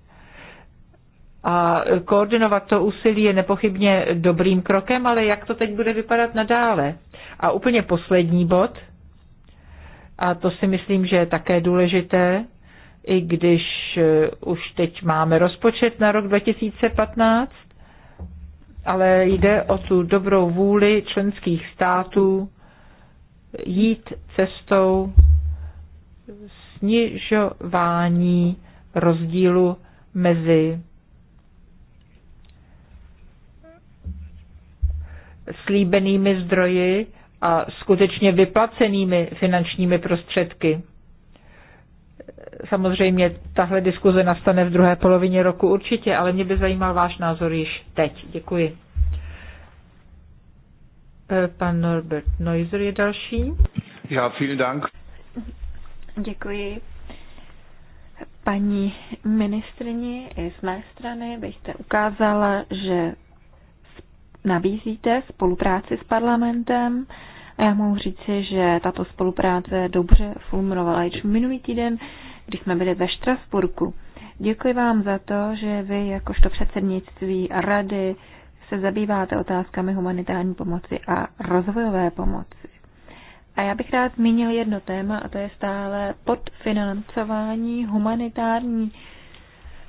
A koordinovat to úsilí je nepochybně dobrým krokem, ale jak to teď bude vypadat nadále? A úplně poslední bod, a to si myslím, že je také důležité, i když eh, už teď máme rozpočet na rok 2015, ale jde o tu dobrou vůli členských států jít cestou snižování rozdílu mezi slíbenými zdroji a skutečně vyplacenými finančními prostředky. Samozřejmě tahle diskuze nastane v druhé polovině roku určitě, ale mě by zajímal váš názor již teď. Děkuji. E, pan Norbert Neuser je další. Já, vielen Dank. Děkuji. Paní ministrini, z mé strany byste ukázala, že nabízíte spolupráci s parlamentem. A já mohu říci, že tato spolupráce dobře fungovala již minulý týden když jsme byli ve Štrasburku. Děkuji vám za to, že vy jakožto předsednictví a rady se zabýváte otázkami humanitární pomoci a rozvojové pomoci. A já bych rád zmínil jedno téma, a to je stále podfinancování humanitární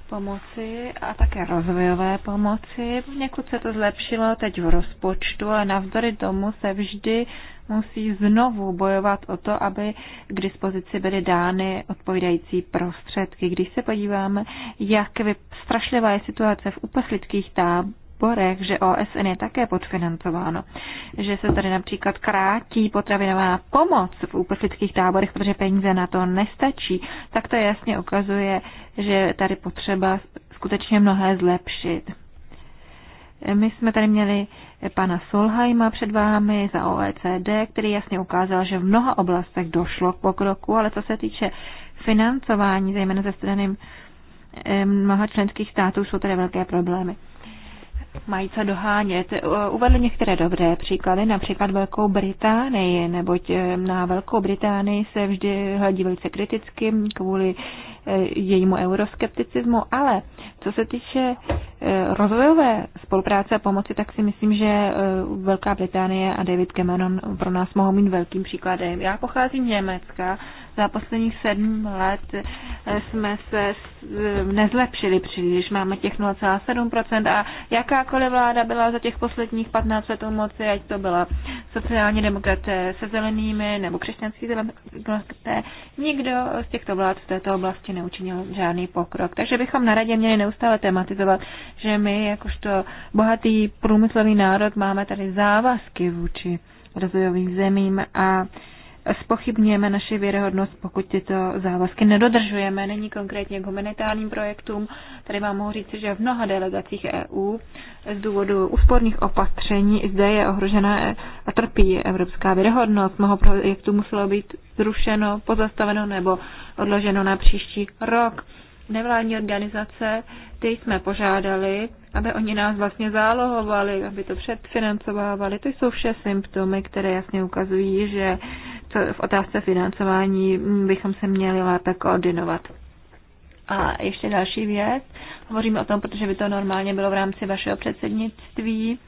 pomoci a také rozvojové pomoci. Někud se to zlepšilo teď v rozpočtu a navzdory tomu se vždy musí znovu bojovat o to, aby k dispozici byly dány odpovídající prostředky. Když se podíváme, jak strašlivá je situace v uprchlických táborech, že OSN je také podfinancováno, že se tady například krátí potravinová pomoc v uprchlických táborech, protože peníze na to nestačí, tak to jasně ukazuje, že tady potřeba skutečně mnohé zlepšit. My jsme tady měli pana Solheima před vámi za OECD, který jasně ukázal, že v mnoha oblastech došlo k pokroku, ale co se týče financování, zejména ze strany mnoha členských států, jsou tady velké problémy. Mají co dohánět. Uvedli některé dobré příklady, například Velkou Británii, neboť na Velkou Británii se vždy hledí velice kriticky kvůli jejímu euroskepticismu, ale co se týče e, rozvojové spolupráce a pomoci, tak si myslím, že e, Velká Británie a David Cameron pro nás mohou mít velkým příkladem. Já pocházím z Německa. Za posledních sedm let e, jsme se nezlepšili příliš. Máme těch 0,7% a jakákoliv vláda byla za těch posledních 15 let u moci, ať to byla sociální demokraté se zelenými nebo křesťanský demokraté, nikdo z těchto vlád v této oblasti neučinil žádný pokrok. Takže bychom na radě měli neustále tematizovat, že my, jakožto bohatý průmyslový národ, máme tady závazky vůči rozvojovým zemím a spochybňujeme naši věrohodnost, pokud tyto závazky nedodržujeme. Není konkrétně k humanitárním projektům. Tady vám mohu říct, že v mnoha delegacích EU z důvodu úsporných opatření zde je ohrožena a trpí evropská věrohodnost. Mnoho projektů muselo být zrušeno, pozastaveno nebo odloženo na příští rok nevládní organizace, ty jsme požádali, aby oni nás vlastně zálohovali, aby to předfinancovávali. To jsou vše symptomy, které jasně ukazují, že v otázce financování bychom se měli lépe koordinovat. A ještě další věc, hovoříme o tom, protože by to normálně bylo v rámci vašeho předsednictví,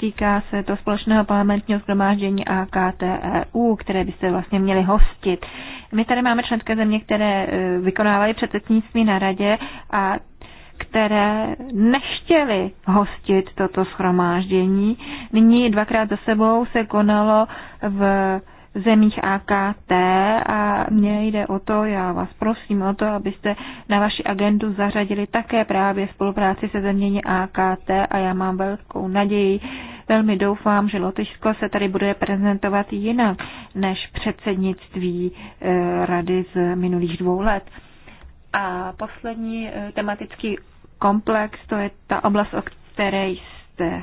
Týká se to společného parlamentního zhromáždění AKTEU, které byste vlastně měli hostit. My tady máme členské země, které eh, vykonávají předsednictví na radě a které nechtěly hostit toto schromáždění. Nyní dvakrát za sebou se konalo v zemích AKT a mně jde o to, já vás prosím o to, abyste na vaši agendu zařadili také právě spolupráci se zeměmi AKT a já mám velkou naději, velmi doufám, že Lotyšsko se tady bude prezentovat jinak než předsednictví eh, rady z minulých dvou let. A poslední eh, tematický komplex, to je ta oblast, o které jste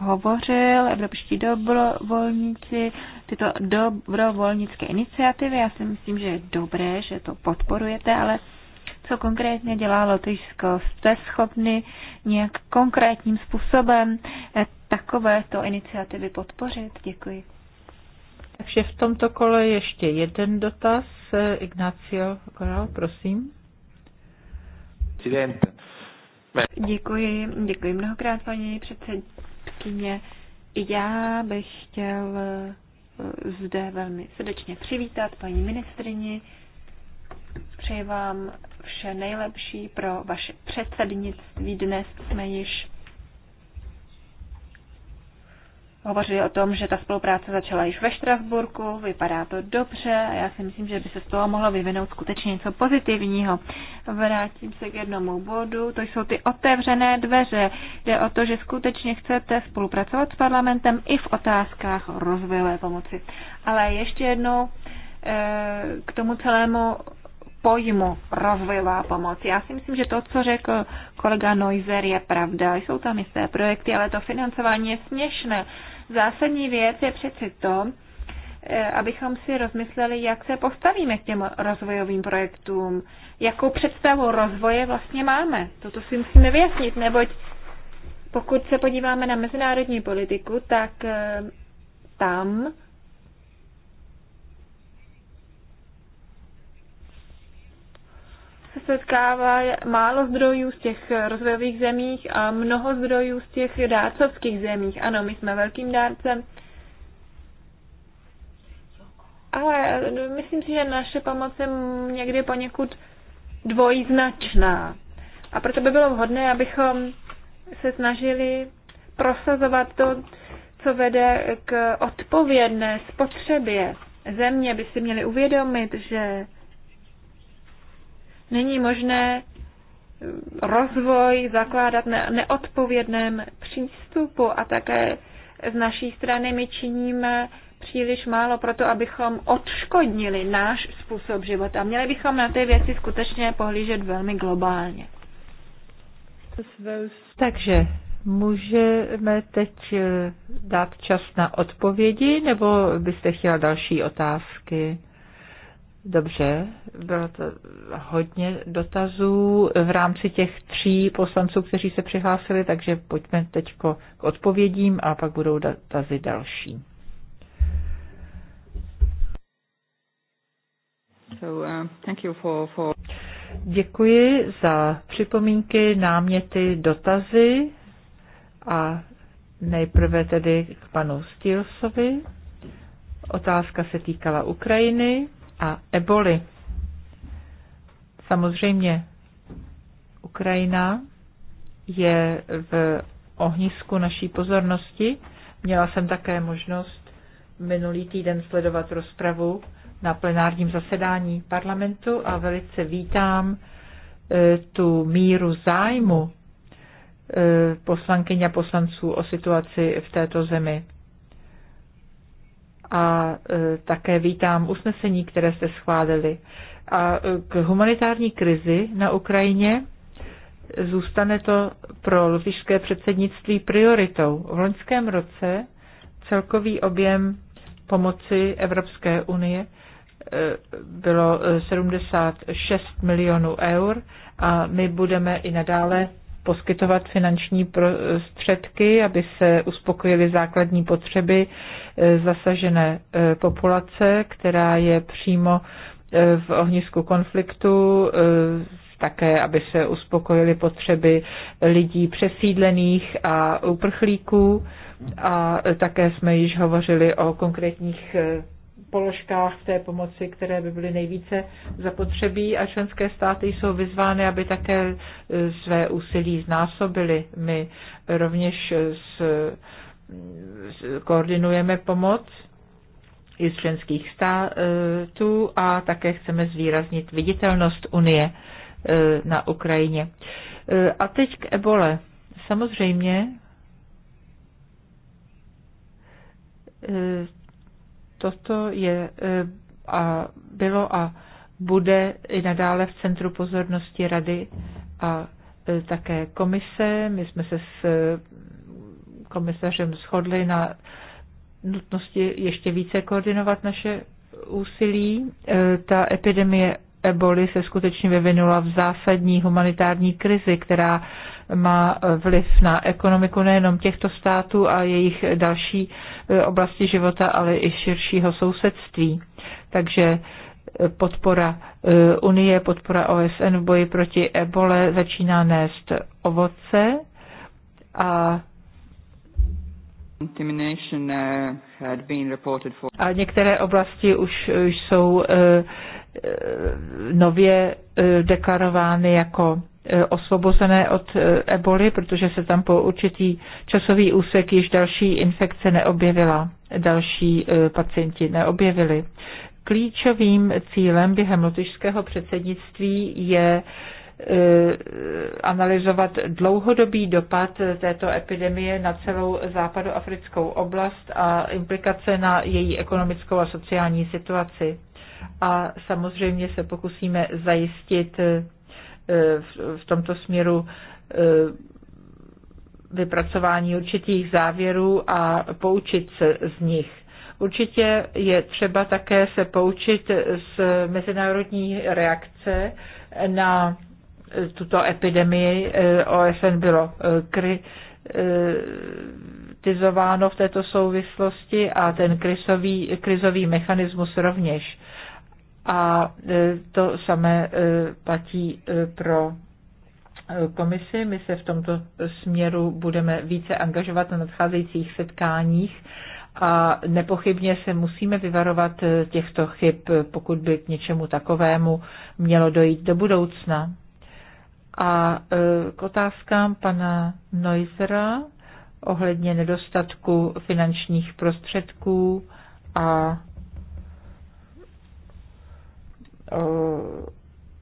hovořil, evropští dobrovolníci, tyto dobrovolnické iniciativy. Já si myslím, že je dobré, že to podporujete, ale co konkrétně dělá Lotyšsko? Jste schopni nějak konkrétním způsobem eh, takovéto iniciativy podpořit? Děkuji. Takže v tomto kole ještě jeden dotaz. Eh, Ignacio Koral, prosím. Děkuji, děkuji mnohokrát, paní předsedkyně předsedkyně. I já bych chtěl eh, zde velmi srdečně přivítat paní ministrini. Přeji vám vše nejlepší pro vaše předsednictví. Dnes jsme již hovořili o tom, že ta spolupráce začala již ve Štrasburku, vypadá to dobře a já si myslím, že by se z toho mohlo vyvinout skutečně něco pozitivního. Vrátím se k jednomu bodu, to jsou ty otevřené dveře. Jde o to, že skutečně chcete spolupracovat s parlamentem i v otázkách rozvojové pomoci. Ale ještě jednou eh, k tomu celému pojmu rozvojová pomoc. Já si myslím, že to, co řekl kolega Neuser, je pravda. Jsou tam jisté projekty, ale to financování je směšné. Zásadní věc je přeci to, eh, abychom si rozmysleli, jak se postavíme k těm rozvojovým projektům, jakou představu rozvoje vlastně máme. Toto si musíme vyjasnit, neboť pokud se podíváme na mezinárodní politiku, tak eh, tam se setkává málo zdrojů z těch rozvojových zemích a mnoho zdrojů z těch dárcovských zemích. Ano, my jsme velkým dárcem, ale myslím si, že naše pomoc je někdy poněkud dvojznačná. A proto by bylo vhodné, abychom se snažili prosazovat to, co vede k odpovědné spotřebě. Země by si měly uvědomit, že není možné eh, rozvoj zakládat na neodpovědném přístupu a také z naší strany my činíme příliš málo pro to, abychom odškodnili náš způsob života. Měli bychom na ty věci skutečně pohlížet velmi globálně. Takže můžeme teď eh, dát čas na odpovědi, nebo byste chtěla další otázky? Dobře, bylo to hodně dotazů v rámci těch tří poslanců, kteří se přihlásili, takže pojďme teď k odpovědím a pak budou dotazy další. So, uh, thank you for, for... Děkuji za připomínky, náměty, dotazy a nejprve tedy k panu Stilsovi. Otázka se týkala Ukrajiny a eboli. Samozřejmě Ukrajina je v ohnisku naší pozornosti. Měla jsem také možnost minulý týden sledovat rozpravu na plenárním zasedání parlamentu a velice vítám e, tu míru zájmu e, poslankyň a poslanců o situaci v této zemi a e, také vítám usnesení, které jste schválili. A e, k humanitární krizi na Ukrajině zůstane to pro lotyšské předsednictví prioritou. V loňském roce celkový objem pomoci Evropské unie e, bylo 76 milionů eur a my budeme i nadále poskytovat finanční prostředky, aby se uspokojily základní potřeby eh, zasažené eh, populace, která je přímo eh, v ohnisku konfliktu, také, aby se uspokojily potřeby lidí přesídlených a uprchlíků. A také jsme již hovořili o konkrétních položkách v té pomoci, které by byly nejvíce zapotřebí a členské státy jsou vyzvány, aby také e, své úsilí znásobily. My rovněž e, s, s, koordinujeme pomoc i z členských států a také chceme zvýraznit viditelnost Unie e, na Ukrajině. A teď k ebole. Samozřejmě Toto je eh, a bylo a bude i nadále v centru pozornosti rady a eh, také komise. My jsme se s eh, komisařem shodli na nutnosti ještě více koordinovat naše úsilí. Ta epidemie eboli se skutečně vyvinula v zásadní humanitární krizi, která má vliv na ekonomiku nejenom těchto států a jejich další e, oblasti života, ale i širšího sousedství. Takže e, podpora e, Unie, podpora OSN v boji proti ebole začíná nést ovoce a uh, a některé oblasti už jsou Eh, nově eh, deklarovány jako eh, osvobozené od eboli, protože se tam po určitý časový úsek již další infekce neobjevila, další pacienti neobjevili. Klíčovým cílem během lotyšského předsednictví je analyzovat dlouhodobý dopad této epidemie na celou západoafrickou oblast a implikace na její ekonomickou a sociální situaci a samozřejmě se pokusíme zajistit eh, v tomto směru eh, vypracování určitých závěrů a poučit se z nich. Určitě je třeba také se poučit z mezinárodní reakce na eh, tuto epidemii. OSN bylo kritizováno v této souvislosti a ten krizový, krizový mechanismus rovněž a e, to samé e, platí e, pro komisi. My se v tomto směru budeme více angažovat na nadcházejících setkáních a nepochybně se musíme vyvarovat těchto chyb, pokud by k něčemu takovému mělo dojít do budoucna. A k otázkám pana Neusera ohledně nedostatku finančních prostředků a Eh,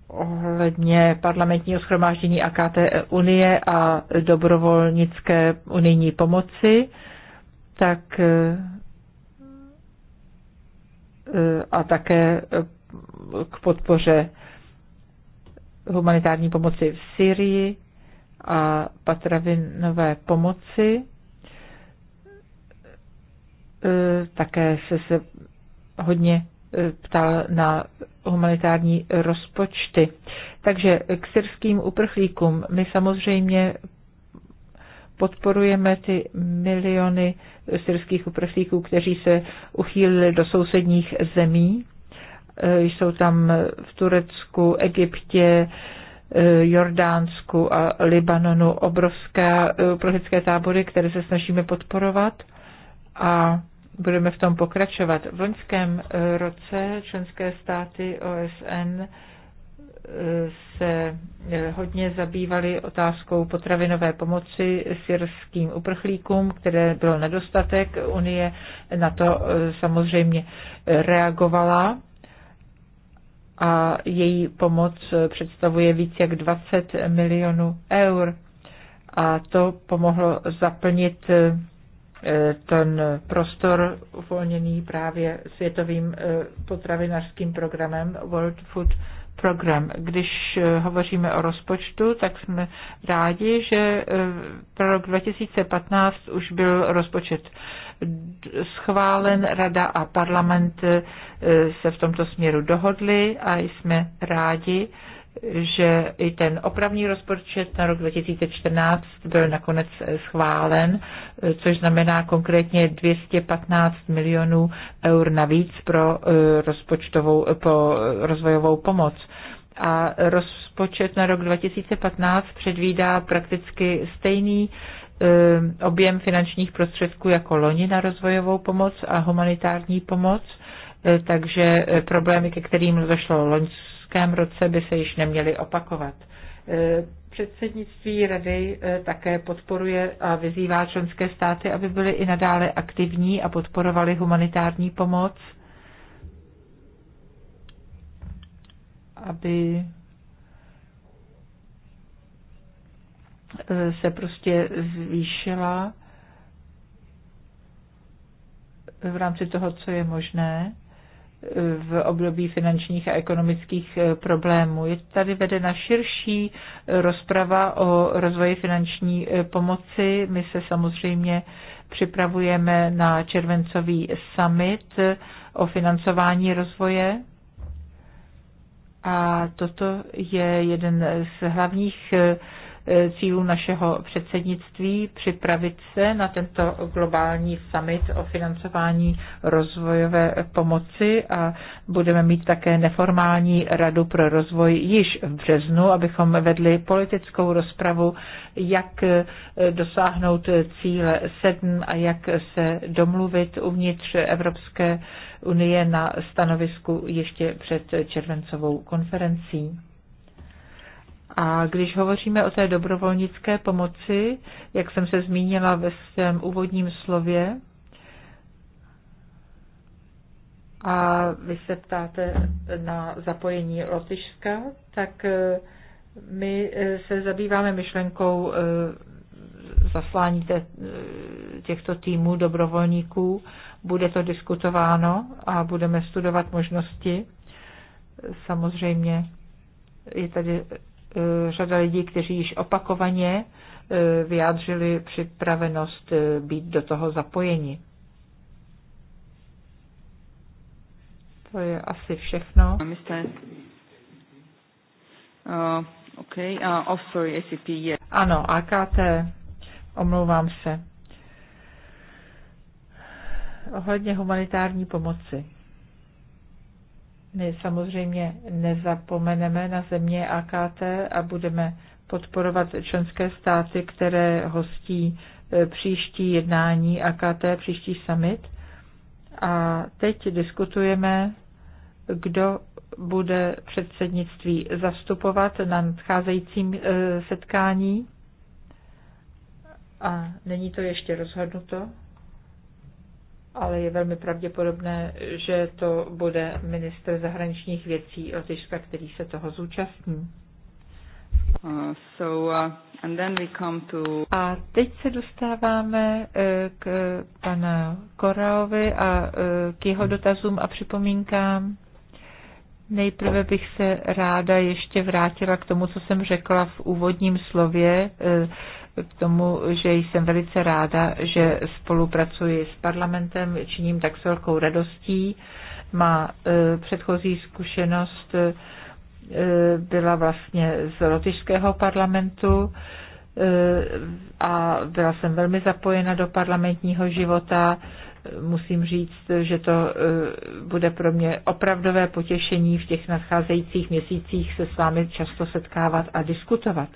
ohledně parlamentního schromáždění AKT Unie a dobrovolnické unijní pomoci, tak eh, a také eh, k podpoře humanitární pomoci v Syrii a patravinové pomoci. Také se, se hodně ptal na humanitární rozpočty. Takže k syrským uprchlíkům my samozřejmě podporujeme ty miliony syrských uprchlíků, kteří se uchýlili do sousedních zemí. E, jsou tam v Turecku, Egyptě, e, Jordánsku a Libanonu obrovské e, uprchlické tábory, které se snažíme podporovat. A budeme v tom pokračovat. V loňském eh, roce členské státy OSN eh, se eh, hodně zabývali otázkou potravinové pomoci syrským uprchlíkům, které bylo nedostatek. Unie na to samozřejmě reagovala a její pomoc představuje víc jak 20 milionů eur. A to pomohlo zaplnit Eh, ten prostor uvolněný právě světovým eh, potravinářským programem World Food program. Když eh, hovoříme o rozpočtu, tak jsme rádi, že pro rok 2015 už byl rozpočet schválen, rada a parlament se v tomto směru dohodli a jsme rádi, že i ten opravný rozpočet na rok 2014 byl nakonec schválen, což znamená konkrétně 215 milionů eur navíc pro eh, rozpočtovou, po rozvojovou pomoc a rozpočet na rok 2015 předvídá prakticky stejný eh, objem finančních prostředků jako loni na rozvojovou pomoc a humanitární pomoc, eh, takže problémy, ke kterým došlo loňském roce by se již neměly opakovat. E, předsednictví Rady e, také podporuje a vyzývá členské státy, aby byly i nadále aktivní a podporovali humanitární pomoc, aby e, se prostě zvýšila v rámci toho, co je možné v období finančních a ekonomických eh, problémů. Je tady vedena širší eh, rozprava o rozvoji finanční eh, pomoci. My se samozřejmě připravujeme na červencový summit o financování rozvoje. A toto je jeden z hlavních E, cílů našeho předsednictví připravit se na tento globální summit o financování rozvojové pomoci a budeme mít také neformální radu pro rozvoj již v březnu, abychom vedli politickou rozpravu, jak e, dosáhnout cíle 7 a jak se domluvit uvnitř Evropské unie na stanovisku ještě před červencovou konferencí. A když hovoříme o té dobrovolnické pomoci, jak jsem se zmínila ve svém úvodním slově, a vy se ptáte na zapojení Lotyšska, tak e, my e, se zabýváme myšlenkou e, zaslání těchto týmů dobrovolníků. Bude to diskutováno a budeme studovat možnosti. Samozřejmě je tady E, řada lidí, kteří již opakovaně e, vyjádřili připravenost e, být do toho zapojeni. To je asi všechno. Uh, uh, oh, ano, AKT, omlouvám se. Ohledně humanitární pomoci. My samozřejmě nezapomeneme na země AKT a budeme podporovat členské státy, které hostí e, příští jednání AKT, příští summit. A teď diskutujeme, kdo bude předsednictví zastupovat na nadcházejícím e, setkání. A není to ještě rozhodnuto ale je velmi pravděpodobné, že to bude ministr zahraničních věcí Lotyšska, který se toho zúčastní. Uh, so, uh, and then we come to... A teď se dostáváme uh, k pana Koraovi a uh, k jeho dotazům a připomínkám. Nejprve bych se ráda ještě vrátila k tomu, co jsem řekla v úvodním slově uh, k tomu, že jsem velice ráda, že spolupracuji s parlamentem, činím tak s velkou radostí. Má e, předchozí zkušenost e, byla vlastně z lotyšského parlamentu e, a byla jsem velmi zapojena do parlamentního života. Musím říct, že to bude pro mě opravdové potěšení v těch nadcházejících měsících se s vámi často setkávat a diskutovat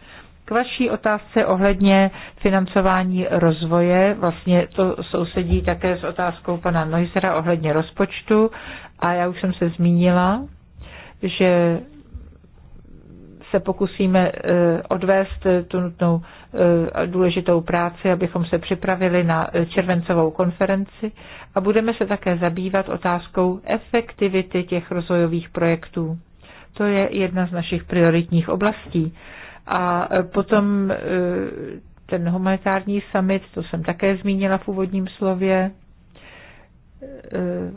vaší otázce ohledně financování rozvoje, vlastně to sousedí také s otázkou pana Neusera ohledně rozpočtu a já už jsem se zmínila, že se pokusíme eh, odvést eh, tu nutnou eh, důležitou práci, abychom se připravili na červencovou konferenci a budeme se také zabývat otázkou efektivity těch rozvojových projektů. To je jedna z našich prioritních oblastí. A e, potom e, ten humanitární summit, to jsem také zmínila v úvodním slově, e,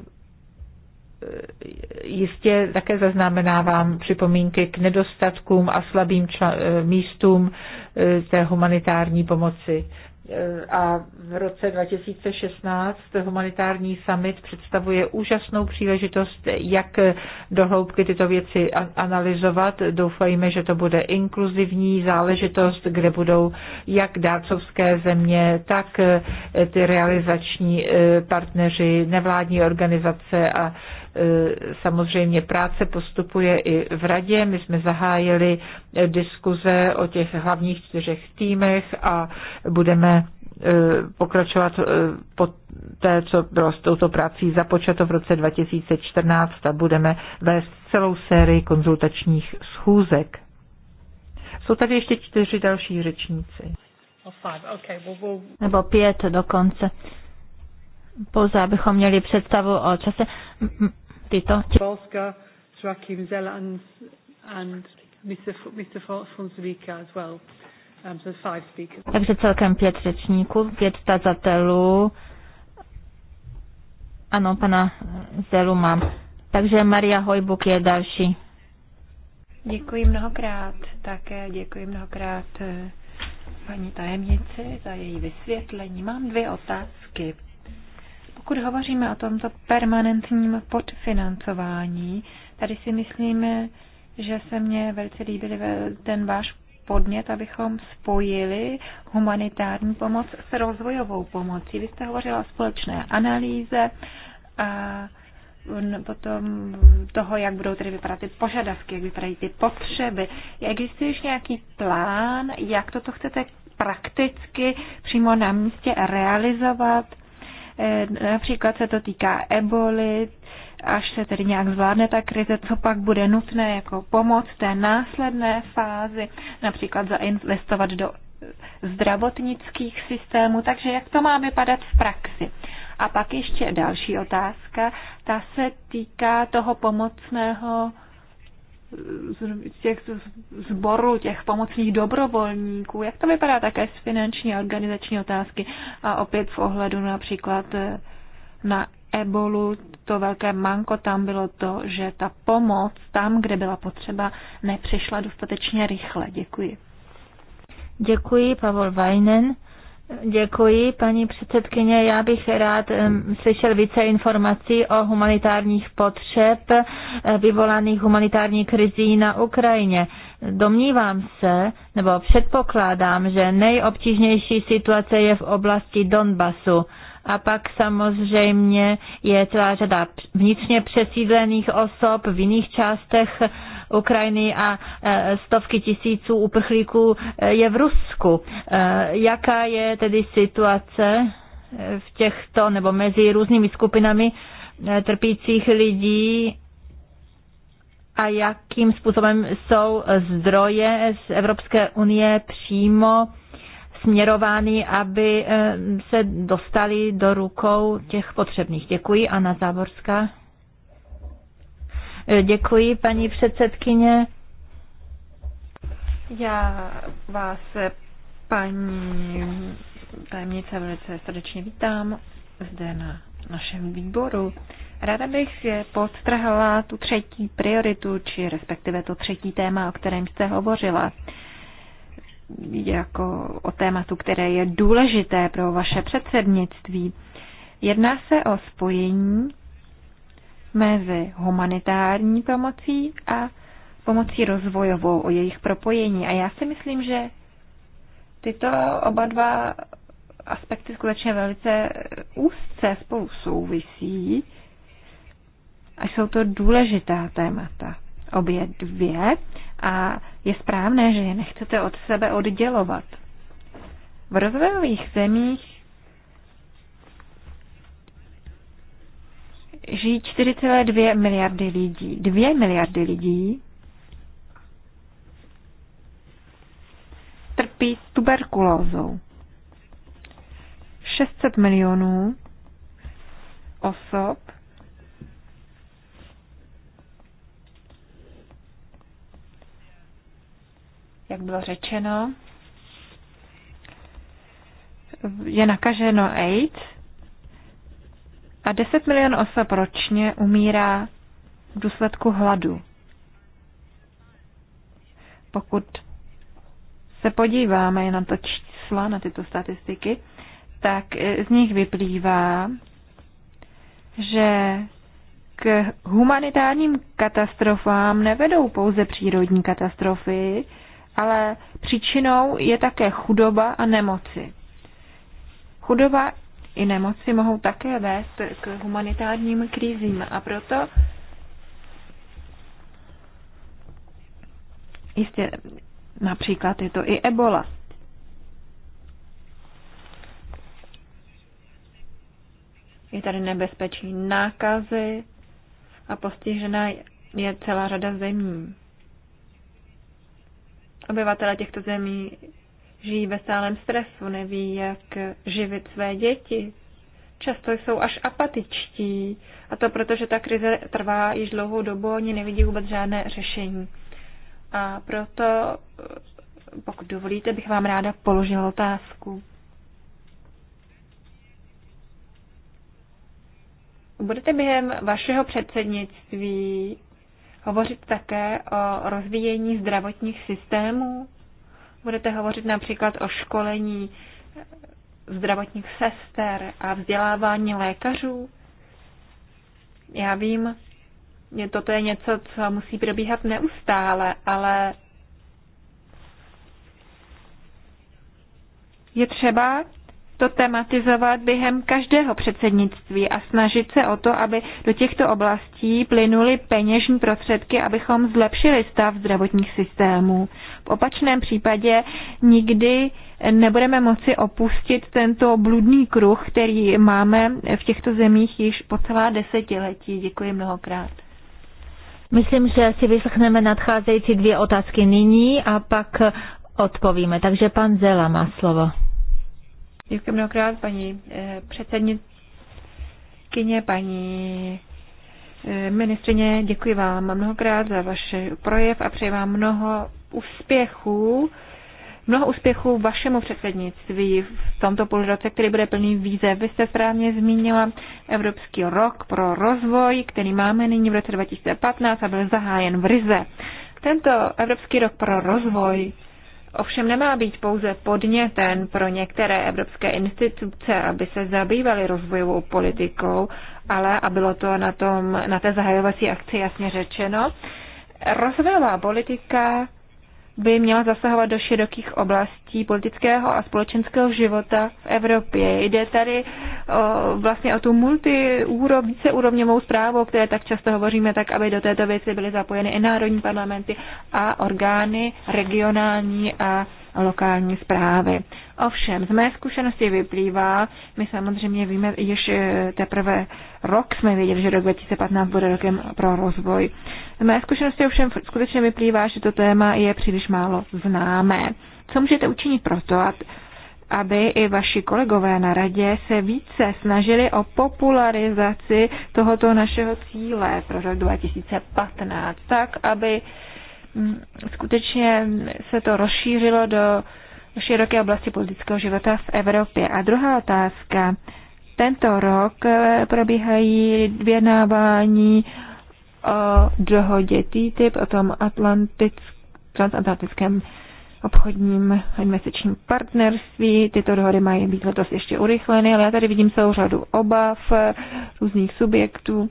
jistě také zaznamenávám připomínky k nedostatkům a slabým místům té humanitární pomoci a v roce 2016 humanitární summit představuje úžasnou příležitost, jak dohloubky tyto věci analyzovat. Doufejme, že to bude inkluzivní záležitost, kde budou jak dárcovské země, tak eh, ty realizační eh, partneři, nevládní organizace a Eh, samozřejmě práce postupuje i v radě. My jsme zahájili eh, diskuze o těch hlavních čtyřech týmech a budeme eh, pokračovat po té, co bylo s touto prací započato v roce 2014 a budeme vést celou sérii konzultačních schůzek. Jsou tady ještě čtyři další řečníci. Oh, Nebo pět dokonce. Pouze abychom měli představu o čase tyto. as well. Um, so five speakers. Takže celkem pět řečníků, pět tazatelů. Ano, pana Zelu mám. Takže Maria Hojbuk je další. Děkuji mnohokrát, také děkuji mnohokrát eh, paní tajemnici za její vysvětlení. Mám dvě otázky. Pokud hovoříme o tomto permanentním podfinancování, tady si myslíme, že se mně velice líbil ten váš podnět, abychom spojili humanitární pomoc s rozvojovou pomocí. Vy jste hovořila o společné analýze a potom toho, jak budou tedy vypadat ty požadavky, jak vypadají ty potřeby. Existuje už nějaký plán, jak toto chcete prakticky přímo na místě realizovat? Eh, například se to týká eboli, až se tedy nějak zvládne ta krize, co pak bude nutné jako pomoc té následné fázi, například zainvestovat do zdravotnických systémů, takže jak to má vypadat v praxi. A pak ještě další otázka, ta se týká toho pomocného z těch zborů, těch pomocných dobrovolníků, jak to vypadá také z finanční a organizační otázky a opět v ohledu například eh, na ebolu, to velké manko tam bylo to, že ta pomoc tam, kde byla potřeba, nepřišla dostatečně rychle. Děkuji. Děkuji, Pavel Vajnen. Děkuji, paní předsedkyně. Já bych rád slyšel více informací o humanitárních potřeb eh, vyvolaných humanitární krizí na Ukrajině. Domnívám se, nebo předpokládám, že nejobtížnější situace je v oblasti Donbasu. A pak samozřejmě je celá řada vnitřně přesídlených osob v jiných částech Ukrajiny a e, stovky tisíců uprchlíků e, je v Rusku. E, jaká je tedy situace v těchto nebo mezi různými skupinami trpících lidí a jakým způsobem jsou zdroje z Evropské unie přímo směrovány, aby se dostali do rukou těch potřebných. Děkuji. Anna Záborská. Eh, děkuji, paní předsedkyně. Já vás, eh, paní tajemnice, velice srdečně vítám zde na našem výboru. Ráda bych si podtrhla tu třetí prioritu, či respektive to třetí téma, o kterém jste hovořila, jako o tématu, které je důležité pro vaše předsednictví. Jedná se o spojení mezi humanitární pomocí a pomocí rozvojovou o jejich propojení. A já si myslím, že tyto oba dva aspekty skutečně velice úzce spolu souvisí a jsou to důležitá témata. Obě dvě a je správné, že je nechcete od sebe oddělovat. V rozvojových zemích žijí 4,2 miliardy lidí. 2 miliardy lidí trpí tuberkulózou. 600 milionů osob jak bylo řečeno, je nakaženo AIDS a 10 milionů osob ročně umírá v důsledku hladu. Pokud se podíváme na to čísla, na tyto statistiky, tak eh, z nich vyplývá, že k humanitárním katastrofám nevedou pouze přírodní katastrofy, ale příčinou je také chudoba a nemoci. Chudoba i nemoci mohou také vést k humanitárním krizím. A proto jistě například je to i ebola. Je tady nebezpečí nákazy a postižená je celá řada zemí. Obyvatele těchto zemí Žijí ve stálém stresu, neví, jak živit své děti. Často jsou až apatičtí a to proto, že ta krize trvá již dlouhou dobu, oni nevidí vůbec žádné řešení. A proto, pokud dovolíte, bych vám ráda položila otázku. Budete během vašeho předsednictví hovořit také o rozvíjení zdravotních systémů? Budete hovořit například o školení zdravotních sester a vzdělávání lékařů? Já vím, toto je něco, co musí probíhat neustále, ale je třeba to tematizovat během každého předsednictví a snažit se o to, aby do těchto oblastí plynuly peněžní prostředky, abychom zlepšili stav zdravotních systémů. V opačném případě nikdy nebudeme moci opustit tento bludný kruh, který máme v těchto zemích již po celá desetiletí. Děkuji mnohokrát. Myslím, že si vyslechneme nadcházející dvě otázky nyní a pak odpovíme. Takže pan Zela má slovo. Děkuji mnohokrát paní eh, předsednikyně, paní eh, ministrině, děkuji vám mnohokrát za váš projev a přeji vám mnoho úspěchů. Mnoho úspěchů vašemu předsednictví v tomto půlroce, který bude plný víze, Vy jste správně zmínila Evropský rok pro rozvoj, který máme nyní v roce 2015 a byl zahájen v Rize. Tento Evropský rok pro rozvoj ovšem nemá být pouze podnětem pro některé evropské instituce, aby se zabývaly rozvojovou politikou, ale a bylo to na, tom, na té zahajovací akci jasně řečeno, rozvojová politika by měla zasahovat do širokých oblastí politického a společenského života v Evropě. Jde tady o, vlastně o tu multiúro, víceúrovňovou zprávu, o které tak často hovoříme, tak aby do této věci byly zapojeny i národní parlamenty a orgány regionální a lokální zprávy. Ovšem, z mé zkušenosti vyplývá, my samozřejmě víme, již teprve rok jsme věděli, že rok 2015 bude rokem pro rozvoj na mé zkušenosti ovšem skutečně vyplývá, že to téma je příliš málo známé. Co můžete učinit proto, aby i vaši kolegové na radě se více snažili o popularizaci tohoto našeho cíle pro rok 2015, tak aby mm, skutečně se to rozšířilo do široké oblasti politického života v Evropě. A druhá otázka. Tento rok eh, probíhají vyjednávání o dohodě TTIP, o tom transatlantickém obchodním investičním partnerství. Tyto dohody mají být letos ještě urychleny, ale já tady vidím celou řadu obav eh, různých subjektů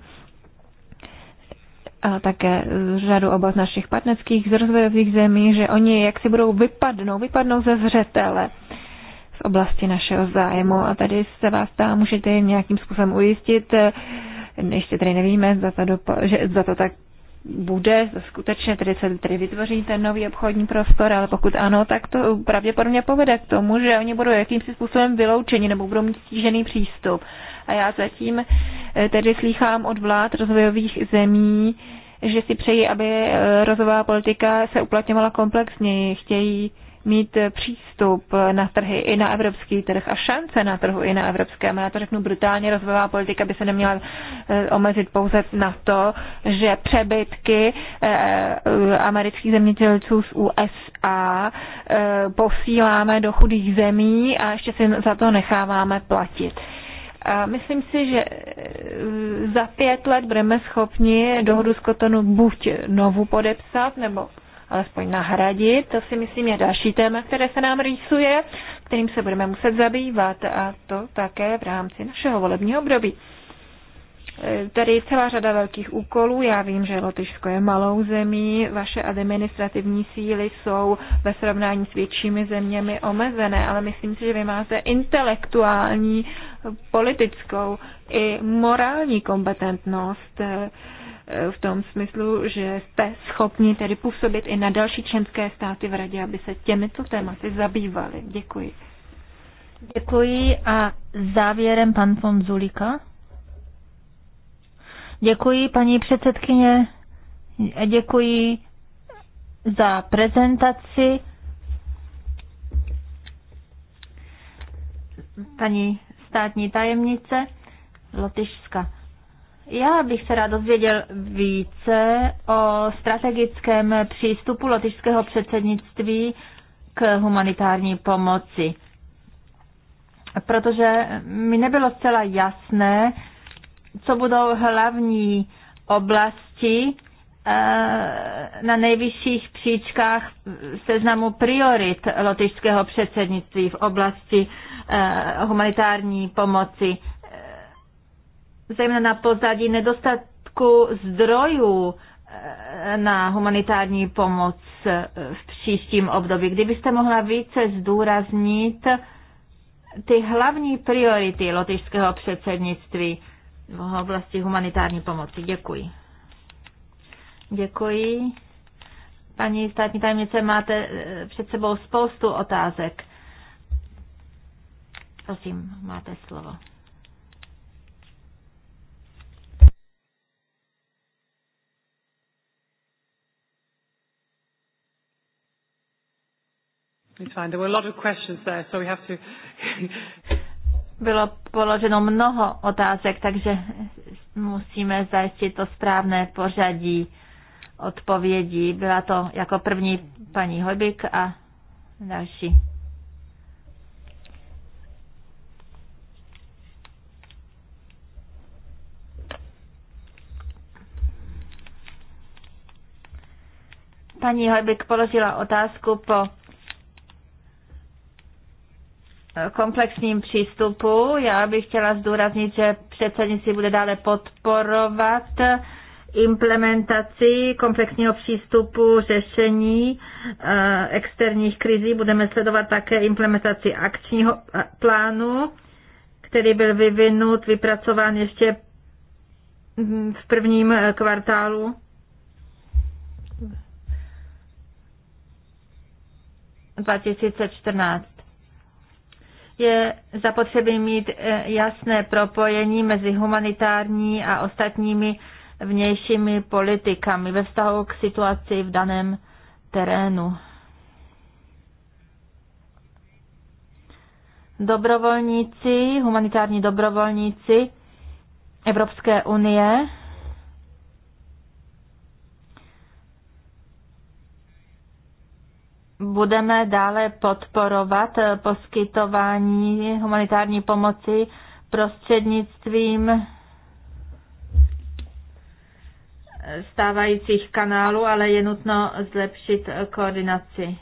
a také řadu obav našich partnerských z rozvojových zemí, že oni jak si budou vypadnou, vypadnou ze zřetele z oblasti našeho zájmu. A tady se vás tam můžete nějakým způsobem ujistit, eh, ještě tady nevíme, za to, dopa- že, za to tak bude, skutečně tedy se tedy vytvoří ten nový obchodní prostor, ale pokud ano, tak to pravděpodobně povede k tomu, že oni budou jakýmsi způsobem vyloučeni nebo budou mít stížený přístup. A já zatím eh, tedy slýchám od vlád rozvojových zemí, že si přeji, aby eh, rozvojová politika se uplatňovala komplexně, Chtějí mít přístup na trhy i na evropský trh a šance na trhu i na evropském. Já to řeknu brutálně, rozvojová politika by se neměla eh, omezit pouze na to, že přebytky eh, eh, amerických zemědělců z USA posíláme do chudých zemí a ještě si za to necháváme platit. A myslím si, že za pět let budeme schopni dohodu z Kotonu buď novu podepsat, nebo alespoň nahradit. To si myslím je další téma, které se nám rýsuje, kterým se budeme muset zabývat a to také v rámci našeho volebního období. Eh, tady je celá řada velkých úkolů. Já vím, že Lotyšsko je malou zemí. Vaše administrativní síly jsou ve srovnání s většími zeměmi omezené, ale myslím si, že vy máte intelektuální, eh, politickou i morální kompetentnost eh, v tom smyslu, že jste schopni tedy působit i na další členské státy v radě, aby se těmito tématy zabývali. Děkuji. Děkuji a závěrem pan von Zulika. Děkuji, paní předsedkyně. Děkuji za prezentaci. Paní státní tajemnice Lotyšska. Já bych se rád dozvěděl více o strategickém přístupu lotyšského předsednictví k humanitární pomoci. Protože mi nebylo zcela jasné, co budou hlavní oblasti eh, na nejvyšších příčkách seznamu priorit lotyšského předsednictví v oblasti eh, humanitární pomoci, eh, zejména na pozadí nedostatku zdrojů na humanitární pomoc v příštím období. Kdybyste mohla více zdůraznit ty hlavní priority lotyšského předsednictví v oblasti humanitární pomoci. Děkuji. Děkuji. Paní státní tajemnice, máte eh, před sebou spoustu otázek. Prosím, máte slovo. It's fine. There were a lot of questions there, so we have to. Bylo položeno mnoho otázek, takže musíme zajistit to správné pořadí odpovědí. Byla to jako první paní Hojbik a další. Paní Hojbik položila otázku po komplexním přístupu. Já bych chtěla zdůraznit, že předsednictví bude dále podporovat implementaci komplexního přístupu řešení eh, externích krizí. Budeme sledovat také implementaci akčního eh, plánu, který byl vyvinut, vypracován ještě hm, v prvním eh, kvartálu. ...2014 je zapotřebí mít eh, jasné propojení mezi humanitární a ostatními vnějšími politikami ve vztahu k situaci v daném terénu. Dobrovolníci, humanitární dobrovolníci Evropské unie budeme dále podporovat poskytování humanitární pomoci prostřednictvím stávajících kanálů, ale je nutno zlepšit koordinaci.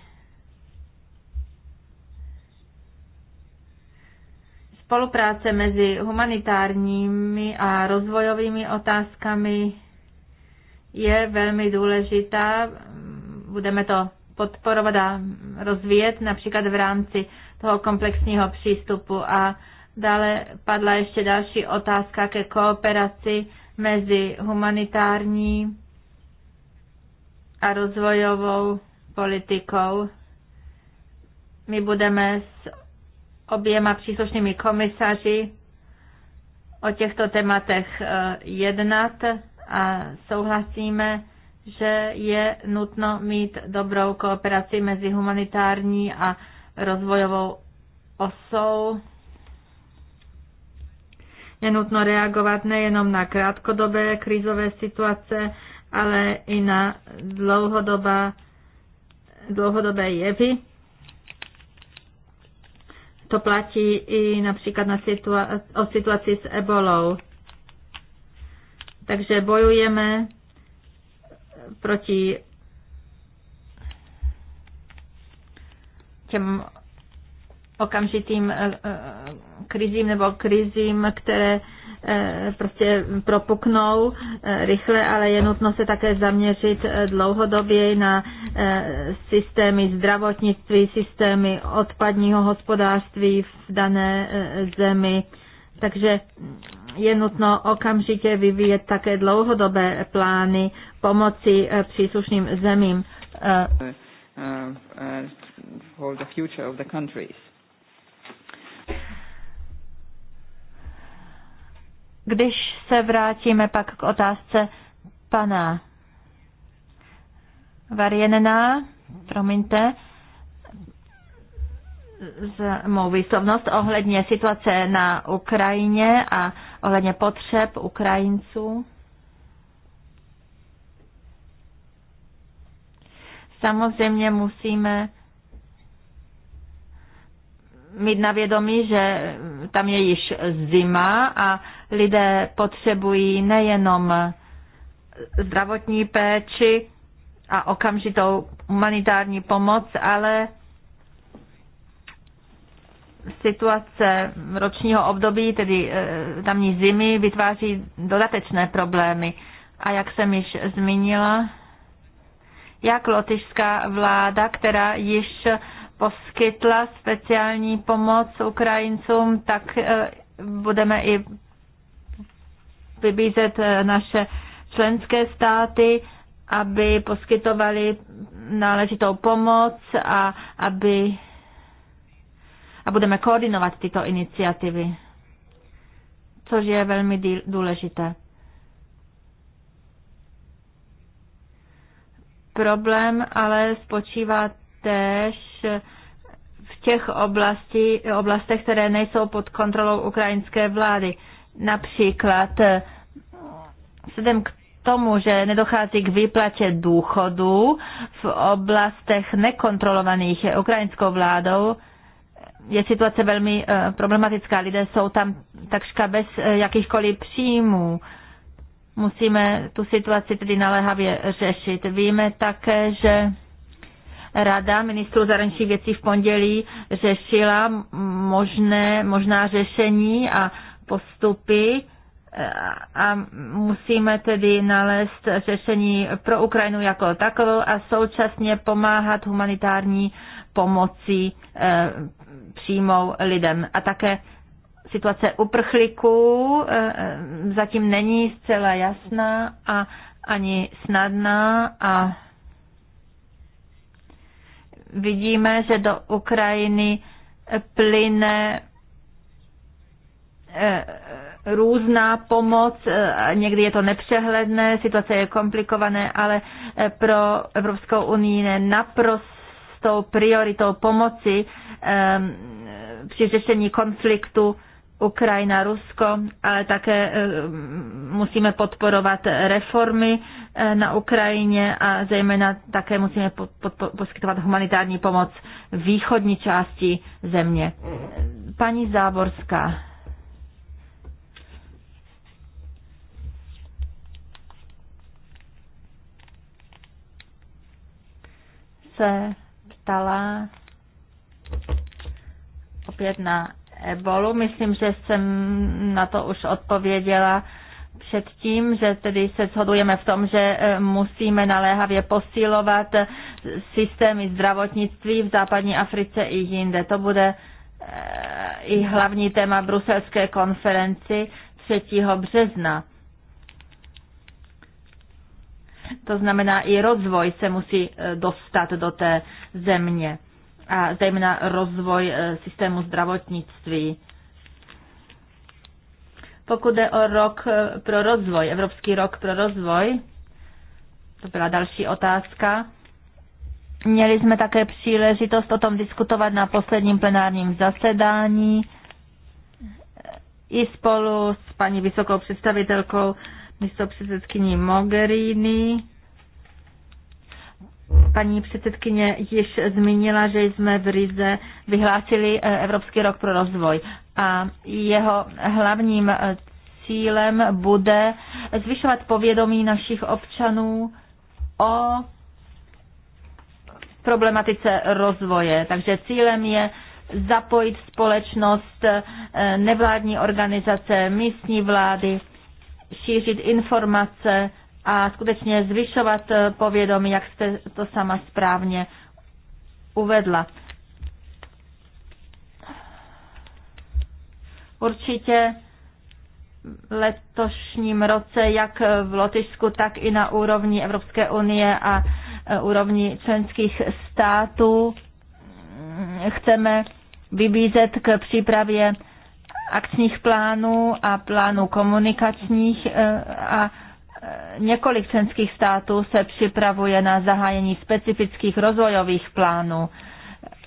Spolupráce mezi humanitárními a rozvojovými otázkami je velmi důležitá. Budeme to podporovat a rozvíjet, například v rámci toho komplexního přístupu. A dále padla ještě další otázka ke kooperaci mezi humanitární a rozvojovou politikou. My budeme s oběma příslušnými komisaři o těchto tématech eh, jednat a souhlasíme že je nutno mít dobrou kooperaci mezi humanitární a rozvojovou osou. Je nutno reagovat nejenom na krátkodobé krizové situace, ale i na dlouhodobá, dlouhodobé jevy. To platí i například na situa- o situaci s ebolou. Takže bojujeme proti těm okamžitým eh, eh, krizím nebo krizím, které eh, prostě propuknou rychle, ale je nutno se také zaměřit dlouhodobě na systémy zdravotnictví, systémy odpadního hospodářství v dané zemi. Takže je nutno okamžitě vyvíjet také dlouhodobé plány pomoci eh, příslušným zemím. Eh, eh, Když se vrátíme pak k otázce pana Varjenená, promiňte, za mou výslovnost ohledně situace na Ukrajině a ohledně potřeb Ukrajinců. Samozřejmě musíme mít na vědomí, že tam je již zima a lidé potřebují nejenom zdravotní péči a okamžitou humanitární pomoc, ale situace ročního období, tedy eh, tamní zimy, vytváří dodatečné problémy. A jak jsem již zmínila, jak lotyšská vláda, která již poskytla speciální pomoc Ukrajincům, tak eh, budeme i vybízet eh, naše členské státy, aby poskytovali náležitou pomoc a aby a budeme koordinovat tyto iniciativy, což je velmi důležité. Problém ale spočívá též v těch oblasti, oblastech, které nejsou pod kontrolou ukrajinské vlády. Například eh, vzhledem k tomu, že nedochází k výplatě důchodů v oblastech nekontrolovaných ukrajinskou vládou, je situace velmi eh, problematická. Lidé jsou tam takřka bez eh, jakýchkoliv příjmů. Musíme tu situaci tedy naléhavě řešit. Víme také, že Rada ministrů zahraničních věcí v pondělí řešila možné, možná řešení a postupy eh, a musíme tedy nalézt řešení pro Ukrajinu jako takovou a současně pomáhat humanitární pomoci přijmou lidem. A také situace uprchlíků eh, eh, zatím není zcela jasná a ani snadná a vidíme, že do Ukrajiny plyne eh, různá pomoc, někdy je to nepřehledné, situace je komplikované, ale pro Evropskou unii je naprostou prioritou pomoci Ehm, při řešení konfliktu Ukrajina-Rusko, ale také ehm, musíme podporovat reformy eh, na Ukrajině a zejména také musíme poskytovat humanitární pomoc východní části země. Paní Záborská. se ptala opět na ebolu. Myslím, že jsem na to už odpověděla předtím, že tedy se shodujeme v tom, že e, musíme naléhavě posilovat systémy zdravotnictví v západní Africe i jinde. To bude e, i hlavní téma bruselské konferenci 3. března. To znamená, i rozvoj se musí e, dostat do té země a zejména rozvoj e, systému zdravotnictví. Pokud jde o rok e, pro rozvoj, Evropský rok pro rozvoj, to byla další otázka. Měli jsme také příležitost o tom diskutovat na posledním plenárním zasedání e, i spolu s paní vysokou představitelkou místopředsedkyní Mogherini Paní předsedkyně již zmínila, že jsme v Rize vyhlásili eh, Evropský rok pro rozvoj a jeho hlavním eh, cílem bude zvyšovat povědomí našich občanů o problematice rozvoje. Takže cílem je zapojit společnost, eh, nevládní organizace, místní vlády, šířit informace, a skutečně zvyšovat eh, povědomí, jak jste to sama správně uvedla. Určitě letošním roce, jak v Lotyšsku, tak i na úrovni Evropské unie a eh, úrovni členských států mm, chceme vybízet k přípravě akčních plánů a plánů komunikačních eh, a několik členských států se připravuje na zahájení specifických rozvojových plánů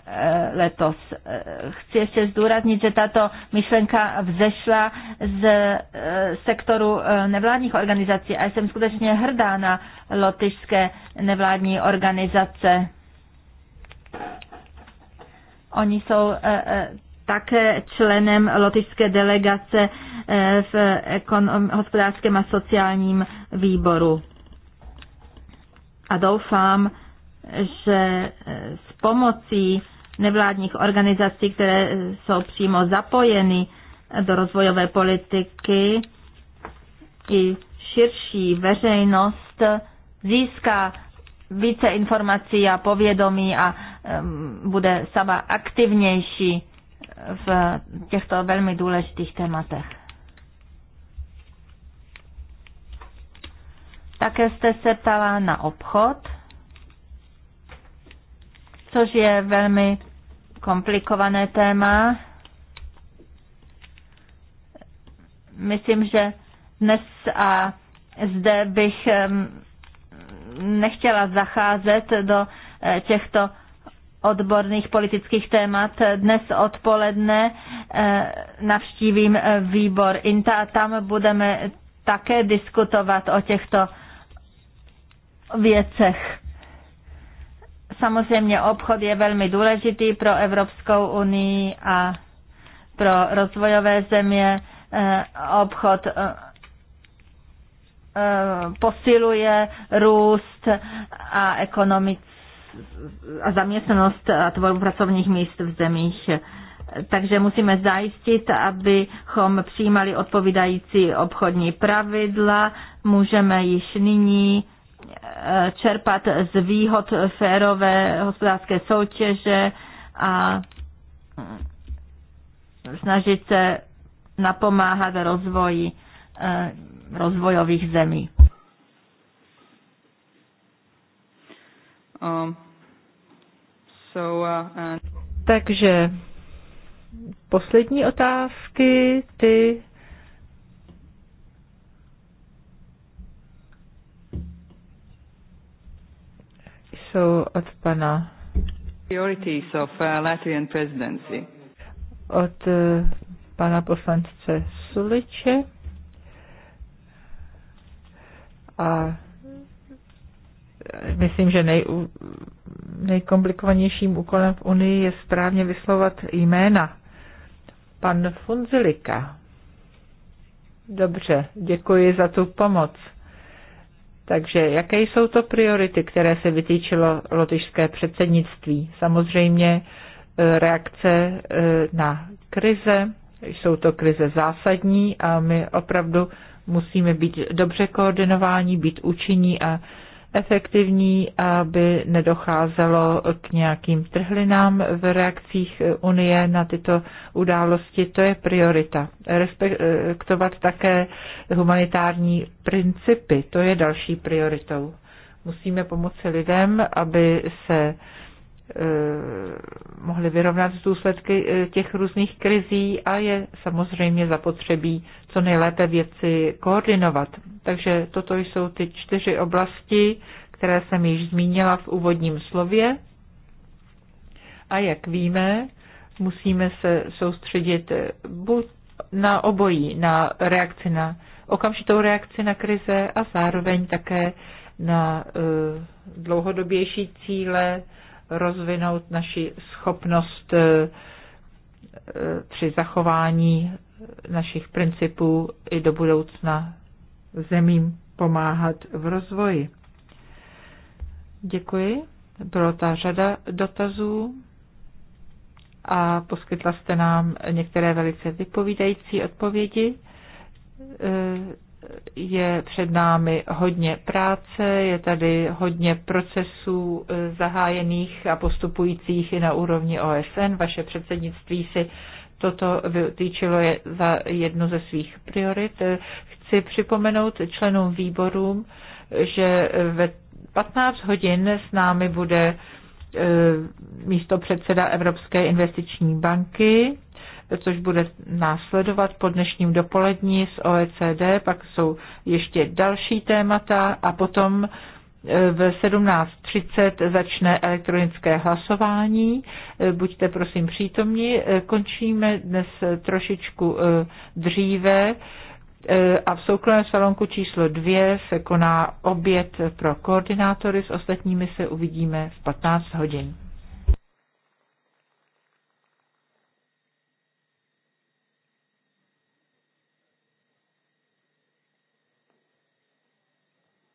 eh, letos. Eh, chci ještě zdůraznit, že tato myšlenka vzešla z eh, sektoru nevládních organizací a jsem skutečně hrdá na lotyšské nevládní organizace. Oni jsou také členem lotyšské delegace eh, v hospodářském a sociálním výboru. A doufám, že eh, s pomocí nevládních organizací, které eh, jsou přímo zapojeny do rozvojové politiky, i širší veřejnost získá více informací a povědomí a bude sama aktivnější v těchto velmi důležitých tématech. Také jste se ptala na obchod, což je velmi komplikované téma. Myslím, že dnes a zde bych nechtěla zacházet do eh, těchto odborných politických témat. Dnes odpoledne eh, navštívím eh, výbor INTA a tam budeme také diskutovat o těchto věcech. Samozřejmě obchod je velmi důležitý pro Evropskou unii a pro rozvojové země. Eh, obchod posiluje růst a ekonomický a zaměstnanost a tvorbu pracovních míst v zemích. Takže musíme zajistit, abychom přijímali odpovídající obchodní pravidla. Můžeme již nyní eh, čerpat z výhod férové hospodářské soutěže a mm, snažit se napomáhat rozvoji eh, rozvojových zemí. Um, takže poslední otázky, ty jsou od pana priorities of uh, Latvian presidency. Od uh, pana poslance Suliče a myslím, že nej, nejkomplikovanějším úkolem v Unii je správně vyslovat jména. Pan Funzilika. Dobře, děkuji za tu pomoc. Takže jaké jsou to priority, které se vytýčilo lotyšské předsednictví? Samozřejmě e, reakce e, na krize, jsou to krize zásadní a my opravdu musíme být dobře koordinováni, být účinní a efektivní, aby nedocházelo k nějakým trhlinám v reakcích Unie na tyto události. To je priorita. Respektovat také humanitární principy, to je další prioritou. Musíme pomoci lidem, aby se Eh, mohli vyrovnat s důsledky eh, těch různých krizí a je samozřejmě zapotřebí co nejlépe věci koordinovat. Takže toto jsou ty čtyři oblasti, které jsem již zmínila v úvodním slově. A jak víme, musíme se soustředit eh, buď na obojí, na reakci na okamžitou reakci na krize a zároveň také na dlouhodobější cíle, rozvinout naši schopnost eh, eh, při zachování našich principů i do budoucna zemím pomáhat v rozvoji. Děkuji. Byla ta řada dotazů a poskytla jste nám některé velice vypovídající odpovědi. Eh, je před námi hodně práce, je tady hodně procesů eh, zahájených a postupujících i na úrovni OSN. Vaše předsednictví si toto vytýčilo je za jednu ze svých priorit. Chci připomenout členům výborům, že ve 15 hodin s námi bude eh, místo předseda Evropské investiční banky což bude následovat po dnešním dopolední z OECD, pak jsou ještě další témata a potom e, v 17.30 začne elektronické hlasování. E, buďte prosím přítomni. E, končíme dnes trošičku dříve a v soukromém salonku číslo 2 se koná oběd pro koordinátory. S ostatními se uvidíme v 15 hodin.